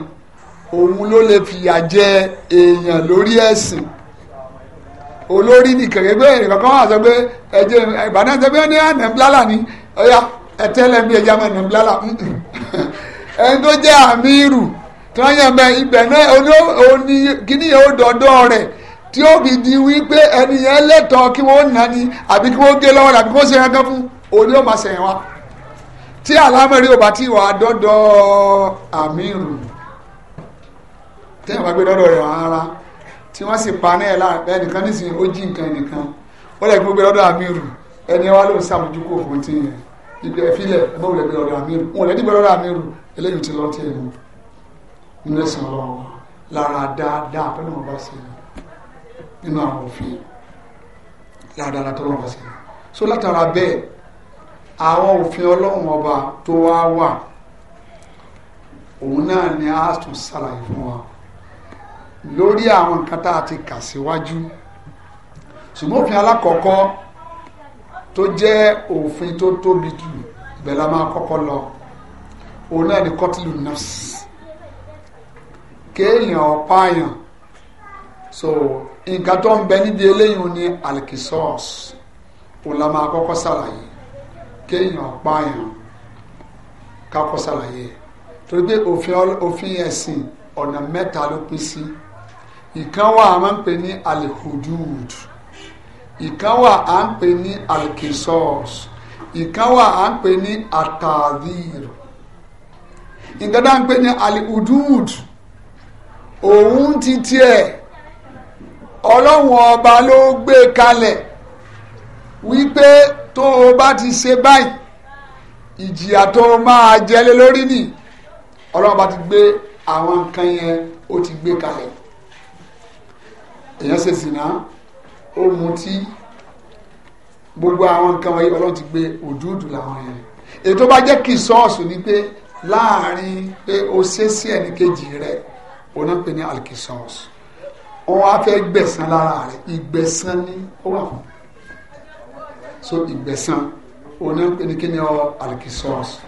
òun ló lè fìyà jẹ èèyàn lórí ẹ̀sìn olórí nìkan gbẹgbẹ èèyàn kankan wà sọ pé ẹjẹ ìbàdàn sọ pé ẹni àná ńlá là ní ọyà ẹtẹlẹ bí ẹja máa nàbí lálà ẹni tó jẹ́ amiru, tí wọ́n yàn bẹ ibẹ̀ náà òní kíní yẹn ó dọ̀dọ̀ rẹ̀ tí ó fi di wípé ẹni yẹn lẹ́tọ̀ọ́ kí wọ́n nà ní àbí kí wọ́n gé lọ́wọ́ rẹ̀ àbí kí wọ́n ṣe kankan fún òní ó máa ṣẹ̀yìn wa tí àlámọ̀rí ò bá ti wà dọ́dọ̀ àmírù tẹ́yìn bá gbé dọ́dọ̀ rẹ̀ rárá tí wọ́n sì pa náà láàpẹ́ ẹnìkan nísìnyí ó jí nǹkan ẹnìkan ó lẹ́gbẹ́ gbé dọ́dọ̀ àmírù ẹni wá ló ń sàmójúkò fún tí ibi ẹ̀fílẹ̀ ẹgbẹ́ òun lẹ́gbẹ́ ọ̀dọ̀ àmírù òun lẹ́dí gbẹ́rọ̀ àmírù eléyìí ti lọ́ọ́ tiẹ̀ nù nínú ẹ̀sìn ọlọ́run lára dáadáa tó náà bá sí nínú àwọn òfin dáadáa tó náà bá sí so látara bẹ́ẹ̀ àwọn òfin ọlọ́run ọba tó wá wà òun náà ni a tún ṣàlàyé fún wa lórí àwọn nǹkan tá a ti kà síwájú ṣùgbọ́n òfin alákọ̀ọ́kọ́ tó jẹ́ òfin tó tóbi jù bẹ́ẹ̀ la máa kọ́kọ́ lọ òun náà ni kọ́tìlù nọ́ọ̀sì kéèyàn ọ̀páàyàn so nǹkan tó ń bẹ níbi eléyìí ni alikisọ́ọ̀s òun la máa kọ́kọ́ ṣàlàyé kéèyàn ọ̀páàyàn kákọ́ ṣàlàyé torí pé òfin ẹ̀sìn ọ̀nà mẹ́ta ló pín sí ìkan wà máa ń pè ní alihudud ìkan wà à ń pè ní alkisos ìkan wà à ń pè ní atadhir nǹkan tá à ń pè ní alihudud òun ti tiẹ̀ ọlọ́run ọba ló gbé kalẹ̀ wípé tó o bá ti ṣe báyìí ìjìyà tó o máa jẹlé lórí nì ọlọ́run bá ti gbé àwọn nǹkan yẹn ó ti gbé kalẹ̀ èèyàn ṣe ó mutí gbogbo àwọn nǹkan wọ̀nyí ọlọ́run ti gbé òdúdú làwọn yẹn èyí tó bá jẹ́ kí sọ́ọ̀sì ni pé láàrin pé o ṣe sí ẹnì kejì rẹ òun náà ní alkisọ́ọ̀sì wọn wá fẹ́ gbẹ̀san lára rẹ ìgbẹ̀san ni ó wà fún so ìgbẹ̀san òun náà pè ní kíni ọ alkisọ́ọ̀sì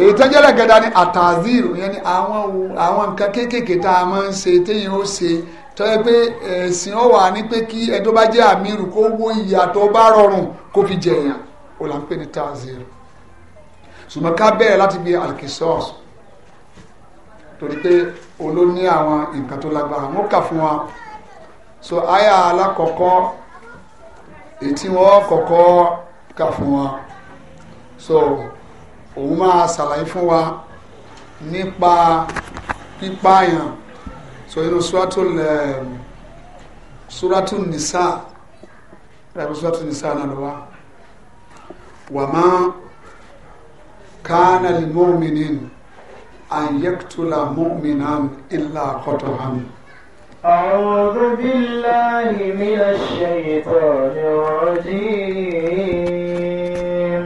èyí tó jẹ́ lẹ́gẹ̀dá ni àtàzírò yẹn ni àwọn nǹkan kéékèèké tá a máa ń ṣe téyìn ó ṣe tọ́ ẹ pé ẹ̀sìn ọ wà ní pé kí ẹni tó bá jẹ́ àmírù kó wo ìyà tó bá rọrùn kó fi jẹ̀yàn ó là ń pè ní tazir ṣùgbọ́n ká bẹ̀rẹ̀ láti bí alkisọ́s torí pé olóní àwọn nǹkan tó lágbára wọ́n kà fún wa so aya alákọ̀ọ́kọ́ èyí tí wọ́n kà fún wa so òun máa ṣàlàyé fún wa nípa pípààyàn so inú suratul um, suratul nisa ẹ̀rọ suratul nisa náà ló wá wà má kánà lil mu'minin an yaktula mu'minan illa qata'an. أعوذ بالله من الشيطان الرجيم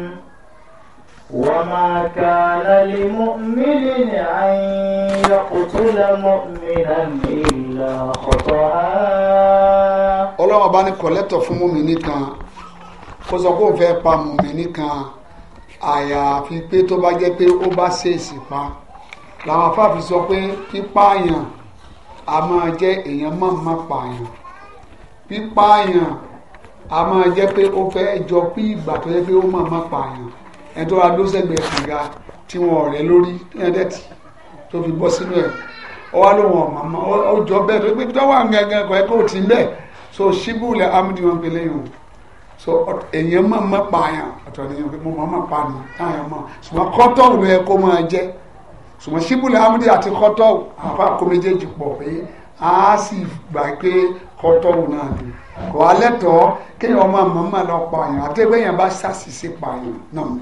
وما كان لمؤمن أن يقتل مؤمنا إلا خطأ ọlọ́run ọba ní kọ̀lẹ́tọ̀ fún mùmíní kan kó sọ pé òun fẹ́ pa mùmíní kan àyàfi pé tó bá jẹ́ pé ó bá ṣèèṣì pa làwọn afáàfi sọ pé pípààyàn a máa jẹ́ èèyàn máa má pààyàn pípààyàn a máa jẹ́ pé ó fẹ́ jọ pé ìgbà tó yẹ pé ó máa má pààyàn ẹni tó ra dó sẹ́gbẹ̀ẹ́ kànga tí wọ́n rẹ̀ lórí ní ẹ̀dẹ́tì tó fi bọ́ sínú ẹ̀ ọwọ́ lóun ọ̀mọ̀mọ́ ọjọ́ bẹ́ẹ̀ tó gbé tó wà gángan kọ́ ẹ kó tì í bẹ́ẹ̀ so ṣíbù lẹ amúdi wọn gbélé yìí so èyàn máa ma pààyàn ọ̀tọ̀ nìyẹn pé mo máa ma pa ni táyà máa ṣùgbọ́n kọ́tọ́ọ̀ ló yẹ kó máa jẹ́ ṣùgbọ́n ṣíbù lẹ amúdi àti kọ́tọ́ọ̀ àfa kó méjèèjì pọ̀ pé a sì gbà pé kọ́tọ́ọ̀ náà ni kò alẹ́ tọ́ kéèyàn ọmọ màmá lọ pààyàn àtẹ́gbẹ́yàn bá ṣàṣìṣe pààyàn náà.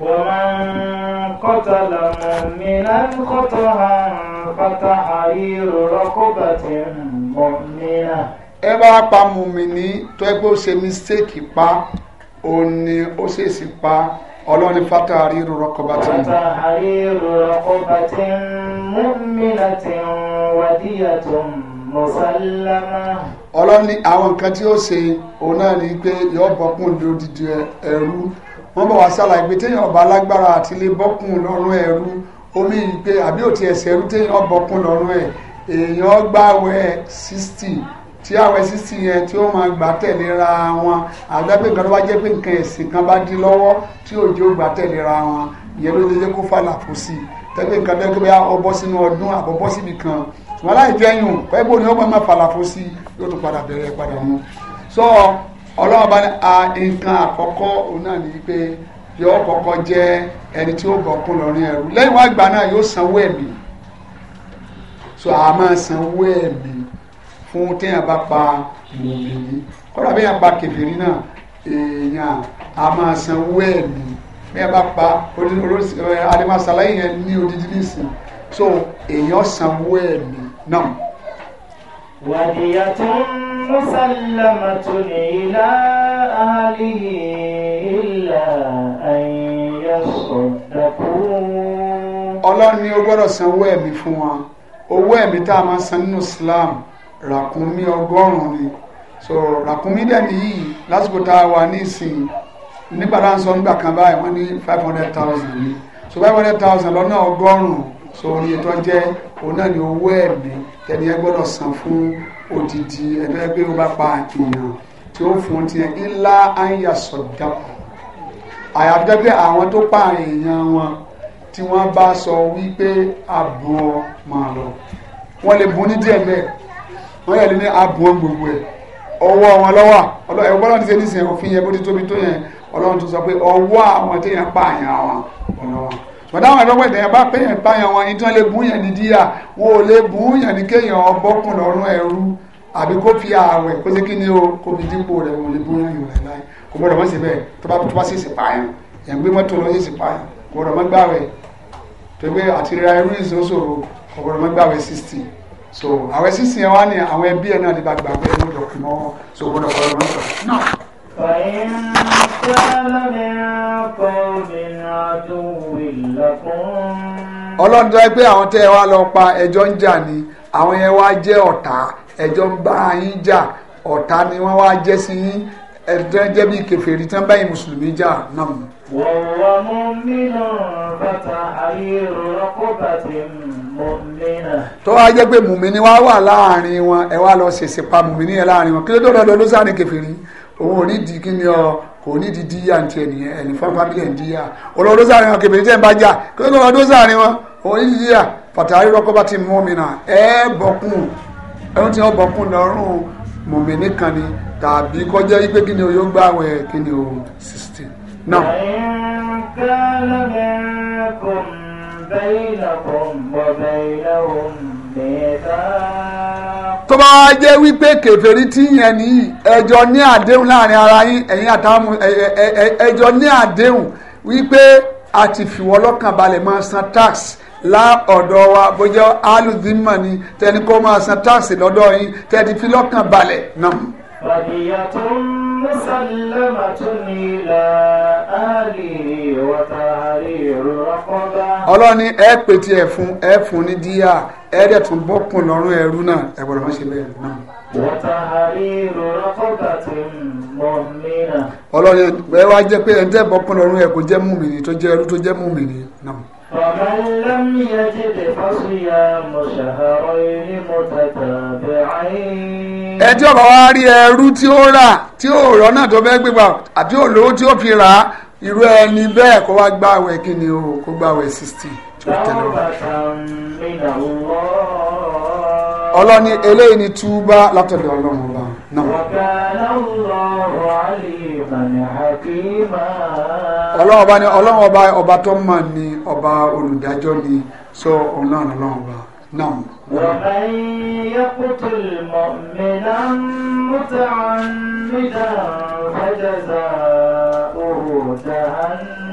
ومن قتل مؤمنا خطأ فتحرير رقبة مؤمنة ẹ bá pa mùmíní tó ẹgbẹ́ ó ṣe mistake pa ó ní ó ṣèṣì pa ọlọ́ni fata àríru rọ́kọ̀bá tí ń. fata àríru rọ́kọ̀bá tí ń múmínà tí ń wàdíyà tó ń mọ̀sálámà. ọlọ́ni àwọn nǹkan tí ó ṣe òun náà ní pé yọ̀ọ́ bọ́kún lódìdí ẹrú wọ́n bọ̀ wá ṣàlàyé pé téèyàn ọba alágbára àti lè bọ́kùn lọ́rùn ẹ̀rú omi yìí pé àbí òtí ẹsẹ̀ ẹ̀rú téèyàn bọ́kùn lọ́rùn ẹ̀ èèyàn gbàwẹ̀ sixty tí àwẹ̀ sísì yẹn tí ó máa gbà tẹ̀léra wọn àgbàgbé nǹkan tó bá jẹ́ pé nǹkan ẹ̀sìn kan bá di lọ́wọ́ tí òjò gbà tẹ̀léra wọn ìyẹn ló lè kó fàlà fò sí i tẹ́gbẹ́ nǹkan bẹ́ẹ̀ gbé ọbọ̀ sínú ọdún àbọ̀bọ̀ síbi kan ṣùgbọ́n láì jẹ́yìn pẹ́ẹ́bù ni ó máa fàlà fò sí i yóò tún padà bẹ̀rẹ̀ padà mú. sọ ọlọ́run bá ní a nǹkan àkọ́kọ́ òun náà ní pé yóò kọ́kọ́ jẹ́ ẹni tí ó bọ̀kún lọ́rin ẹrú lẹ́yìn wá gbà náà yóò sanwó ẹ̀mí so a máa sanwó ẹ̀mí fún téèyàn bá pa mòmìnì kọ́dà bí yàn pa kẹfìrí náà èèyàn a máa sanwó ẹ̀mí bí yàn bá pa adémásálá yẹn ní odidi nísìn so èèyàn sanwó ẹ̀mí náà. wàdìyà tó ń مسلمة إلى أهله إلا أن يصدقوا ọlọ́run ni ó gbọ́dọ̀ san owó ẹ̀mí fún wa owó ẹ̀mí tá a máa san nínú Islam ràkúnmí ọgọ́rùn-ún ni so ràkúnmí dẹ̀ nìyí lásìkò tá a wà nísìnyí nígbà tá à ń sọ nígbà kan báyìí wọ́n ní five hundred thousand ni so five hundred thousand lọ́nà ọgọ́rùn-ún so oníyetọ́ jẹ́ òun náà ni owó ẹ̀mí tẹ̀lé ẹ gbọ́dọ̀ san fún òdìdí ẹ̀dọ́ ẹgbẹ́ ó bá pa èèyàn tí ó fún tiẹ̀ ńlá ayàsọ̀dá àyàbíjẹ́pẹ́ àwọn tó pa èèyàn wọn tí wọ́n bá sọ wípé àbùn ọ máa lọ wọ́n lè bùn ní díẹ̀ bẹ́ẹ̀ wọ́n yẹ̀ lé ní àbùn ọ gbogbo ẹ̀ ọwọ́ wọn lọ́wọ́ ọlọ́run bọ́lá ti ṣe nísìnyẹn òfin yẹn bó ti tóbi tó yẹn ọlọ́run tó sọ pé ọwọ́ àwọn téèyàn pààyàn àwọn ọlọ́wọ́ tọ́dá àwọn ẹ̀rọ pẹ̀lú ẹ̀bá pé yẹn bá yẹn wọn ìtàn lè bùn yẹn ní díyà wọn ò lè bùn yẹn ní kéèyàn bọ́kùn lọ́rùn ẹ̀rú àbí kó fi ààwẹ̀ kó sí kí ni o kó fi dípò rẹ̀ wọn ò lè bùn yẹn yòó rẹ̀ láì kò gbọ́dọ̀ mọ́ sí bẹ́ẹ̀ tó bá tó bá sì sì pààyàn yẹn gbé mọ́tò lọ sí sì pààyàn kò gbọ́dọ̀ mọ́ gbààwẹ̀ tó gbé àti ra irú ìṣòṣòro kò gbọ́dọ̀ mọ́ gbààwẹ̀ sixty so àwẹ̀ sixty yẹn wá ní àwọn ẹbí ẹ̀ náà ní bá gbàgbé ẹ̀ lọ́dọ̀ mọ́ so gbọ́dọ̀ gbọ́dọ̀ mọ́ ọlọ́run tó yẹ pé àwọn tẹ́ ẹ wá lọ pa ẹjọ́ ń jà ni àwọn yẹn wá jẹ́ ọ̀tá ẹjọ́ ń bá yín jà ọ̀tá ni wọ́n wá jẹ́ sí yín ẹ̀dọ́ jẹ́ bí kèfèrí tán báyìí mùsùlùmí jà náà mú. wọ́wọ́ mú nínú bàtà ayé rọ́pò bàtì mọ́mìnà. tó wá jẹ́ pé mùmíní wá wà láàrin wọn ẹ wá lọ ṣèṣì pa mùmíní yẹn láàrin wọn kí ló dọ́dọ̀ lọ ló sáré kèfèrí òun ò ní di kí ni ọ kò ní di díyà ẹni fún family díyà olóòdó sáàrin wọn kèbèrè tẹ̀ ń bá jà kí ló ti mú mi náà ẹ bọ̀kún tí wọ́n bọ̀kún lọ́rùn mùmíní ni tàbí kọjá yí pé gbà wẹ̀ kí ni sixteen bẹ́ẹ̀ tó bá wá jẹ́ wípé kèfèrí tí yẹn nìyí ẹjọ́ ní àdéhùn láàrin ara yín ẹ̀yin àtàwọn ẹjọ́ ní àdéhùn wípé a ti fìwọ́ lọ́kàn balẹ̀ máa san tax láọ̀dọ̀ wa bójá alùdímọ̀ ni tẹni kó máa san tax lọ́dọ̀ yín tẹ́tí fi lọ́kàn balẹ̀ náà. Fàdíyàtún Mùsàlámàtún ìlà Àlì wàtàrí rọ́kọ́dá. Ọlọ́ni ẹ pètì ẹ̀ fún ẹ fún ní díyà ẹ̀ẹ́dẹ̀ tún bọ́kùn lọ́rùn ẹrú náà ẹ̀gbọ́dọ̀ ṣe bẹ́ẹ̀ náà. ọlọ́run ẹ wá jẹ́ pé ẹ̀ńtẹ́ bọ́kùn lọ́rùn ẹ̀ kò jẹ́ mùmìnì tó jẹ́ ẹrú tó jẹ́ mùmìnì náà. فمن لم ẹ tí ọ̀rọ̀ wa rí ẹrú tí ó rà tí náà tó gbégbà àti òlówó tí fi rà irú ẹni bẹ́ẹ̀ kó wá o kó sixteen. ọlọ́ni eléyìí ni túbá látọ̀dọ̀ ọlọ́run ọba náà. ọlọ́run ọba ni ọlọ́run ọba ọba tó mà ní ọba olùdájọ́ ni sọ ọlọ́run ọlọ́run ọba náà. ومن يقتل مؤمنا متعمدا فجزاؤه جهنم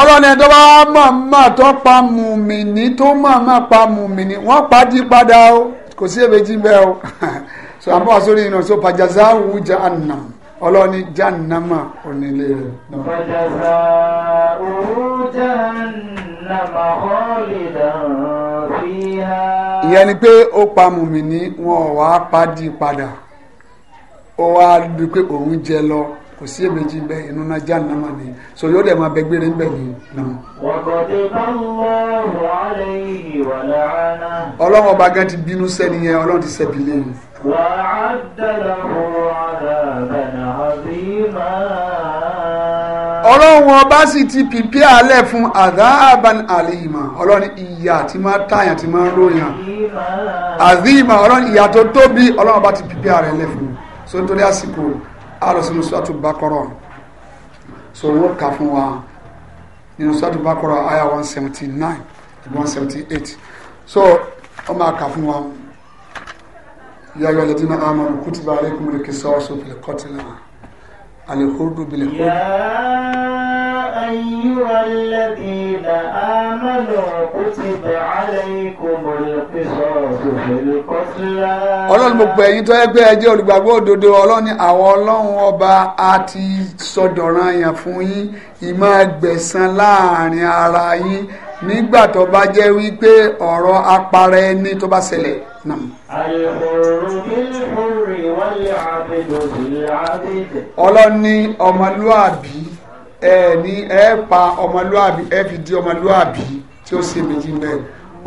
ọlọ́ni ẹ̀dọ́ bá mọ̀ mọ̀ tó pa mùmìnì tó mọ̀ mọ̀ pa mùmìnì wọ́n pàdé padà o kò sí èméjì bẹ́ẹ̀ o so àbọ̀ sórí iná so pàjáza wù já ànà ni já ànà mà onílé rẹ̀. pàjáza òwú já ànà mà ọ́ọ̀lì dàn fi hà. ìyẹn ni pé ó pa mùmìnì wọn ò wá pàdé padà ó wá di òun jẹ lọ kò sí èméjì bẹ inú náà já nàmà ni so yóò dẹ̀ máa bẹ gbére ń bẹ̀ ni. ọlọ́run ọba gan ti bínú sẹ́ni yẹn ọlọ́run ti sẹ́bi lẹ́yìn. ọlọ́run ọba sì ti pìpì alẹ́ fún adáàbàn àlìmọ̀ ọlọ́run ìyà tí máa tààyàn tí máa ń ròyàn àdìmọ̀ ọlọ́run ìyà tó tóbi ọlọ́run ọba ti pìpì alẹ́ fún so nítorí àsìkò àròsínú sọ́tù bákọ́rọ̀ so wọ́n kà fún wa nínú sọ́tù bákọ́rọ̀ àyà one seventy nine one seventy eight so wọ́n máa kà fún wa yàrá ìlẹ́dínà àmọ́ kùtìbà àlékún lè kí sọ́ọ́sọ́ fìlẹ̀ kọ́tìlá. الخلد بالخلد يا أيها الذين آمنوا كتب عليكم القصاص في القتلى ọlọ́run gbogbo ẹ̀yin tó yẹ pé ẹ jẹ́ olùgbàgbọ́ òdodo ọlọ́run ni àwọn ọlọ́run ọba a ti sọdọ̀ràn yàn fún yín ìmọ̀ ẹgbẹ̀san láàrin ara yín nígbà tó bá jẹ́ wípé ọ̀rọ̀ apara ẹni tó bá ṣẹlẹ̀. نعم الحر بالحر والعبد بالعبد ọlọ́ni ọmọlúàbí ẹ ní ẹ pa ọmọlúàbí ẹ fi di ọmọlúàbí tí ó ṣe méjì bẹ́ẹ̀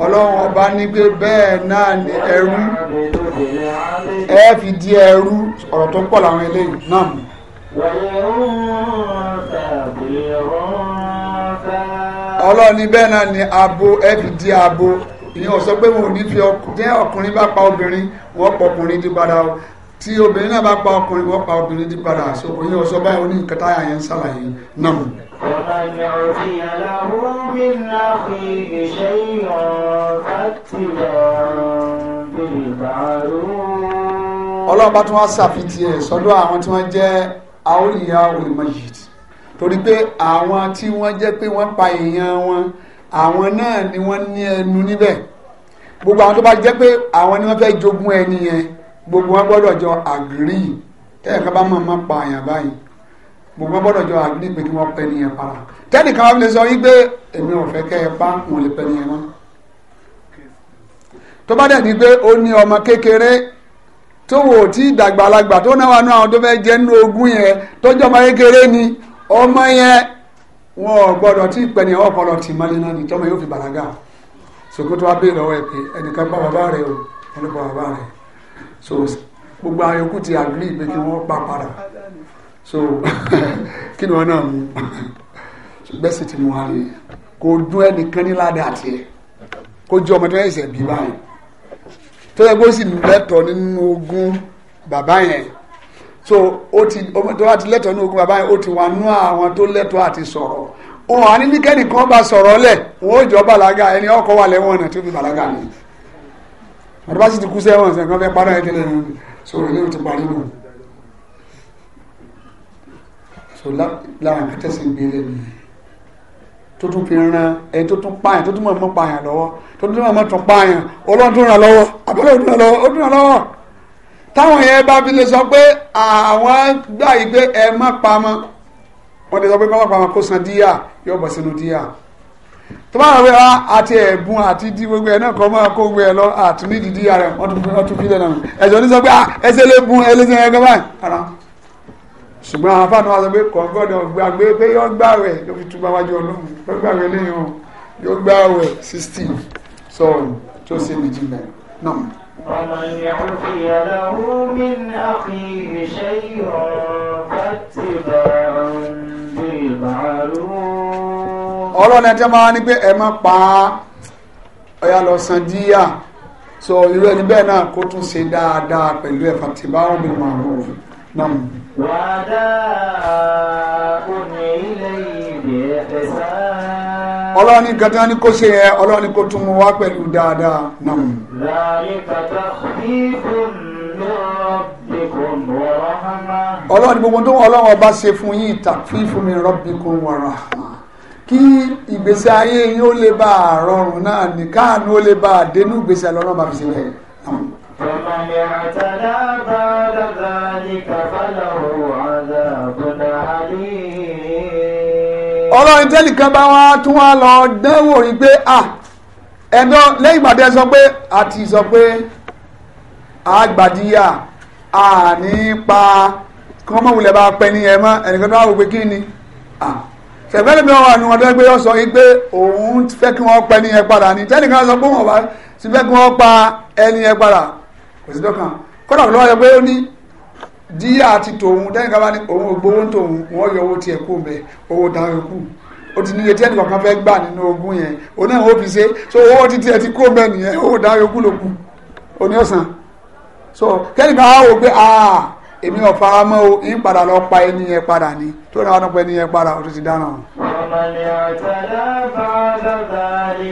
ọlọ́run ọba ní pé bẹ́ẹ̀ náà ni ẹrú ẹ fi di ẹrú ọ̀rọ̀ tó pọ̀ làwọn eléyìí náà mú. ọlọ́ni bẹ́ẹ̀ náà ni abo ẹ fi di abo ìyẹn ọ̀sọ́ pé wọn ò ní fi jẹ́ ọkùnrin bá pa obìnrin wọ́n pọ̀ ọkùnrin di padà o tí obìnrin náà bá pa ọkùnrin wọ́n pa obìnrin di padà so ìyẹn ọ̀sọ́ báyìí ó ní nǹkan táyà yẹn ń ṣàlàyé náà. ومن عفي له من أخيه شيء فاتباع بالمعروف ọlọ́ọ̀bá tí wọ́n ṣàfitì ẹ̀ sọ́dọ̀ àwọn tí wọ́n jẹ́ àwòrìyá olùmọ̀yìí torí pé àwọn tí wọ́n jẹ́ pé wọ́n pa èèyàn wọn àwọn náà ni wọ́n ní ẹnu níbẹ̀ gbogbo àwọn tó bá jẹ́ pé àwọn ni wọ́n fẹ́ jogún ẹni yẹn gbogbo wọn gbọ́dọ̀ jọ àgírí tẹ́ẹ̀kan bá mọ̀ mọ́ pa àyàn báyìí gbogbo wọn gbọ́dọ̀ jọ àgírí pé kí wọ́n pẹ́ ní yẹn para tẹ́nìkan wá fi lè sọ yí pé èmi ò fẹ́ kẹ́ ẹ pa wọn lè pẹ́ ní yẹn mọ́ tó bá dẹ̀ ní pé ó ní ọmọ kékeré tó wò tí ìdàgbàlagbà tó náwó àwọn tó fẹ́ jẹ́ nínú ogún yẹn tó jọmọ kékeré ni ọmọ yẹn wọn ò gbọ́dọ̀ tí ìpẹ́ ni ọwọ́ ọpọlọ tì mọ́lẹ̀ náà nìjọ́ mọ́ yóò fi bàlágà ṣòkòtò abéèrè ọwọ́ ẹ̀ pé ẹnìkan bá bàbá rẹ̀ o ẹnì bá bàbá rẹ̀ so gbogbo ayọ̀kú ti àgbélé ìgbé kí wọ́n pa padà so kí ni wọn náà mú bẹ́ẹ̀ sì ti mú wa rí kò dún ẹnìkan ní ládàá tiẹ̀ kó jẹ́ ọmọ tó bí báyìí tó yẹ kó sì lẹ́tọ̀ọ́ nínú ogún bàbá yẹn so ó ti tó ti ní ogun bàbá yẹn o ti wà nú àwọn tó lẹ́tọ̀ọ́ àti sọ̀rọ̀ òun àní ní kẹ́nìkan bá sọ̀rọ̀ lẹ̀ òun ó jọ bàlágà ẹni ọkọ̀ wà lẹ́wọ̀n náà tó fi bàlágà ni àdúrà sì ti kú sẹ́wọ̀n sẹ́kàn fẹ́ parọ́ sọ̀rọ̀ ti parí nù. so lára nǹkan tẹ̀sí ń gbélé ni tó tún fi ran ẹni tó tún pààyàn tó tún mọ̀ mọ́ pààyàn lọ́wọ́ tó tún mọ̀ mọ́ tún pààyàn lọ́wọ́ àbẹ́lẹ́ táwọn yẹn bá fi lè sọ pé àwọn gbà yìí pé ẹ má pamọ́ wọ́n ti sọ pé kọ́mọ́ pamọ́ kó san díyà yóò bọ̀ sínú díyà tó bá rà pé wá ah, àti ẹ̀bùn àti dí gbogbo ẹ̀ náà kọ́ máa kó gbogbo ẹ̀ lọ àtún nídìí díyà rẹ̀ wọ́n tún fi lẹ́nu ẹ̀jọ̀ ní sọ pé ah, ẹsẹ̀ lè bun ẹlẹ́sẹ̀ ẹ̀kọ́ báyìí ara ṣùgbọ́n àwọn afáàní wa sọ pé kọ́ gbọ́dọ̀ gbàgbé pé yóò gbà rẹ̀ ló fi túbọ̀ wájú ọlọ́run yóò gbà rẹ̀ lẹ́yìn o yóò gbà rẹ̀ sixty so tó ṣe méjì mẹ́rin náà. ومن عفي له من أخيه شيء فاتباع بالمعروف ọlọ́run ẹjẹ́ máa ní pé ẹ máa pa ọ̀yà lọ san díyà so irú ẹni bẹ́ẹ̀ náà kó tún ṣe dáadáa pẹ̀lú ẹ̀fà tí bá wọn bí màá rò ó náà. wàdà òní ilé ìdè ẹ̀sán ọlọ́run ní nǹkan tí wọ́n ní kó ṣe yẹn ọlọ́run ní kó tún mu wá pẹ̀lú dáadáa náà. láyé tata fífún rọ́bìkún wọ̀rọ̀hámà. ọlọ́run gbogbo tó ọlọ́run ọba ṣe fún yín ta fífún mi rọ́bìkún wọ̀rọ̀hámà kí ìgbésí ayé yín ó lè bá a rọrùn náà ní káàánú ó lè bá a dénú ìgbésí ayé ọlọ́run bá fi ṣe فمن اعتدى بعد ذلك فله عذاب ọlọ́run tẹ́nìkan bá wá tún wá lọ dánwò rí pé à ẹ̀dọ́ lẹ́yìn ìgbà tẹ́ sọ pé àti sọ pé àgbàdìyà àní pa kọ́ mọ̀ wulẹ̀ bá pẹ́ ní ẹ̀ mọ́ ẹnìkan tó wá wò pé kí ni tẹ̀fẹ́lẹ́ mi wà ní wọn tó ń gbé sọ yìí pé òun fẹ́ kí wọ́n pẹ́ ní yẹn padà ní tẹ́nìkan sọ pé wọ́n wá sí fẹ́ kí wọ́n pa ẹni yẹn padà kò sí dọ́kàn kọ́dà ló wáyé pé ó ní díyà ti tòun tẹ́yìn ká bá ní òun ògbówó ń tòun wọ́n yọ owó tiẹ̀ kú mẹ́ owó táwọn yòókù ó ti níye tí ẹnì kankan fẹ́ gbà nínú ogún yẹn òun náà ó ṣe so owó ti tiẹ̀ ti kú mẹ́ nìyẹn owó táwọn yòókù ló kù òní ọ̀sán so kẹ́nìkan á wò pé aa èmi ò fara mọ́ o ń padà lọ pa ẹni yẹn padà ni tó náà wọn pa ẹni yẹn padà ó ti ti dáná o. ọmọlẹ ọ̀tẹ̀lá bá dábàálì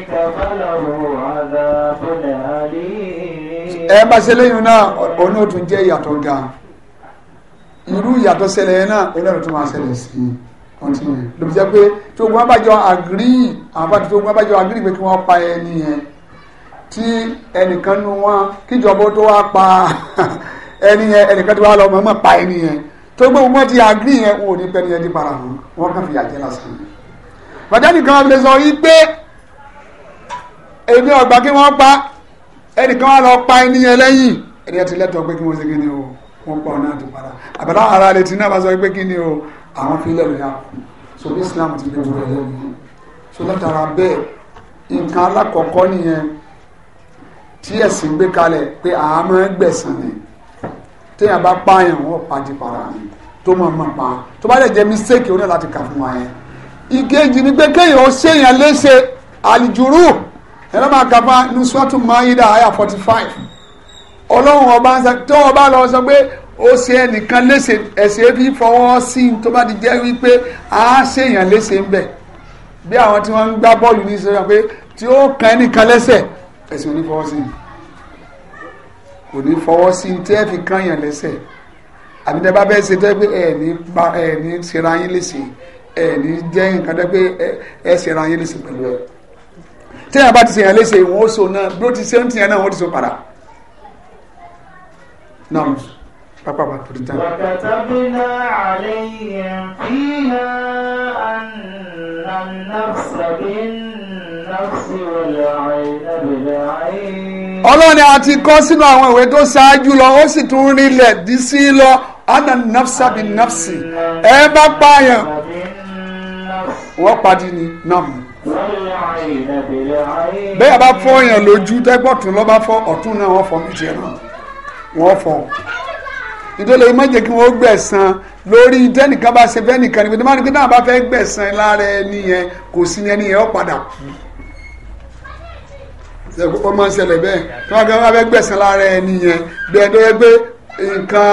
irú ìyàtọ̀ ṣẹlẹ̀ yẹn náà ẹlẹ́rìí tó máa ṣẹlẹ̀ sí i mm. continue mm. ló fi jẹ́ pé tí ogun abájọ agree àwọn bá ti tí ogun abájọ agree pé kí wọ́n pa ẹni yẹn tí ẹnìkan nu wọn kíjọba tó wá pa ẹni yẹn ẹnìkan tó wá lọ mọ̀ọ́mọ̀ pa ẹni yẹn tó gbé ogun ti agree yẹn wọn ò ní pẹ́ni yẹn di para wọn wọn kàn fi àjẹ́ lásán yẹn. bàtà nìkan lè sọ yìí pé èmi ọgbà kí wọ́n pa ẹnìkan wá lọ pa ẹni yẹn lẹ́yìn ẹni yẹn ti lẹ́tọ̀ọ́ pé kí wọ́n ṣe ni o wọ́n pa ọ̀nà àti padà àbẹ̀lá ara rẹ̀ ti náà bá sọ pé o àwọn fílẹ̀ lóya so bí Islam ti dé wúlò ẹ̀yẹ́ mi so látara bẹ́ẹ̀ nǹkan alákọ̀ọ́kọ́ nìyẹn tí ẹ̀sìn gbé kalẹ̀ pé àmọ́ gbẹ̀sán ni téèyàn bá pààyàn wọ́n pa ti para ni tó mọ̀ mọ̀ pa tó bá dẹ̀ jẹ́ mistake ó ní láti kà fún wa yẹn ìkejì ni pé kéèyàn ó ṣèyàn léṣe àlìjùrù ẹ̀rọ máa kà fún nusratu Maida aya forty five ọlọ́run ọba ń sọ tó ọba lọ sọ pé ó ṣe ẹnìkan léṣe ẹ̀ṣẹ̀ bí fọwọ́ sí i tó bá ti jẹ́ wípé a ṣèyàn léṣe ń bẹ̀ bí àwọn tí wọ́n ń gbá bọ́ọ̀lù ní sọ́yà pé tí ó kan ẹnìkan lẹ́sẹ̀ ẹ̀ṣẹ̀ ò ní fọwọ́ sí i kò ní fọwọ́ sí i tẹ́ fi kan yàn lẹ́sẹ̀ àbí tẹ́ bá bẹ́ẹ̀ ṣe tẹ́ pé ẹ̀ ní ẹ̀ ní ṣera yín léṣe ẹ̀ ní jẹ́ nǹkan tẹ́ pé ẹ̀ ṣera yín léṣe pẹ̀lú ẹ̀ tẹ́yàn bá ti ṣèyàn léṣe ìwọ̀n ó so náà bí ó ti ṣe ń tìyàn náà wọ́n ti so padà. نعم وكتبنا عليهم فيها أن النفس بالنفس والعين بالعين ọlọ́run ni a ti kọ́ sínú àwọn ìwé tó ṣáájú lọ ó sì tún rinlẹ̀ dí sí lọ ana nafsa bi nafsi ẹ bá pààyàn wọ́n padì ní nàmú bẹ́ẹ̀ bá fọ́ yẹn lójú tẹ́gbọ́tún lọ́ fọ́ ọ̀tún náà wọ́n fọ́ méjì ẹ̀ náà wọ́n fọ́ ìdólè yìí má jẹ́ kí wọ́n gbẹ̀san lórí tẹ́nìkan bá ṣe fẹ́ nìkan níbi tó má ní pé náà bá fẹ́ gbẹ̀san lára ẹni yẹn kò sí ní ẹni yẹn ó padà kú ó máa ń ṣẹlẹ̀ bẹ́ẹ̀ tí wọ́n gbẹ́ wọ́n fẹ́ gbẹ̀san lára ẹni yẹn bẹ́ẹ̀ tó yẹ pé nǹkan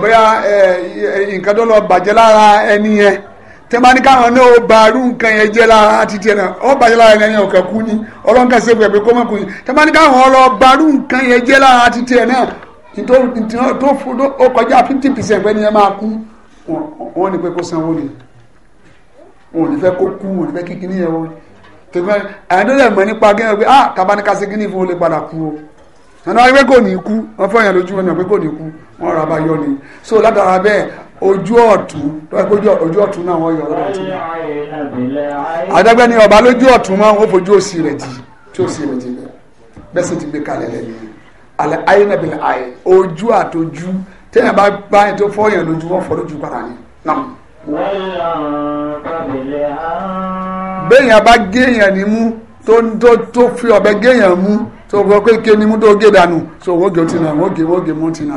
bóyá nǹkan tó lọ bàjẹ́ lára ẹni yẹn tẹ bá ní káwọn náà ó ba irú nǹkan yẹn jẹ́ lára títí ẹ̀ náà ó bàjẹ́ lára ẹni ẹ̀yàn ọ̀kẹ́ kú ni ọlọ́nkà ṣe pẹ̀pẹ́ kó mọ̀ kú ni tẹ bá ní káwọn ọlọ́ ba irú nǹkan yẹn jẹ́ lára títí ẹ̀ náà tó ó kọjá fifty percent pé ni ẹ máa kú wọn ní pé kó sanwó ni wọn ò ní fẹ́ kó kú wọn ò ní fẹ́ kí kíní yẹn wọ́n tẹ̀gbọ́n àyàndọ́lẹ̀ mọ̀ nípa gẹ́gẹ́ pé ah, ni wọn pé kò ní kú wọn so ládàra bẹ́ẹ̀ ojú ọ̀tún ojú ọ̀tún náà wọ́n yọ ọ́ ọ̀tún ọba lójú ọ̀tún máa ń fojú òsì rẹ̀ tí òsì rẹ̀ lẹ̀ bẹ́ẹ̀ ti gbé kalẹ̀ lẹ́nu alẹ́ ayé náà bẹ̀rẹ̀ ayé ojú téèyàn bá wọ́n fọ́ lójú padà ni náà.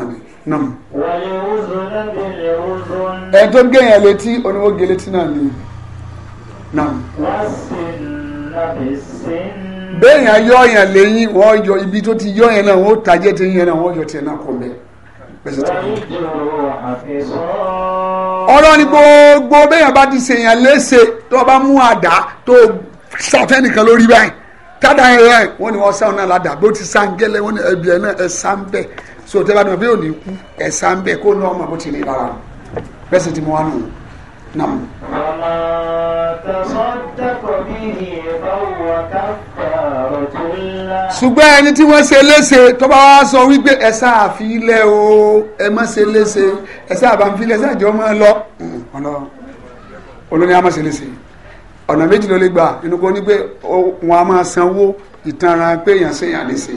ni. ẹ̀ tó ń gé yẹn létí oníwó gé létí náà ni bẹ́ẹ̀ yẹn yọ yẹn lẹ́yìn wọ́n yọ ibi tó ti yọ yẹn náà wọ́n tàjẹ́ tí yẹn náà wọ́n yọ tiẹ̀ náà kọ̀ mẹ́. ọlọ́ni gbogbo bẹ́ẹ̀ yẹn bá ti ṣe yẹn léṣe tó bá mú àdá tó sàtẹ́nìkan lórí báyìí tádà yẹn wọ́n ni wọ́n sáwọn náà ládàá bó ti sáńgẹ́lẹ́ wọ́n ni ẹbí ẹ̀ náà ẹ̀ sáńbẹ́ so tẹ́ bá dùn bí ò ní kú ẹ̀sà ń bẹ̀ kó ní ọmọ bó ti lè lára bẹ́ẹ̀ sì ti mú wa nù nà mú. màmá tẹ̀sán dẹ́kọ̀ bí ìbáwọ̀ ká fàrọ̀ tó ńlá. ṣùgbọ́n ẹni tí wọ́n ṣe léṣe tó bá wá sọ wípé ẹ̀sà àfilẹ̀ o ẹ má ṣe léṣe ẹ̀sà àbámfilẹ̀ ẹ̀sà ìjọ máa lọ mm, olóní a má ṣe léṣe ọ̀nà méjì ló lè gbà nínú kó ní pé wọn a máa sanwó ìtanràn pé èèyàn ṣèyàn léṣe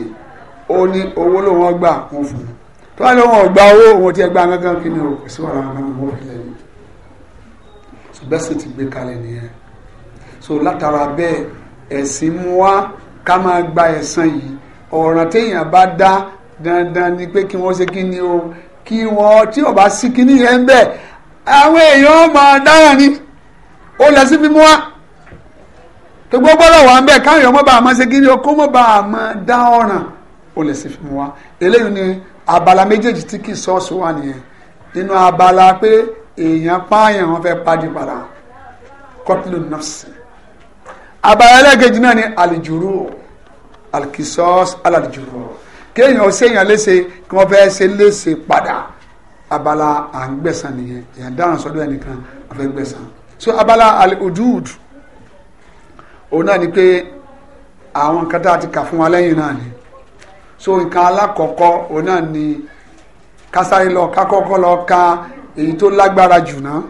ó ní owó ló wọ́n gbà wọ́n fún un tó wà ní wọn ò owó wọn ti gba gángan kí ni o kò sí wàhálà náà wọ́n fi lẹ́yìn ṣùgbọ́n sì ti gbé kalẹ̀ nìyẹn so látara bẹ́ẹ̀ ẹ̀sìn mú wá ká máa gba ẹ̀san yìí ọ̀ràn téèyàn bá dá dandan ni pé kí wọ́n ṣe kí ni o kí wọ́n tí ò bá sí kí ni yẹn bẹ́ẹ̀ àwọn èèyàn máa dáràn ni ó lọ sí mímú wá tó gbogbo ọ̀rọ̀ wà ń bẹ̀ káwọn èèyàn mọ̀ bá a máa ṣe kí ni o kó mọ̀ bá a máa dá ọ̀ràn ó lè sì fi wá eléyìí ni abala méjèèjì tí kì í sọ́ọ̀sì wà nìyẹn nínú abala pé èèyàn pààyàn wọn fẹ́ pàdé padà kọ́tìlù nọ́ọ̀sì abala ẹlẹ́gẹ̀jì náà ni àlìjùrù alikisọ́ọ̀sì alàlìjùrù kéèyàn ó séèyàn léṣe kí wọ́n fẹ́ ṣe léṣe padà abala à ń gbẹ̀sán nìyẹn èèyàn dáràn sọ́dọ̀ ẹnìkan a fẹ́ gbẹ̀sán so abala aludud òun náà ni pé àwọn kan tá ti kà fún wa lẹ́yìn náà ni so nǹkan alákọ̀ọ́kọ́ òun náà ni kásáré lọ kákọ́kọ́ lọ ka èyí tó lágbára jù náà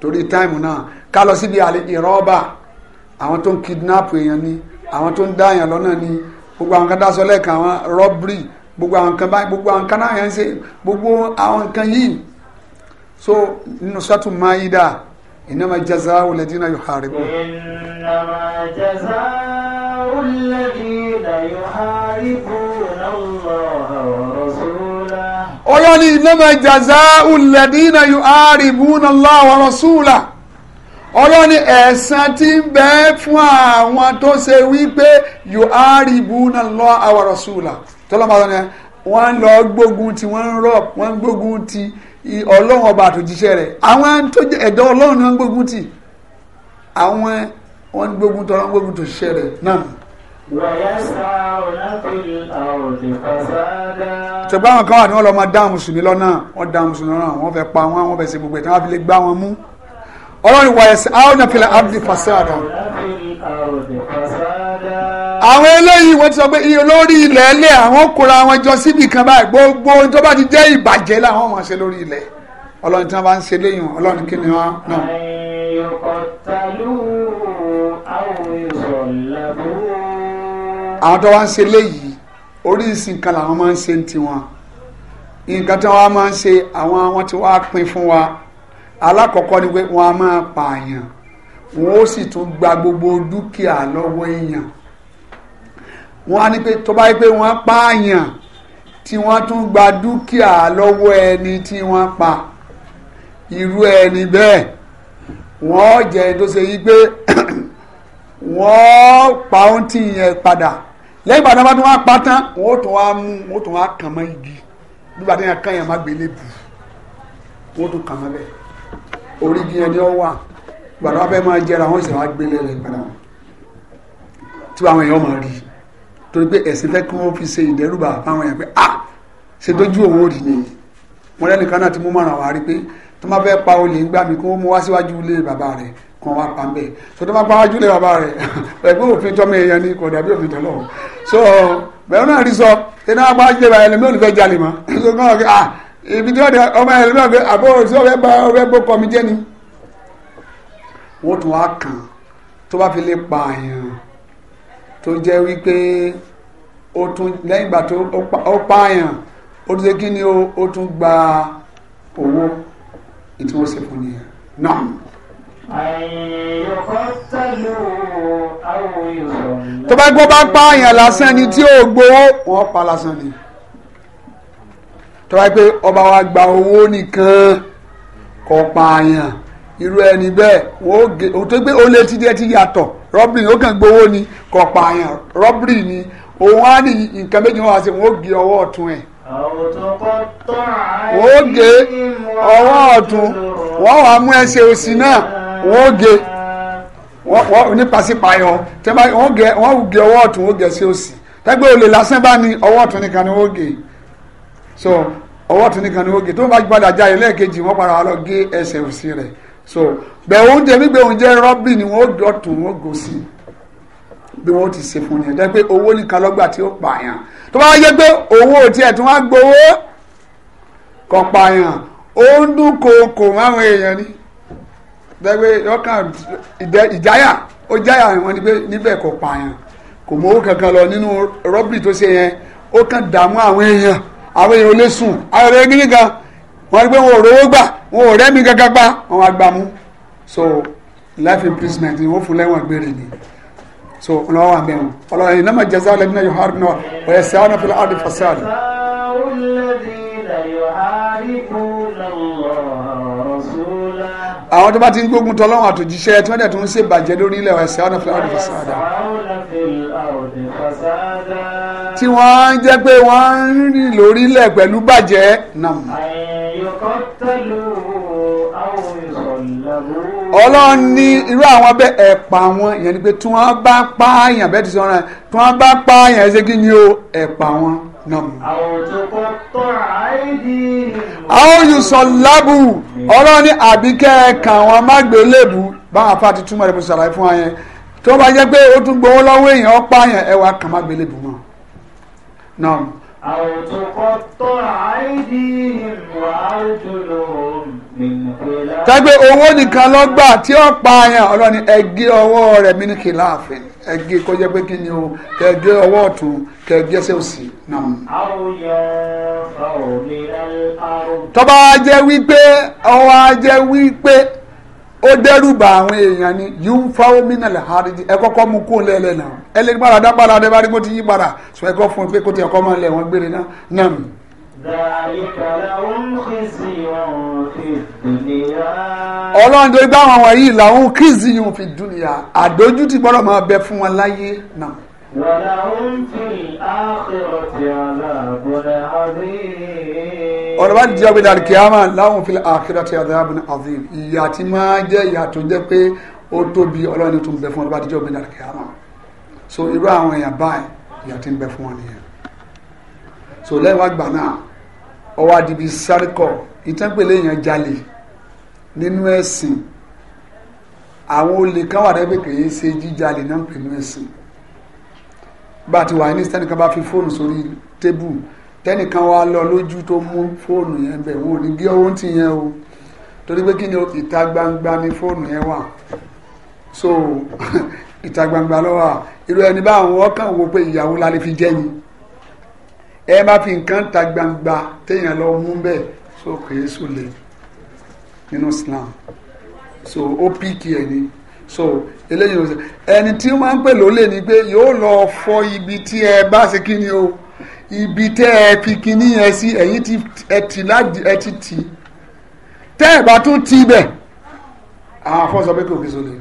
torí táìmù náà ká lọ síbi àlè ìrọ́bà àwọn tó ń kidnap èèyàn ni àwọn tó ń dá èèyàn lọ́nà ni gbogbo àwọn kan dáṣọ lẹ́ẹ̀kan àwọn rọ́bìrì gbogbo àwọn kan báyìí gbogbo àwọn kan náà yẹn ń ṣe gbogbo àwọn kan yìí so nínú sọ́tún máa yí dáa إنما جزاء الذين يحاربون إنما جزاء الذين يحاربون الله ورسوله أولي إنما جزاء الذين يحاربون الله ورسوله ọlọ́ni ẹ̀san tí ń bẹ fún àwọn tó ṣe wípé yuharibuna Allah wa rasulah tọ́lọ́mọ́ ọ̀dọ́ ni wọ́n lọ gbógun ti wọ́n rọ̀ wọ́n gbógun ti ọlọ́run ọba àtòjíṣẹ́ rẹ̀ àwọn tó jẹ́ ẹ̀dọ́ ọlọ́run ni wọ́n ń gbógun tì àwọn wọn ń gbógun tọ́ wọn gbógun tó ṣiṣẹ́ rẹ̀ náà. ṣùgbọ́n kan wà ní wọ́n lọ́ọ́ máa dá mùsùlùmí lọ́nà wọ́n dá mùsùlùmí lọ́nà wọ́n fẹ́ pa wọn wọ́n fẹ́ ṣe gbogbo ẹ̀ tí wọ́n fi lè gbá wọn mú ọlọ́run wọ̀nyẹ̀sẹ̀ àwọn ọ̀nà fìlà abdi fasada àwọn eléyìí wọ́n ti sọ pé lórí ilẹ̀ ẹlẹ́ àwọn kóra wọn jọ síbi kan báyìí gbogbo ohun tó bá ti jẹ́ ìbàjẹ́ làwọn máa ṣe lórí ilẹ̀ ọlọ́run tí wọ́n bá ń ṣe léyìn ọlọ́run kí ni wọ́n náà. àwọn tó wá ń ṣe léyìí oríṣi nǹkan làwọn máa ń ṣe ń tiwọn nǹkan tí wọ́n máa ń ṣe àwọn àwọn tí wọ́n á pín fún wa alákọ̀ọ́kọ́ ni pé wọ́n á máa pààyàn wọ́n ó sì tún gba gbogbo dúkìá lọ́wọ́ èèyàn wọ́n á ní pé tó bá yẹ pé wọ́n pààyàn tí wọ́n tún gba dúkìá lọ́wọ́ ẹni tí wọ́n pa irú ẹni bẹ́ẹ̀ wọ́n jẹ́ tó ṣe yí pé wọ́n pa ohun tí yẹn padà lẹ́yìn ìgbà tí wọ́n bá tún wá pa tán wọ́n tún wá mú wọ́n tún wá kàn mọ́ igi nígbà tí yẹn kàn yẹn má gbélé bù wọ́n tún kàn mọ́ bẹ́ẹ̀ orí igi yẹn ni ó wà gbàdúrà fẹ́ máa jẹra wọ́n sì wá gbélé rẹ̀ gbàdúrà tí àwọn èèyàn máa rí i torí pé ẹ̀sìn fẹ́ kí wọ́n fi ṣe ìdẹ́rùbà fáwọn yẹn pé a ṣe dojú òun òdì nìyí wọn lẹ́nu kan náà ti mú mọ̀ràn wá rí pé tó máa fẹ́ pa olè gbà mí kí wọ́n mú wá síwájú ilé bàbá rẹ̀ kí wọ́n wá pa ń bẹ̀ tó tó máa pa wájú ilé bàbá rẹ̀ ẹgbẹ́ òfin tọ́mọ èèyàn ni kò dàbí òfin tọ́lọ̀ so bẹ́ẹ̀ náà rí sọ iná apá bá ẹlẹ́mí ò ní fẹ́ jalè mọ́ so kí wọ́n ah ibi tí wọ́n dẹ ọmọ ẹlẹ́mí ọ̀fẹ́ àbọ̀ sí ọ̀fẹ́ bá ọ̀fẹ́ bó kọ́ mi jẹ́ ni wọ́n tún wá kàn tó jẹ́ wípé ó tún lẹ́yìn ìgbà tó ó pààyàn ó tún ṣe kí ni ó tún gba owó ìtí wọ́n ṣe fún nìyẹn náà. tó bá gbọ́ bá pààyàn lásán ni tí ò gbowó wọ́n pa lásán ni tó bá pé ọba wa gba owó nìkan kò pààyàn irú ẹni bẹ́ẹ̀ wọ́n ó gbé òun tó gbé olè tí díẹ̀ ti yàtọ̀ rọ́bìrì ó kàn gbowó ni kò pààyàn rọ́bìrì ni òun á ní nǹkan méjì wọn wá sí wọn ó gé ọwọ́ ọ̀tún ẹ̀. wọ́n ó gé ọwọ́ ọ̀tún wọ́n wàá mú ẹsẹ̀ òsì náà wọ́n ó gé wọ́n nípasípayọ̀ gé ọwọ́ ọ̀tún wọ́n gé ẹsẹ̀ òsì tẹ́gbẹ́ olè lásán bá ní ọwọ́ ọ̀tún nìkan ni wọ́n gé so gbẹ̀hún tèmi gbẹ̀hún jẹ́ rọ́bì ni wọ́n dọ̀tún wọ́n gò sí bí ti se fún ni ẹ̀jẹ̀ owó ní tí ó pààyàn tó bá yẹ pé owó tí á gbowó kọ̀ pààyàn ó ń dún máwọn èèyàn ni ìjáyà ó kọ̀ pààyàn kò mọ owó kankan lọ nínú tó ṣe yẹn ó kàn dààmú àwọn èèyàn àwọn èèyàn ò sùn àwọn èèyàn wọn wọn ò rówó gbà wọn ò wọn á gbà so life imprisonment ni wọ́n fún lẹ́wọ̀n gbére ni so ọlọ́wọ́ wà mẹ́wọ̀n ọlọ́wọ́ yìí nàmà jẹ́sà lẹ́mí náà yóò hàrù náà wọ́n yẹ sẹ́wọ́n náà fi láàrín fasad. àwọn tó bá ti ń gbógun tọ́ lọ́wọ́ àtòjíṣẹ́ tí wọ́n dẹ̀ tó ń ṣe bàjẹ́ lórí ilẹ̀ wọ́n yẹ sẹ́wọ́n náà fi láàrín fasad. tí wọ́n jẹ́ pé wọ́n ń rìn lórí ilẹ̀ pẹ̀lú bàjẹ́ náà. àyẹ̀yọ̀ kọ́ tẹ́lú ọlọ́run ní irú àwọn bẹ́ẹ̀ ẹ̀ pa wọn ìyẹn ni pé tí wọ́n bá pààyàn bẹ́ẹ̀ ti sọ ọ́nà tí wọ́n bá pààyàn ẹ̀ kí ni o ẹ̀ pa wọn nàmú. àwọn olùsọ lábù ọlọ́run ní àbíkẹ́ ẹ̀ka àwọn mágbélébù báwọn afá ti túmọ̀ rẹ̀ bó ṣàlàyé fún wa yẹn tó bá jẹ́ pé ó tún gbowó lọ́wọ́ èèyàn ó pààyàn ẹ̀ wà kà mágbélébù wọn. nàmú. àwòtúkọ tó àìdí ìmọ̀ àjùlọ òun. tẹ́gbẹ́ owó nìkan lọ gbà tí ó pa mí ní kìlá àfin kó pé kí o tọ́ba wípé ọwọ́ ajẹ́ wípé ó àwọn èèyàn ni yìí fáwọ́ mí nàlẹ́ ẹ kọ́kọ́ mú kó lẹ́lẹ́ náà ẹ lè kó ti yí sọ ẹ kọ́ fún un pé kó ti máa ọlọ́run tó gbá àwọn wọ̀nyí làwọn kìsì yìí fi dúnìyà àdójútì gbọ́dọ̀ máa bẹ fún wọn láyé náà. wàláhùn fi àkìrọ̀tì àdàbọ̀nà àdéhìn. ọ̀rọ̀ bá jẹ́ pé dàrí kíámà láwọn fi àkìrọ̀tì àdàbọ̀nà àdéhìn ìyá tí máa jẹ́ ìyá tó jẹ́ pé ó tóbi ọlọ́run tó ń bẹ fún ọ̀rọ̀ bá jẹ́ pé dàrí kíámà so irú àwọn èèyàn báyìí ìyá tí ń bẹ fún wọn nìyẹn so lẹ́yìn wá gbà náà ọwọ́ adìbí sárkọ̀ ìtẹ́pẹ̀lẹ̀ èèyàn jalè nínú ẹ̀sìn àwọn olè kan wà lẹ́gbẹ̀ẹ́ kì í ṣe jíjalè náà pè nínú ẹ̀sìn bá ti wà ní tẹ́nìkan bá fi fóònù sórí tébù tẹ́nìkan wá lọ lójú tó mú fóònù yẹn bẹ̀ wọ́n ní gé owó ti yẹn o torí pé kí ni ìta gbangba ni fóònù yẹn wà so ìta gbangba ló wà irú ẹni báwọn ọkàn wo pé ìyàwó la fi jẹ́ yín ẹ má fi nǹkan ta gbangba téèyàn lọ mú bẹ́ẹ̀ so kìí sùlẹ̀ nínú Islam so ó píkì ẹ̀ ni so eléyìí ló ṣe ẹni tí wọ́n ń pè lólè ni pé yóò lọ fọ ibi tí ẹ bá ṣe kí ni o ibi tẹ́ ẹ fi kíní yẹn sí ẹ̀yìn tí ẹ ti láti ẹ ti tì í tẹ́ ẹ bá tún ti bẹ̀ àwọn afọ́sọ pé kò kí sólè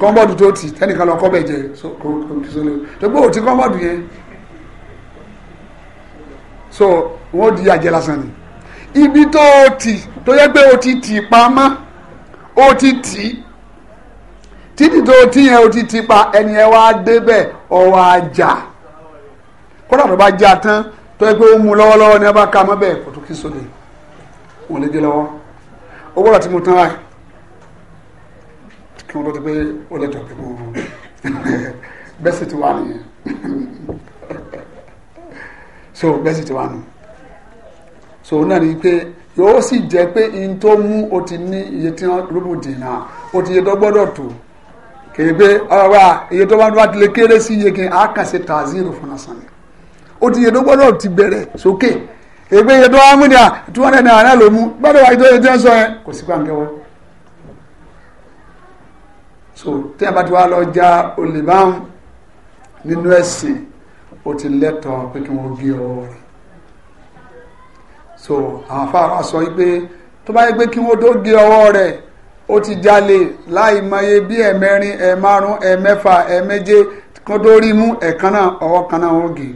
kọ́ńbọ̀dù tó tì tẹ́nìkan lọ kọ́ bẹ̀ jẹ́ kò kí sólè tó gbóòtì kọ́ńbọ̀dù yẹn so wọ́n di àjẹ́ lásán ni ibi tó o tì tó yẹ pé o ti tì pamọ́ o ti tì títí tó o tì yẹn o ti tì pa ẹni ẹ wá débẹ̀ ọwọ́ ajá kódà tó bá já tán tó yẹ pé ó mu lọ́wọ́lọ́wọ́ ní abá ka mọ́ bẹ́ẹ̀ kò tó kí sóde wọn lè gé lọ́wọ́ ó gbọ́dọ̀ tí mo tán wáyé kí wọ́n tó ti pé ó lè jọ pé mo bẹ́sẹ̀ ti wà nìyẹn. so bẹ́ẹ̀ sì ti wà nù so náà ni pé yóò sì jẹ́ pé n tó mú o ti ní iye tí wọ́n rúbù dìnnà o ti yẹ tó gbọ́dọ̀ tó kìí pé ọ̀rọ̀ ah, wa iye tó bá wá tilẹ̀ kéré sí iye kìí àkànṣe tàzírò fún ọ̀sán ni o ti yẹ tó gbọ́dọ̀ ti bẹ̀rẹ̀ sókè kìí pé iye tó wá mú ni à ah, two hundred naira náà ló mú gbọ́dọ̀ wá ìtọ́jú tí wọ́n sọ yẹn kò sí pàǹkẹ́wọ́ so tẹ́yìn bá ti wá lọ ja olè bá ń nínú ẹ̀sìn o ti lẹ́tọ̀ọ́ pé kí wọ́n gé ọwọ́ rẹ̀ so àwọn afárá sọ wípé tó bá yẹ pé kí wọ́n tó gé ọwọ́ rẹ̀ ó ti jalè láì mọye bí ẹ̀mẹ́rin ẹ̀márùn ẹ̀mẹ́fà ẹ̀mẹ́je kan tó rí mú ẹ̀kan náà ọwọ́ kan náà wọ́n gé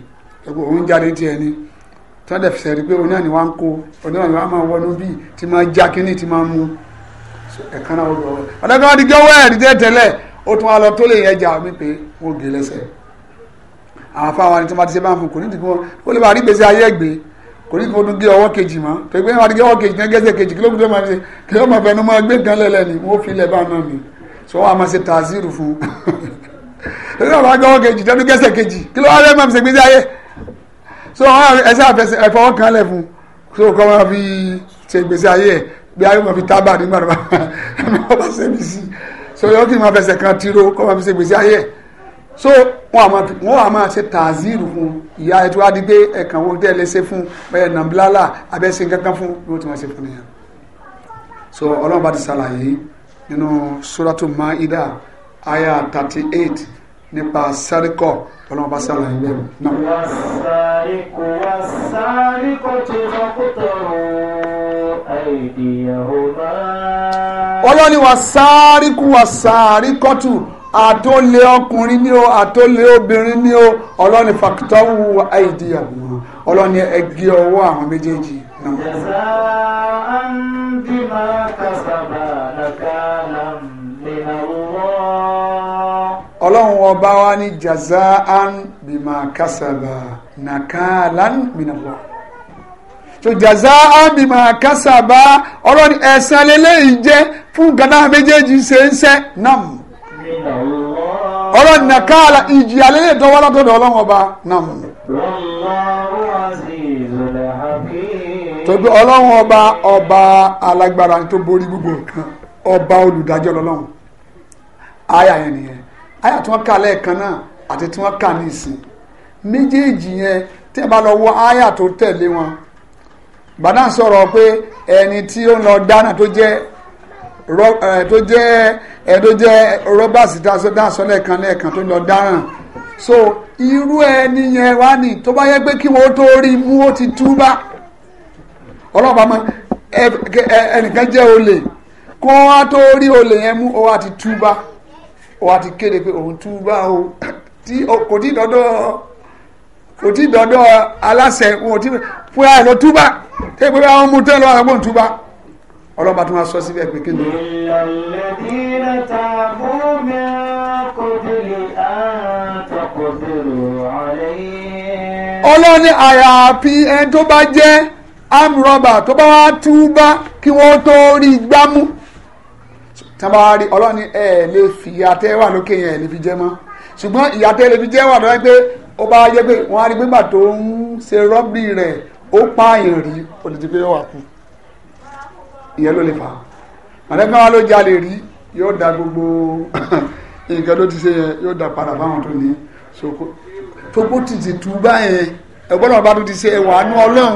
ẹ̀kọ́ òun jáde tiẹ̀ ni tí wọ́n dẹ̀ fẹsẹ̀ rí pé oní àná wa ń kó oní àná wa máa wọnú bíi ti máa já kínní ti máa mú ẹ̀kan náà wọ́n gbọ́ ọ̀dọ́gbọ́n adigun ọwọ́ ẹ̀rí tẹ́tẹ́lẹ̀ ó tún wá lọ tó lè yẹn jà mí pé wọ́n gé lẹ́sẹ̀ àwọn afáwa ni tí wọ́n bá ti ṣe bá ń fún kò ní ti fún kó lè bá rí gbèsè ayé ẹ̀gbẹ́ kò ní fún gé ọwọ́ kejì mọ́ pẹ̀lú pé wọ́n ti gé ọwọ́ kejì gẹ́gẹ́ kejì kí ló kúndé máa ṣe kí ló máa fẹnu máa gbé nǹkan lẹ́lẹ́ ni wọ́n fi ilẹ̀ bá náà mi sọ wọ́n á máa ṣe tàzírù fún un lórí àwọn agbẹ́wọ́ kejì tẹ́nu gẹ́sẹ̀ kejì kí ló wá lẹ́ máa fi ṣe gbèsè ayé so ẹsẹ̀ ẹ̀fọwọ́ kan lẹ̀ fún so kọ́ máa fi ṣe gbèsè ayé ẹ̀ bí ayé máa fi tábà nígbà tó bá ṣe mí sí so kọ́ máa fi ṣe gbèsè ayé so wọn a máa ṣe tàzírù fún ìyá ẹ tí wàá di pé ẹ̀kan wo tẹ́ ẹ lè ṣe fún ẹ nàbílálà abẹ́sẹ̀ kankan fún bí wọ́n ti máa ṣe fún nìyẹn so ọlọ́run bá ti ṣàlàyé nínú suratu maida aya thirty eight nípa sárikọ ọlọ́run bá ṣàlàyé bẹ́ẹ̀ náà. wà á sárikọ wà á sárikọ tó bá kó tọrọ àìdíyàwó máa. ọlọ́ni wà sárikọ wà sárikọ tù. àtòlé ọkùnrin ni o àtòlé obìnrin ni o ọlọ́ni fàkítọ́wù àìdíyàwó ọlọ́ni ẹgbẹ́ ọwọ́ àwọn méjèèjì. ọlọ́run ọba wa ní jazaan bima kasaba nakalan minallah so jazaan bima kasaba ọlọ́ni ẹ̀san lélẹ́yìí jẹ́ fún gánà méjèèjì ṣe ń ṣe náà. ọ̀rọ̀ nàkàlà iji alele dọ́wọ́ látọ̀dọ̀ ọlọ́run ọba náà mú. tóbi ọba ọba alagbara tó borí gbogbo ọba olùdájọ́ lọ́lọ́run aya yẹn nìyẹn aya tí kà lẹ́ẹ̀kan náà àti tí kà ní ìsìn méjèèjì yẹn bá lọ wọ tó wọn ẹni tó jẹ́ roberts dáṣọ lẹ́ẹ̀kan lẹ́ẹ̀kan tó lọ dáràn so irú ẹni yẹn wá ní tó bá yẹ pé kí wọ́n tó rí mú ó ti túbá ọlọ́pàá mọ ẹnìkan jẹ́ olè kó wá tó rí olè yẹn mú ó wá ti túbá ó wá ti kéde pé òun túbá o kò tí dọ́dọ́ kò tí dọ́dọ̀ aláṣẹ wọn ò tí fúra ẹ̀ lọ túbá tẹ́gbẹ́ bá wọn mú tẹ́ lọ́wọ́ àwọn túbá ọlọ́ba tó máa sọ síbẹ̀ pé kí ni. ìyàlẹ́dínlẹ́ tààbù mi kò délé àtọkọ̀dérò ọ̀rẹ́. ọlọ́ni àyàfi ẹni tó bá jẹ́ amúrọ̀bà tó bá wá túbá kí wọ́n tó rí gbámú. tábàárí ọlọ́ni ẹ̀ lè fi ìyàtẹ́ wà lókè yẹn lè fi jẹ́ mọ́ ṣùgbọ́n ìyàtẹ́ lè fi jẹ́ wà lọ́wọ́ pé ó bá jẹ́ pé wọ́n á rí gbígbà tó ń ṣe rọ́bì rẹ̀ ó pààyàn rí olùdíje wà kù ìyẹn ló lè fà mọ̀lẹ́bí wa ló jalè rí yóò da gbogbo nǹkan tó ti ṣe yẹn yóò da padà báwọn tó ní soko tó kó títí tú báyẹn ẹgbọ́n náà bá tún ti ṣe ẹwà àánú ọlọ́run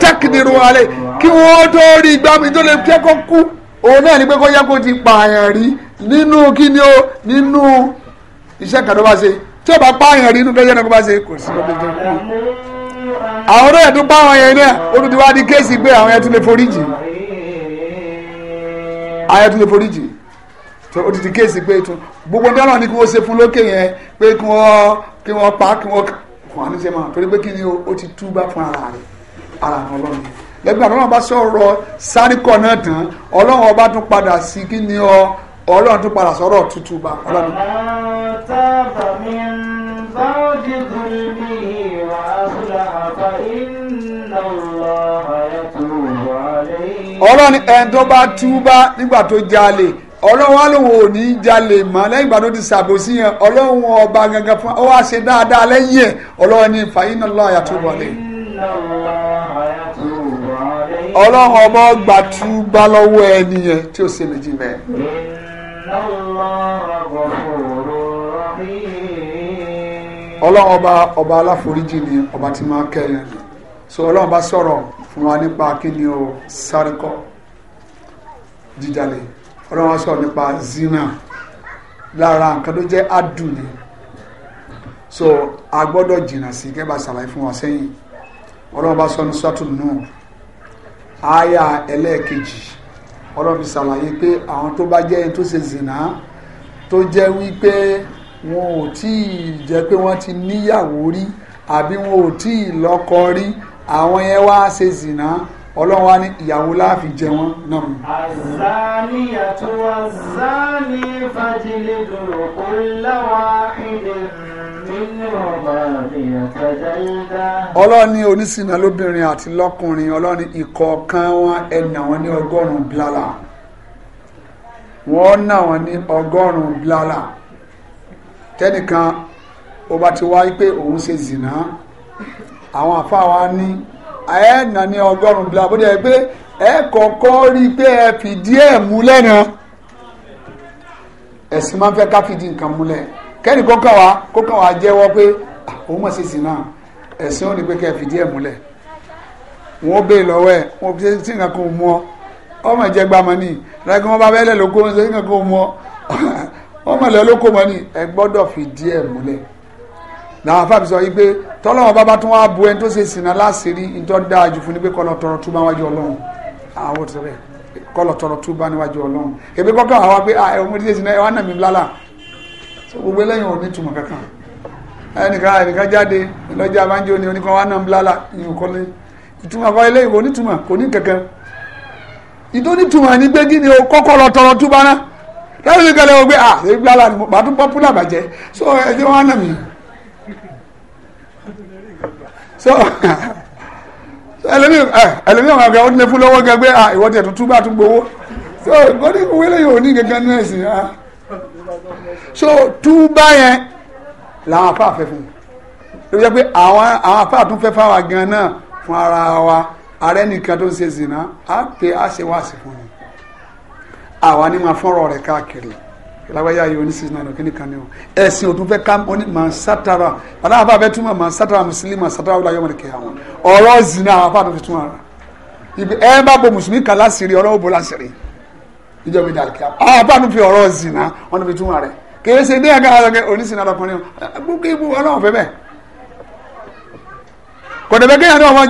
tẹ́kìdìrú alẹ́ kí wọ́n tó rí gbàmí tó lè kẹ́kọ̀ọ́ kú òun náà ni pé kó yẹ kó ti pààyàn rí nínú kí ni ó nínú iṣẹ́ kan tó bá ṣe tí ó bá pààyàn rí inú tó yẹ kó bá ṣe kò sí lọ́dọ̀ tó kú àwọn náà tún bá àwọn yẹn náà ó tún ti wá di kéèsì pé àwọn yẹn tún lè foríjì àwọn yẹn tún lè foríjì tó ó ti di kéèsì pé tún gbogbo dọ́là ni kí wọ́n ṣe fún lókè yẹn pé kí wọ́n kí wọ́n pa kí wọ́n kàn án ní sẹ́mà torí pé kí ni ó ti túbà fún ara rẹ̀ ara àwọn ọlọ́run lẹ́gbẹ̀ẹ́ àwọn ọlọ́run bá sọ̀rọ̀ sáríkọ̀ náà tán ọlọ́run ọba tún padà sí kí ni ọ ọlọ́run tún padà sọ̀rọ̀ tútù bá ọlọ́run. àtàbà mi ń bá òdìgún mi ọlọ́ni ẹni tó bá túbá nígbà tó jalè ọlọ́run wa lòun ò ní í jalè mọ́ lẹ́yìn ìgbà tó ti ṣàbòsí yẹn ọlọ́run ọba gangan fún ọ wá ṣe dáadáa lẹ́yìn ẹ̀ ọlọ́run ní fàyínà lọ́wọ́ àyàtò wọlé. ọlọ́run ọba gbà túbá lọ́wọ́ ẹni yẹn tí ó ṣe méjì bẹ́ẹ̀. ọlọ́run ọba ọba aláforíjì ni ọba tí máa kẹ́ so ọlọ́run bá sọ̀rọ̀ fún wa nípa kíni o sárikọ́ jíjalè ọlọ́run sọ̀rọ̀ nípa zina lára nǹkan tó jẹ́ adùn so a gbọ́dọ̀ jìnnà sí kẹ́ bá ṣàlàyé fún wa sẹ́yìn ọlọ́run bá sọ ní sọ́tún nù àyà ẹlẹ́ẹ̀kejì ọlọ́run fi ṣàlàyé pé àwọn tó bá jẹ́ ẹni tó ṣe zina tó jẹ́ wípé wọn ò tí ì jẹ́ pé wọ́n ti níyàwó rí àbí wọn ò tí ì lọ́kọ rí àwọn yẹn wá ṣe zìnà ọlọ́run wá ní ìyàwó láàfi jẹ wọn náà mú. àzáni àtúwà záni fàjìlì dùrù kó láwa ìdè ọlọ́run ní onísìnà lóbìnrin àti lọ́kùnrin ọlọ́run ìkọ̀ọ̀kan wọn ẹ̀nà wọn ní ọgọ́rùn-ún blala wọ́n nà wọn ní ọgọ́rùn-ún blala tẹ́nìkan ó bá ti wáyé pé òun ṣe zìnà àwọn àfáwa ní ẹ nà ní ọgọ́rùn bílà bó dẹ̀ pé ẹ kọ́kọ́ rí pé ẹ fìdí ẹ̀ múlẹ̀ náà ẹ̀sìn máa ń fẹ́ ká fìdí nǹkan múlẹ̀ kẹ́ni kọ́kọ́ wa kọ́kọ́ wa jẹ́wọ́ pé òun mọ̀ sí sí náà ẹ̀sìn ò ní pé kẹ́ ẹ fìdí ẹ̀ múlẹ̀ wọ́n bè lọ́wọ́ ẹ̀ wọ́n fi sí nǹkan kan mọ́ ọmọ ìjẹgba mọ́ ni rẹ́gbẹ́ wọn bá bẹ́ẹ̀ lẹ́ lóko wọn sí nǹkan kan mọ́ ọmọ ìlẹ́ lóko mọ́ ni ẹ gbọ́dọ̀ fìdí ẹ̀ múlẹ̀ làwọn afáàbí sọ yìí pé tọ́lọ́wọ́n bá bá tún wá bu ẹni tó ṣe sìnà láṣìírí nítorí dáa jù fún ni pé kọ́lọ̀ tọrọ túbá níwájú ọlọ́run àwọn òtún rẹ̀ kọ́lọ̀ tọrọ túbá níwájú ọlọ́run èmi kọ́kọ́ àwa pé ẹ̀wọ̀n mo ti ṣe sìnà ẹ̀wọ̀n náà mi lálà gbogbo eléyìí ò ní túmọ̀ kankan ẹnìkan ẹnìkan jáde lọ́jà abánjó ni oníkan wa náà lálà ìyẹn kọ́ ìtumọ̀ àkọ́ eléyìí kò ní ni o kọ́kọ́ lọ tọrọ túbá náà lẹ́yìn ìgbàlẹ̀ wọ pé ah ẹ̀gbẹ́ lálà ni mo so ẹ̀jẹ̀ wọn so ẹlòmíràn ẹlòmíràn máa gbé ọdún lè fún lọ́wọ́ gẹ́gẹ́ à ah, ìwọ tiẹ̀ tó túbà tó gbowó so gbọ́dọ̀ ìwé lè yóò ní gẹ́gẹ́ náà sí ah so túbà yẹn làwọn apá àfẹ́ fún un ló jẹ́ pé àwọn àwọn apá àtúnfẹ́ fáwa gan náà fún ara wa ààrẹ nìkan tó ń ṣe zìnnà á pè á ṣe wá sí fún un àwa ni máa fọ́rọ̀ rẹ̀ káàkiri lágbájá yìí oní six nine kíní kan ni o ẹ̀sìn òtún fẹ́ ká oní màá sátara padà àbá bẹ́ẹ̀ túmọ̀ màá sátara mùsùlùmí màá sátara wọlé ayọ́mọ̀lẹ̀ kẹyà wọn ọ̀rọ̀ zina àwọn afáàdùn fi túmọ̀ rẹ̀ ẹ bá bo mùsùlùmí kan láṣìírí ọ̀rọ̀ òbó láṣìírí ìjọba ìdàlẹ̀ kẹyà àwọn afáàdùn fi ọ̀rọ̀ zina wọn fi túmọ̀ rẹ̀ kèé ṣe dé ẹ̀ka oníṣìnà lọkùnrin gbogbo ibu ọlọ́run fẹ́ bẹ́ẹ̀ kọ̀dọ̀bẹ́ kéèyàn ní ọmọ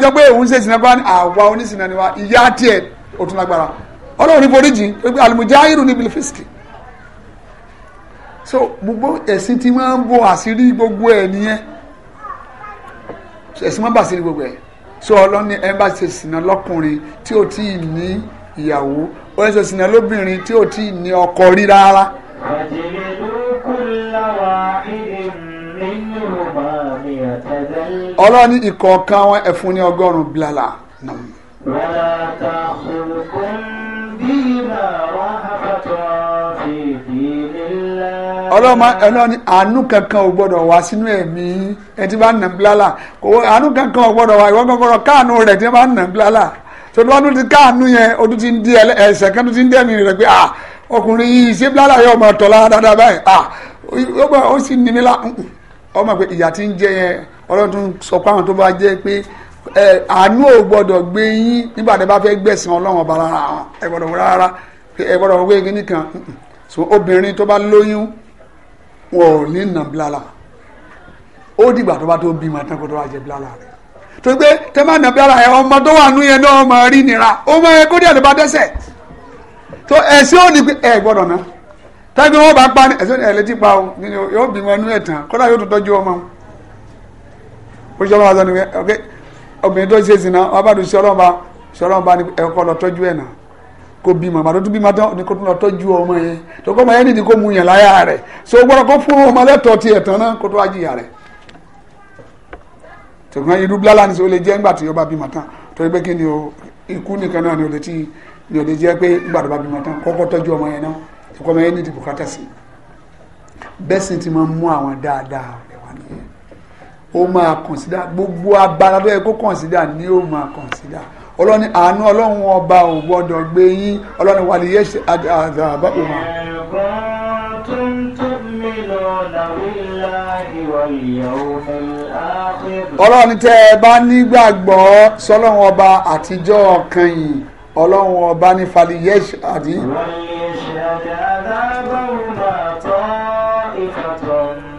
ọjọ́ ni wa ìyá tiẹ̀ ó tún so gbogbo ẹ̀sìn tí wọ́n ń bo àṣírí gbogbo ẹ̀ nìyẹn ẹ̀sìn wọn bá àṣírí gbogbo ẹ̀ so ọlọ́ni ẹ bá ṣe sìnà lọ́kùnrin tí ò tí ì ní ìyàwó ó ṣe sìnà lóbìnrin tí ò tí ì ní ọkọ rí rárá. àjèlè ló ọlọ́ni ìkọ̀ọ̀kan wọn ẹ̀fún ní ọgọ́rùn-ún bílálà náà. wọ́n ta òkun bí ìlà wàhálà tó ọlọ́mọ ẹlọ́ni àánú kankan ò gbọ́dọ̀ wá sínú ẹ̀mí ẹ ti bá nà bílálà kò àánú kankan ò gbọ́dọ̀ wá ìwọ́n gbọ́dọ̀ káànú rẹ̀ ti bá nà bílálà tó tó ti káànú yẹn o tún ti ń di ẹsẹ̀ kan tún ti ń dẹ́mi rẹ̀ pé ah ọkùnrin yìí ṣé bílálà yóò máa tọ̀ dáadáa báyìí ah ó sì ní mi lá ọmọ pé ìyá ti ń jẹ yẹn ọlọ́run tún sọ pé àwọn tó bá jẹ́ pé àánú ò gbọ́dọ̀ gbé yín nígbà tí a bá fẹ́ gbẹ̀sìn ọlọ́run ọba wọn ò ní nà bilala ó dìgbà tó bá tó bímọ tán kó tó wá jẹ bilala rẹ tó gbé tẹ má nà bilala yẹn ọmọ tó wà nú yẹn náà ọmọ rí nira ó mọ ẹ kó díẹ̀ ló bá dẹ́sẹ̀ tó ẹ̀sìn ò ní pé ẹ gbọ́dọ̀ ná tàbí wọn bá pa ẹ̀sìn ẹ̀ létí pa o yóò bímọ inú ẹ̀ tán kódà yóò tó tọ́jú ọmọ o ṣe ọlọ́wọ́ sọ ni pé obìnrin tó ṣe sìn wọn bá dùn ṣe ọlọ́wọ́ bá ṣe ọlọ́wọ́ lọ tọ́jú ẹ̀ náà kó bímọ màdó tún bímọ tán ni kó tún lọ tọ́jú ọmọ yẹn tó kọ́ ọmọ yẹn nìdí kó mu yàn láyà rẹ̀ so gbọ́dọ̀ kó fún ọmọ lẹ́tọ̀ọ́ tiẹ̀ tán náà kó tó wá jìyà rẹ̀ tòkàn irú bílálà ni sọ lè jẹ́ ńgbà tí ó bá bímọ tán torí pé kí ni o ikú nìkan náà ni o lè ti ni o lè jẹ́ pé ńgbà tó bá bímọ tán kọ́kọ́ tọ́jú ọmọ yẹn náà tó kọ́ ọmọ yẹn nìdí bùkátà sí bẹ́ẹ̀ ti máa mú àwọn dáadáa rẹ̀ wá nìyẹn ó máa kọ̀nsídà gbogbo agbára tó yẹ kó kọ̀nsídà ni ó máa kọ̀nsídà ọlọ́ni àánú ọlọ́run ọba ò gbọ́dọ̀ gbé yín ọlọ́ni wà níyẹn ṣe àgbà àbábò wọn. ọlọ́run tẹ́ ẹ bá nígbàgbọ́ sọlọ́run ọba àtijọ́ kan yìí ọlọ́run ọba ní faliyẹ́ àdí. ìfàtọ̀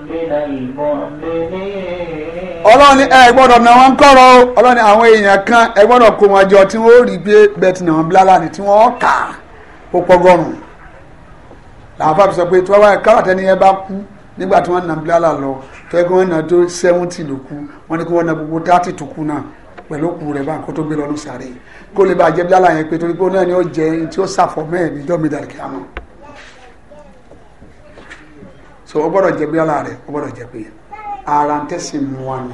nínú ìbọn ọlọ́run ni ẹ gbọ́dọ̀ nà wọ́n kọ́rọ̀ o ọlọ́run ní àwọn èèyàn kan ẹ gbọ́dọ̀ kó wọn jọ tí wọ́n rí gbé bẹ́ẹ̀tì nà wọ́n ni tí wọ́n kà á ó pọ́gọ́rùn-ún làwọn fàbí sọ pé tí wọ́n wáyé káràtẹ́ ni ẹ bá kú nígbà tí wọ́n nà bílálà lọ tó yẹ kí wọ́n nà tó sẹ́wọ́ntì ló kú wọ́n ní kí wọ́n na gbogbo táàtì tó kú náà pẹ̀lú òkú rẹ̀ bá nǹkan tó gbé lọ́nu sàré ni ó jẹ́ ẹni tí ó so ó gbọ́dọ̀ jẹ́ bílálà rẹ̀ ó gbọ́dọ̀ ara ń tẹ̀sí mu wa ni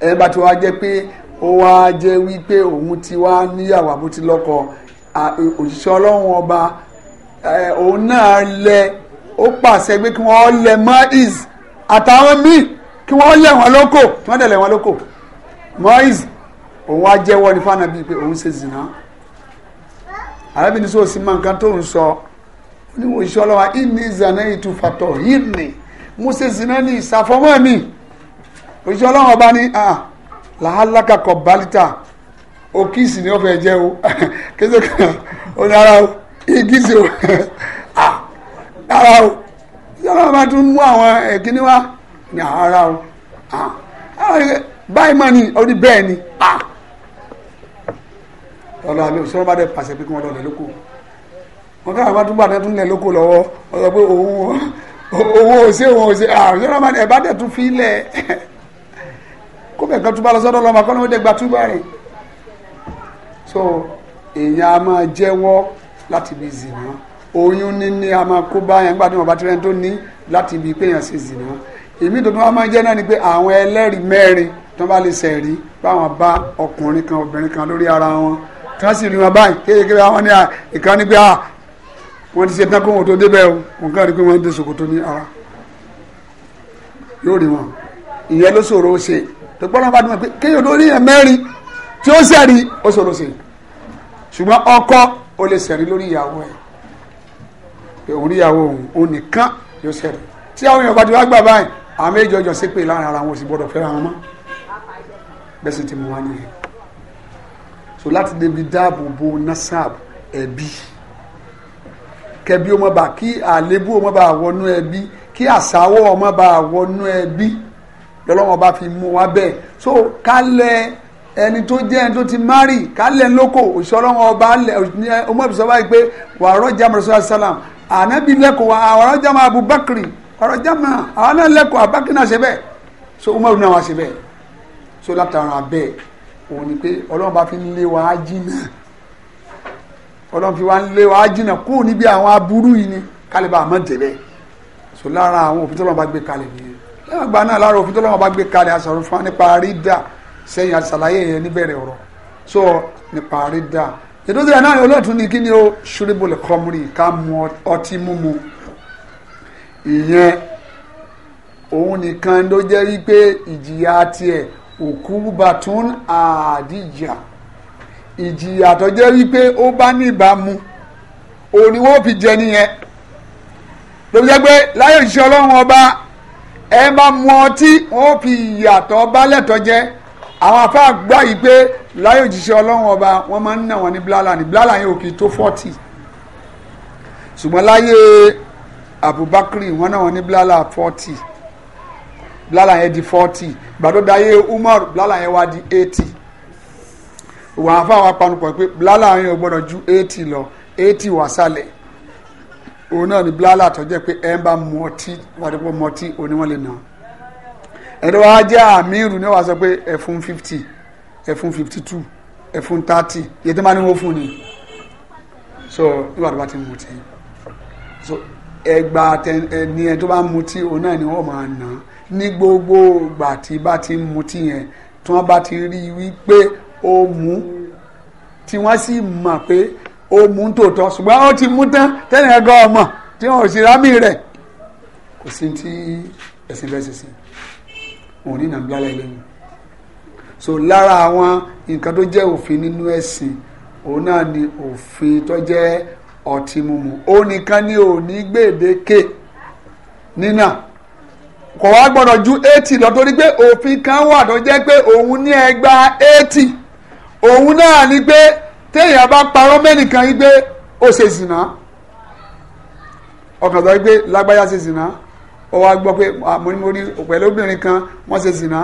ẹ bá ti wá jẹ́ pé ó wá jẹ́ wípé òun ti wá níyàwó àbó ti lọ́kọ òṣìṣẹ́ ọlọ́run ọba òun náà lẹ ó pàṣẹ pé kí wọ́n lẹ maiz àtàwọn míì kí wọ́n lẹ̀ wọ́n lóko kí wọ́n dẹ̀ lẹ̀ lóko mois òun wá jẹ́wọ́ ní fanabi pé òun ṣe zìnà arábìnrin sọ̀rọ̀ sí máa tó ń sọ oníwòye sọ́lọ́wà ìní zànà ìtúfàtọ̀ yìí nìyí mo ṣe zina ní ìsàfọmọ mi òṣìṣẹ́ ọlọ́run ọba ní ah làálàkà kọ balita òkìsì ni ó fẹ́ jẹ́ o kéde kan ó ní ara o igisi o ah ara o òṣìṣẹ́ ọlọ́run ọba tún mú àwọn ẹ̀kíní eh, wá ní ara o ah báyìí mọ̀ ni orí bẹ́ẹ̀ ni ah lọ́lọ́ àlẹ́ òṣìṣẹ́ ọlọ́run ọba dẹ̀ pàṣẹ pé kí wọ́n lọ lẹ́ lóko wọ́n káwọn bá tún bàtẹ́ tún lẹ́ lóko lọ́wọ́ wọ́n sọ pé owó òsè òun òsè àrùn yọrọ máa ní ẹ̀bá dẹ̀ tún fi lẹ̀ kó kan túbọ̀ lọ́sọ́dọ̀ lọ́mọ kọ́ ló dé gba túbọ̀ rìn so èèyàn a máa jẹ́wọ́ láti bí zìnà oyún níní a máa kó bá yẹn gbàdúrà bá tirẹ̀ tó ní láti bí pé yẹn ṣe zìnà èmi tuntun wa máa jẹ́ náà ni pé àwọn ẹlẹ́rìí mẹ́rin tó bá lè sẹ̀rí báwọn bá ọkùnrin kan obìnrin kan lórí ara wọn tí wọ́n sì rí wọn báyìí kéèké wọn ní ìkan ní pé wọ́n ti ṣe tán kó wọn tó débẹ̀ o wọn kàn rí pé wọ́n dé ṣòkòtò ní ara yóò rí wọn ìyẹn ló ṣòro ṣe tó gbọ́dọ̀ bá dùn pé kéèyàn ló rí yẹn mẹ́rin tí ó sẹ̀rí ó ṣòro ṣe ṣùgbọ́n ọkọ ó lè sẹ̀rí lórí ìyàwó ẹ̀ pé òun rí ìyàwó òun òun nìkan yóò sẹ̀rí tí àwọn èèyàn bá ti wá gbà báyìí àwọn méjì ọjọ́ sí pé lára ara wọn ò sì gbọ́dọ̀ fẹ́ra wọn mọ́ bẹ́ẹ̀ sì ti mú wa nìyẹn so láti débi dáàbò bo nasab ẹbí. E kẹbi ọmọ bá kí àlébù ọmọ bá wọnú ẹbí kí àsáwọ̀ ọmọ bá wọnú ẹbí lọ́lọ́wọ́n bá fi mú wa bẹ́ẹ̀ so kálẹ̀ ẹni tó jẹ́ ẹni tó ti márì kálẹ̀ ńlọ́kọ̀ òṣìṣẹ́ ọlọ́wọ́n ọba ọmọ ìbísọ̀ báyìí pé wàá rọ́jà mọ̀rọ̀sọ́lá sálàm ànábì lẹ́kọ̀ọ́ wa àwọn rọ́jà máa Abubakar ọ̀rọ̀ jama àwọn náà lẹ́kọ̀ọ́ Abubakar náà ṣe bẹ́ẹ̀ so Umaru náà wá ṣe bẹ́ẹ̀ so látara bẹ́ẹ̀ òun ni pé ọlọ́wọ́n bá fi ń lé wa ájí ọlọ́run fi wá ń lé wa jìnnà kúrò níbi àwọn aburú yìí ni kálíbà àmọ́ tẹ̀lé so lára àwọn òfin tọ́lọ́mọ bá gbé kalẹ̀ nìyẹn lẹ́yìn àgbà náà lára òfin tọ́lọ́mọ gbé kalẹ̀ àṣàrò fún wa nípa rídà sẹ́yìn àṣàlàyé yẹn níbẹ̀rẹ̀ ọ̀rọ̀ so nípa rídà ìdókòtò yẹn náà ni olóòtú ni kí ni ó ṣúrébùlẹ̀ kọ́mùrì ká mu ọtí múmu ìyẹn òun nìkan ló jẹ́ wípé ìjìyà tiẹ̀ òkú bàtún àdìjà ìjìyà tó jẹ́ wípé ó bá níbàámu òun ni wọ́n fi jẹ nìyẹn ló fi jẹ́ pé láyé òṣìṣẹ́ ọlọ́run ọba ẹ máa mu ọtí wọ́n fi ìyàtọ̀ bálẹ̀ tó àwọn afáà gbà yìí pé láyé òṣìṣẹ́ ọlọ́run ọba wọ́n máa ń nà wọ́n ní blala ní blala yẹn ò kì í tó fọ́tì ṣùgbọ́n láyé Abubakar wọ́n náà wọ́n ní blala fọ́tì blala yẹn di fọ́tì gbàdúrà yẹn Umar blala yẹn wá di eighty wà á fáwọn apanupọ̀ pé blala yẹn ò gbọ́dọ̀ ju eighty lọ eighty wà sálẹ̀ òun náà ni blala tó jẹ́ pé ẹ̀ ń bá mu ọtí wọ́n ti pọ̀ mu ọtí òní lè nà ẹ̀rọ wa jẹ́ àmírù ni wàá sọ pé ẹ̀ fifty ẹ̀ fifty two ẹ̀ thirty yẹ tó máa ní wọ́n fún ni so nígbà tó bá ti mu ọtí so ẹgbà ẹni ẹ tó bá mu ọtí òun náà ni wọ́n máa nà ní gbogbo ìgbà tí bá ti mu ọtí yẹn tí wọ́n bá ti rí wípé ó mú wọ́n sì mọ̀ pé ó mú tòótọ́ ṣùgbọ́n ó ti mú tán tẹ́lẹ̀ ọmọ tí wọn ò sì rámì rẹ̀ kò sí tí ẹ̀sìn bẹ́ẹ̀ sí òun ní so lára àwọn nǹkan tó jẹ́ òfin nínú ẹ̀sìn òun náà ni òfin tó jẹ́ ọtí mímu ó nìkan ni ò ní gbèdéke nínà kò ju eighty lọ torí pé òfin kan wà tó jẹ́ pé òun ní òun náà ni pé téèyàn bá parọ́ mẹ́nìkan yí pé ó ṣe zìnà ọkàn tó yí pé lágbájá ṣe zìnà ó wá gbọ́ pé mo ní mo rí pẹ̀lú obìnrin kan wọ́n ṣe zìnà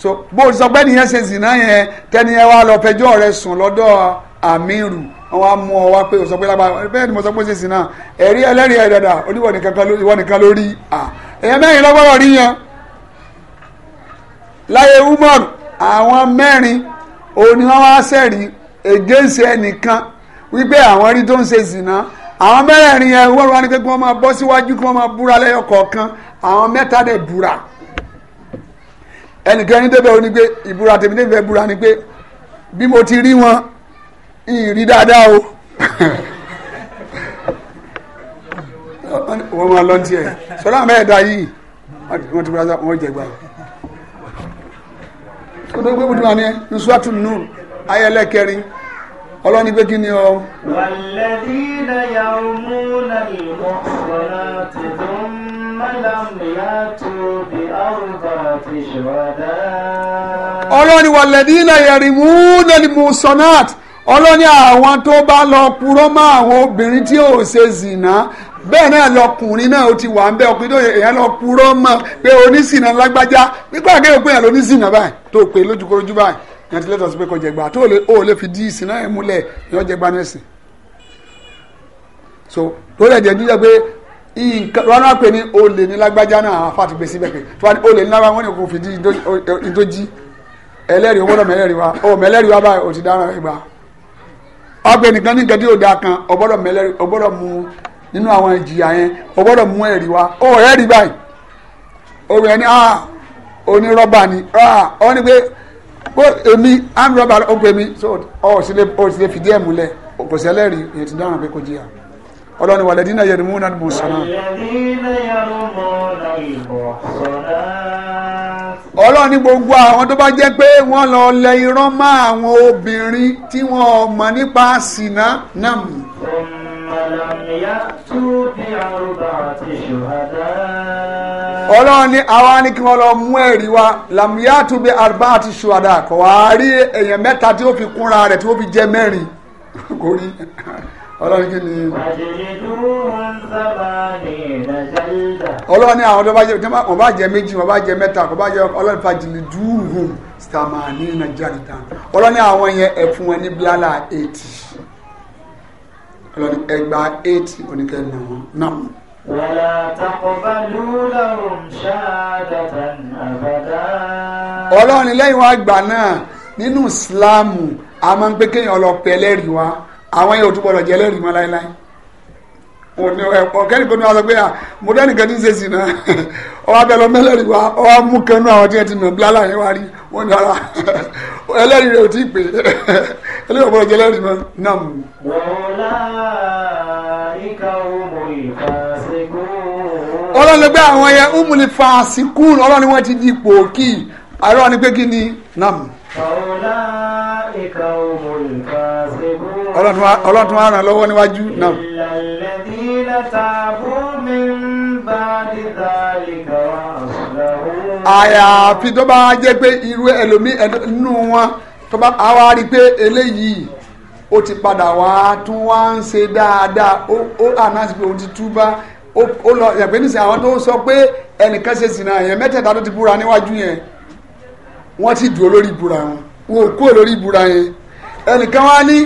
so bó o sọ pé nìyẹn ṣe zìnà yẹn tẹ́ni yẹn wá lọ fẹjọ́ rẹ̀ sùn lọ́dọ̀ àmírù wọ́n wá mú ọ wá pé o sọ pé lágbára bẹ́ẹ̀ ni mo sọ pé ó ṣe zìnà ẹ̀rí ẹlẹ́rìí ẹ̀ oníwọ̀ nìkan ló èèyàn mẹ́rin lọ́gbọ́dọ̀ rí láyé umar àwọn mẹ́rin òun ni wọ́n wá sẹ́rí ègéǹsì ẹnìkan wípé àwọn rí tó ń ṣe zìnà àwọn mẹ́rẹ̀ẹ̀rin yẹn wọ́n wá ní pé kí wọ́n máa bọ́ síwájú kí wọ́n máa búra lẹ́yọ kọ̀ọ̀kan àwọn mẹ́ta dẹ̀ búra ẹnìkan ní débẹ̀ oní pé ìbúra tèmi tèmi fẹ́ búra ni pé bí mo ti rí wọn ìrí dáadáa o wọ́n máa lọ́ntì ẹ̀ sọ́dọ̀ àmẹ́ẹ̀dá yìí wọ́n ti búra wọ́n jẹ̀gbà yìí. tó tó gbé bùdúmọ̀ ni nusratu nur ayẹlẹ kẹrin ọlọ́ni pé kí ni ọ. wàlẹ́dínà yàrá mú náà ìmọ̀ ọ̀nà tuntun ọlọ́ni wàlẹ́dínà yẹ̀rìmú lẹ́ni musonat ọlọ́ni àwọn tó bá lọ purọ́ mọ́ àwọn obìnrin tí ò ṣe zìnà bẹ́ẹ̀ náà lọkùnrin náà ó ti wà ń bẹ́ ọkùnrin tó yẹ lọ purọ́ mọ́ pé onísìnà lágbájá pípa kéèyàn pé èèyàn lọ onísìnà báyìí tó pé lójúkorojú báyìí yẹn ti lẹ́tọ̀ sí pé kò jẹgba o lè fi dí ìsìn náà múlẹ̀ jẹgba náà sìn. so tó ní olè ní lágbájá náà àwọn afáàtì pé tó wà ni kò fi dí ìdójí nínú àwọn ìjìyà yẹn o gbọ́dọ̀ mú ẹ̀rí wá ó rẹ́ rí báyìí òwe ẹni ah onírọ́bà ni ah ọ ní pé kó èmi amrọ́bà ó pè mí so ọ sì lè ọ sì lè fìdí ẹ̀ múlẹ̀ kò sẹ́lẹ̀ rí èyí ti dáhùn pé kò jìyà ọlọ́ni wàlẹ̀ dínà yẹ̀rù mú náà mú sànà. ọlọ́ni gbogbo àwọn tó bá jẹ́ pé wọ́n lọ lẹ irọ́ mọ́ àwọn obìnrin tí wọ́n mọ̀ nípa sìnà náà mú ọlọ́run ní àwa ni kí wọ́n lọ mú ẹ̀rí wa làmúyàtú bí arbaati ṣùwádà kò wá rí èèyàn mẹ́ta tí ó fi kúnra rẹ̀ tí ó fi jẹ́ mẹ́rin kò rí ọlọ́run kí ni. ọlọ́run ní àwọn tó bá jẹ wọ́n bá jẹ méjì wọ́n bá jẹ mẹ́ta kò bá jẹ ọlọ́run fàjìlì dùhùn stamani nàìjíríà ọlọ́run ní àwọn yẹn ẹ̀fún wọn ní bíálà eighty ọlọ́ni ẹgbà eight oníkẹ́ni wọn náà. wàlá taqbalu lahum shahadatan abada. ọlọ́ni lẹ́yìn wá gbà náà nínú ìsìláàmù a máa ń pé kéèyàn lọ pẹ́ lẹ́rìí wa àwọn yóò túbọ̀ lọ jẹ́ lẹ́rìí mọ́ láéláé ọ̀kẹ́ni kan ní wàá sọ pé à mo dẹ́ni kan ní í náà ọba bẹ́ẹ̀ lọ mẹ́lẹ́rìí wa ọba mú kan àwọn tí wọ́n ti nà bílá láàyè wá rí wọ́n ní ara ẹlẹ́rìí rẹ̀ ò tí ì pè é. eléyìí ọ̀gbọ́n ìjẹ́lẹ̀ rí mọ́ náà mú. ọlọ́run ló gbé àwọn yẹn umuli fasikun ọlọ́run ni wọ́n ti di ipò kí àárọ̀ ni pé kí ni náà mú. ọlọ́run tún wá ràn lọ́wọ́ níwájú náà. àyàfi tó bá jẹ́ pé irú ẹlòmí ẹnu wọn tó bá àwa rí i pé eléyìí ó ti padà wá tún wá ń ṣe dáadáa ó àná sí pé òun ti túbá ó lọ yàgbé nísìnyí àwọn tó ń sọ pé ẹnìkan ṣe sìnà yẹn mẹ́tẹ̀ẹ̀ta tó ti búra níwájú yẹn wọ́n ti dúró lórí ìbúra wọn wọn ò kúrò lórí ìbúra yẹn ẹnìkan wá ní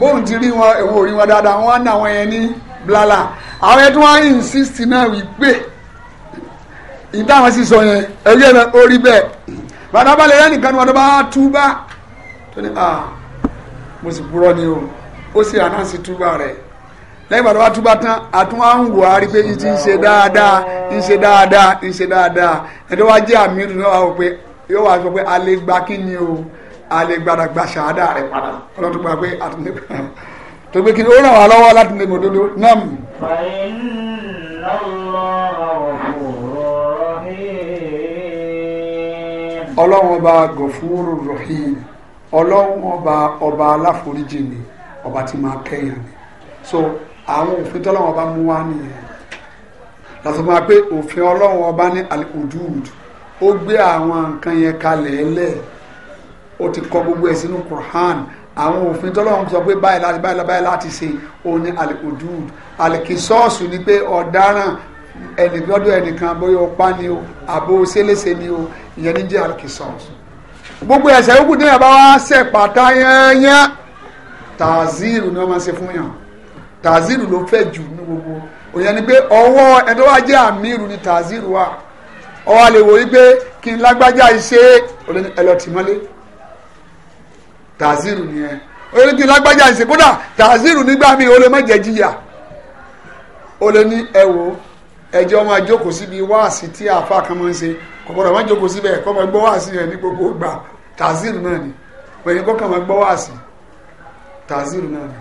bóun ti rí wọn ẹ̀wọ̀n rí wọn dáadáa wọ́n á ná àwọn yẹn ní blala àwọn ẹni tó wá insist náà wípé ìdáhùn sì yẹn ẹgbẹ́ náà ó rí bẹ́ẹ̀ bàtà balẹ̀ yẹn nìkan ni wọn tó bá túbà tó ní ah mo sì purọ́ ni o ó sì ànáǹsì túbà rẹ̀ lẹ́yìn ìgbà bá túbà tán àtúnwá ń wò á rí pé yìí ti ń ṣe dáadáa ń ṣe dáadáa ń ṣe dáadáa ẹ̀dọ́ wa jẹ́ àmì ìdùnnú wa wò pé yóò wá sọ pé alẹ́ gba kí ni o alẹ́ gbàdà gba ṣàádà rẹ̀ padà ọlọ́run tó gba pé àtúndé tó gbé kí ni ó ràn wá lọ́wọ́ láti lè mọ̀ dodo náà. ọlọ́run ọba gọ̀fúrú rahim ọlọ́run ọba ọba aláforíjì ni ọba tí máa kẹ́yàn ni so àwọn òfin tọ́lọ́run ọba mú wá nìyẹn lásán máa pé òfin ọlọ́run ọba ní alhudud ó gbé àwọn nǹkan yẹn kalẹ̀ ẹlẹ̀ ó ti kọ gbogbo ẹ̀ sínú Qur'an àwọn òfin tọ́lọ́run sọ pé báyìí láti báyìí láti ṣe òun ní alhudud alkisọ́ọ̀sù ni pé ọ̀daràn ẹnìkan ọdún ẹnìkan bóyá ọpá ni o àbò ṣẹlẹsẹ ni o ìyẹn ní jẹ́ alkisọ́s gbogbo ẹ̀ṣẹ̀ yòókù tí yàrá wá ṣẹ̀ pàtà yányá tàzírù ni wọ́n máa ṣe fún yàn tàzírù ló fẹ́ jù ní gbogbo òyìn ni pé ọwọ́ ẹ̀dọ́ wa jẹ́ àmírù ni tàzírù wa ọwọ́ àlè wòye pé kí n lágbájá iṣẹ́ ẹlọ́tìmọ́lé tàzírù nìyẹn òyìn kí n lágbájá iṣẹ́ kódà tàzírù nígbà míì ó lè má jẹ́ jìyà ó lè ní ẹ̀wò ẹjọ́ máa jókòó síbi wáàsí tí àfa kan máa ń ṣe kò gbọ́dọ̀ máa jókòó síbẹ̀ kọ́ máa gbọ́ wáàsí rẹ̀ ní gbogbo ìgbà tazir náà ni pẹ̀lú kọ́ kàn máa gbọ́ wáàsí tazir náà ni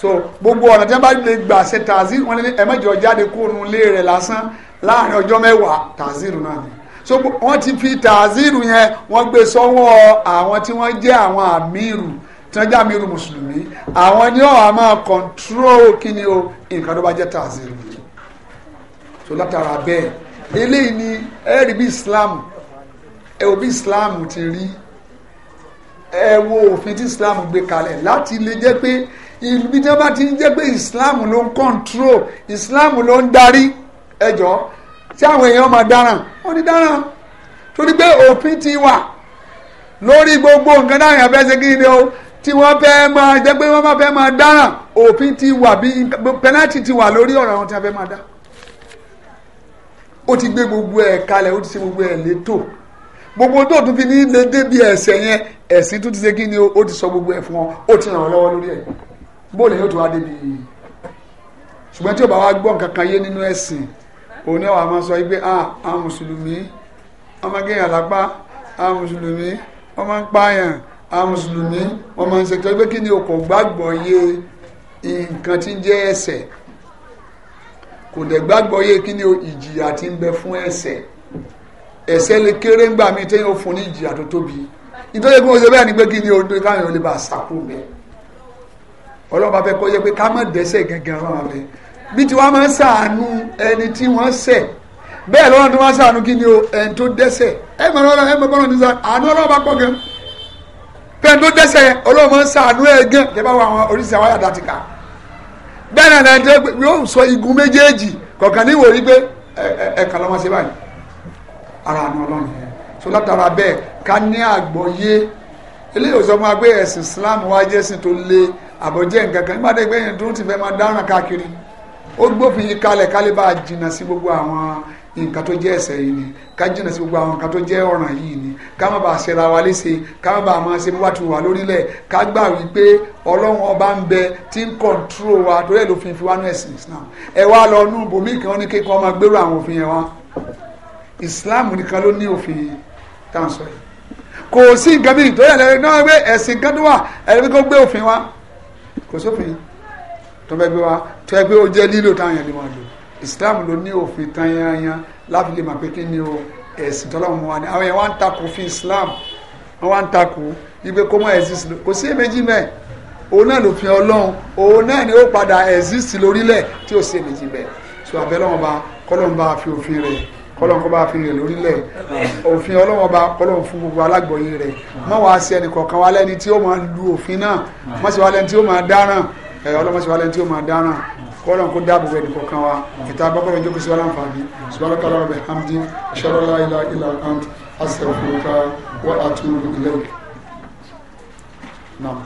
so gbogbo ọ̀nà tí wọ́n bá lè gbà ṣe tazir wọ́n lé ẹ̀mẹ́jọ jáde kúrò nílé rẹ̀ lásán láàrin ọjọ́ mẹ́wàá tazir náà ni so wọ́n ti fi tàzírù yẹn wọ́n gbé sọ́wọ́ àwọn tí wọ́n jẹ́ àwọn àmírù tí wọ́n jẹ́ àmírù mùsùlùmí àwọn ni so látara bẹ́ẹ̀ eléyìí ni ẹ bí Islam ẹ wo bí Islam ti rí ẹ wo òfin tí Islam gbé kalẹ̀ láti lè jẹ́ pé ibi tí wọ́n bá ti ń jẹ́ pé Islam ló ń control Islam ló ń darí ẹjọ́ tí àwọn èèyàn máa dáràn wọ́n ti dáràn torí pé òfin ti wà lórí gbogbo nǹkan náà yẹn fẹ́ ṣe kí ni o tí wọ́n fẹ́ máa jẹ́ pé wọ́n máa fẹ́ máa dáràn òfin ti wà bí pẹ́nátì ti wà lórí ọ̀rọ̀ àwọn tí wọ́n fẹ́ máa dá ó ti gbé gbogbo ẹ̀ kalẹ̀ ó ti ṣe gbogbo ẹ̀ létò gbogbo tó tún fi ní lè débi ẹ̀ṣẹ̀ yẹn ẹ̀sìn tó ti ṣe kí ni ó ti sọ gbogbo ẹ̀ fún ọ ó ti ràn ọ́ lọ́wọ́ lórí ẹ̀ bóòlù yóò tó wá débi ṣùgbọ́n tí o bá wá gbọ́ nǹkan kan yé nínú ẹ̀sìn òun ni wàá máa sọ pé àwọn ah, mùsùlùmí wọ́n máa gẹ̀yàn lápá àwọn mùsùlùmí wọ́n máa ń pààyàn a mùsùlùmí wọ́n máa ń ṣètò pé kí ni o kò gbàgbọ́ yé nǹkan tí ń jẹ́ ẹ̀ṣẹ̀ kò dẹ̀ gbàgbọ́ yé kí ni ìjìyà ti ń bẹ fún ẹ̀ṣẹ̀ ẹ̀ṣẹ̀ lè kéré ńgbà mi téèyàn ó fún ní ìjìyà tó tóbi nítorí pé mo ṣe bẹ́ẹ̀ ni pé kí ni odò káyọ̀ lè bá a sàkó mẹ́ ọlọ́run bá fẹ́ kọ́ yẹ pé ká má dẹ́ṣẹ̀ gangan rán abẹ bí tí wọ́n máa ń ṣàánú ẹni tí wọ́n ṣẹ̀ bẹ́ẹ̀ lọ́run tó máa ń ṣàánú kí ni o ẹni tó dẹ́ṣẹ̀ ẹ mọ̀ lọ́rọ̀ ẹ mọ̀ àánú ọlọ́run bá pọ̀ gan pẹ́ẹ́n tó dẹ́ṣẹ̀ ọlọ́run máa ń ṣàánú ẹ gan tẹ́ bá wọ àwọn oríṣiríṣi àwọn àyàdá ti kà á bẹ́ẹ̀ náà náà jẹ́ pé yóò sọ igun méjèèjì kọ̀ọ̀kan níwò rí pé ẹ̀ka lọ́mọ sí báyìí ara àna ọlọ́run yẹn so látara bẹ́ẹ̀ ká ní àgbọ́yé eléyìí sọ fún wa ẹ̀sìn Islam wa jẹ́ sìn tó le àbọ̀jẹ́ nǹkan kan nígbà tó gbé yẹn dúró ti fẹ́ máa dáràn káàkiri ó gbófin kalẹ̀ kálí jìnnà sí gbogbo àwọn nǹkan tó jẹ́ ẹ̀ṣẹ̀ yìí ni ká jìnnà sí gbogbo àwọn nǹkan tó jẹ́ ọ̀ràn yìí ni ká má bàa ṣẹra wa léṣe ká má bàa máa ṣe bí wà tún wà lórílẹ̀ ká gbà wípé ọlọ́run ọba ń bẹ tí ń kọ̀ǹtúrò wa torí ẹ̀ ló fi fi wá ní ẹ̀sìn islam ẹ wá lọ inú bòmí kan ní kékeré ọmọ gbèrò àwọn òfin yẹn wá islam nìkan ló ní òfin tá à ń sọ yìí kò sí nǹkan bíi torí ẹ̀lẹ́rìí náà gbé ẹ̀sìn kan tó wà ẹ̀rẹ́bí òfin wa kò Islam ló ní òfin tán yanyan láfi lè mọ̀ pé kí ni o ẹ̀sìn tọ́lọ́mù wa ni àwọn yẹn wá ń takò fún Islam wọ́n wá ń takò igbe kó mọ́ exist kò sí èméjì mẹ́ẹ̀ òun náà lòfin Ọlọ́run òun náà ni ó padà exist lórílẹ̀ tí ò sí èméjì mẹ́ẹ̀ so àbẹ́lọ́wọ́n ba kọ́lọ́n bá fi òfin rẹ̀ kọ́lọ́n kó bá fi rẹ̀ lórílẹ̀ òfin Ọlọ́run ba kọ́lọ́n fún gbogbo alágbọ̀nyé rẹ̀ mọ́ wàá sí ẹnì kọ̀ọ̀kan wa lẹ́ni tí ó máa lu òfin náà mọ́ sí wa tí ó máa dáràn ọlọ́mọ sí wa tí ó máa dáràn kọ́lọ̀ kó dáàbò bẹ̀ nìkan kan wa ìta gbọ́kọ̀rọ̀ jókòó sí aláǹfààní ṣùgbọ́n kọ́lọ̀ bẹ̀ hamdi ṣọlọ́lá ilá ilá hamdi asẹ̀fúnka wà á tún ilé. Naam.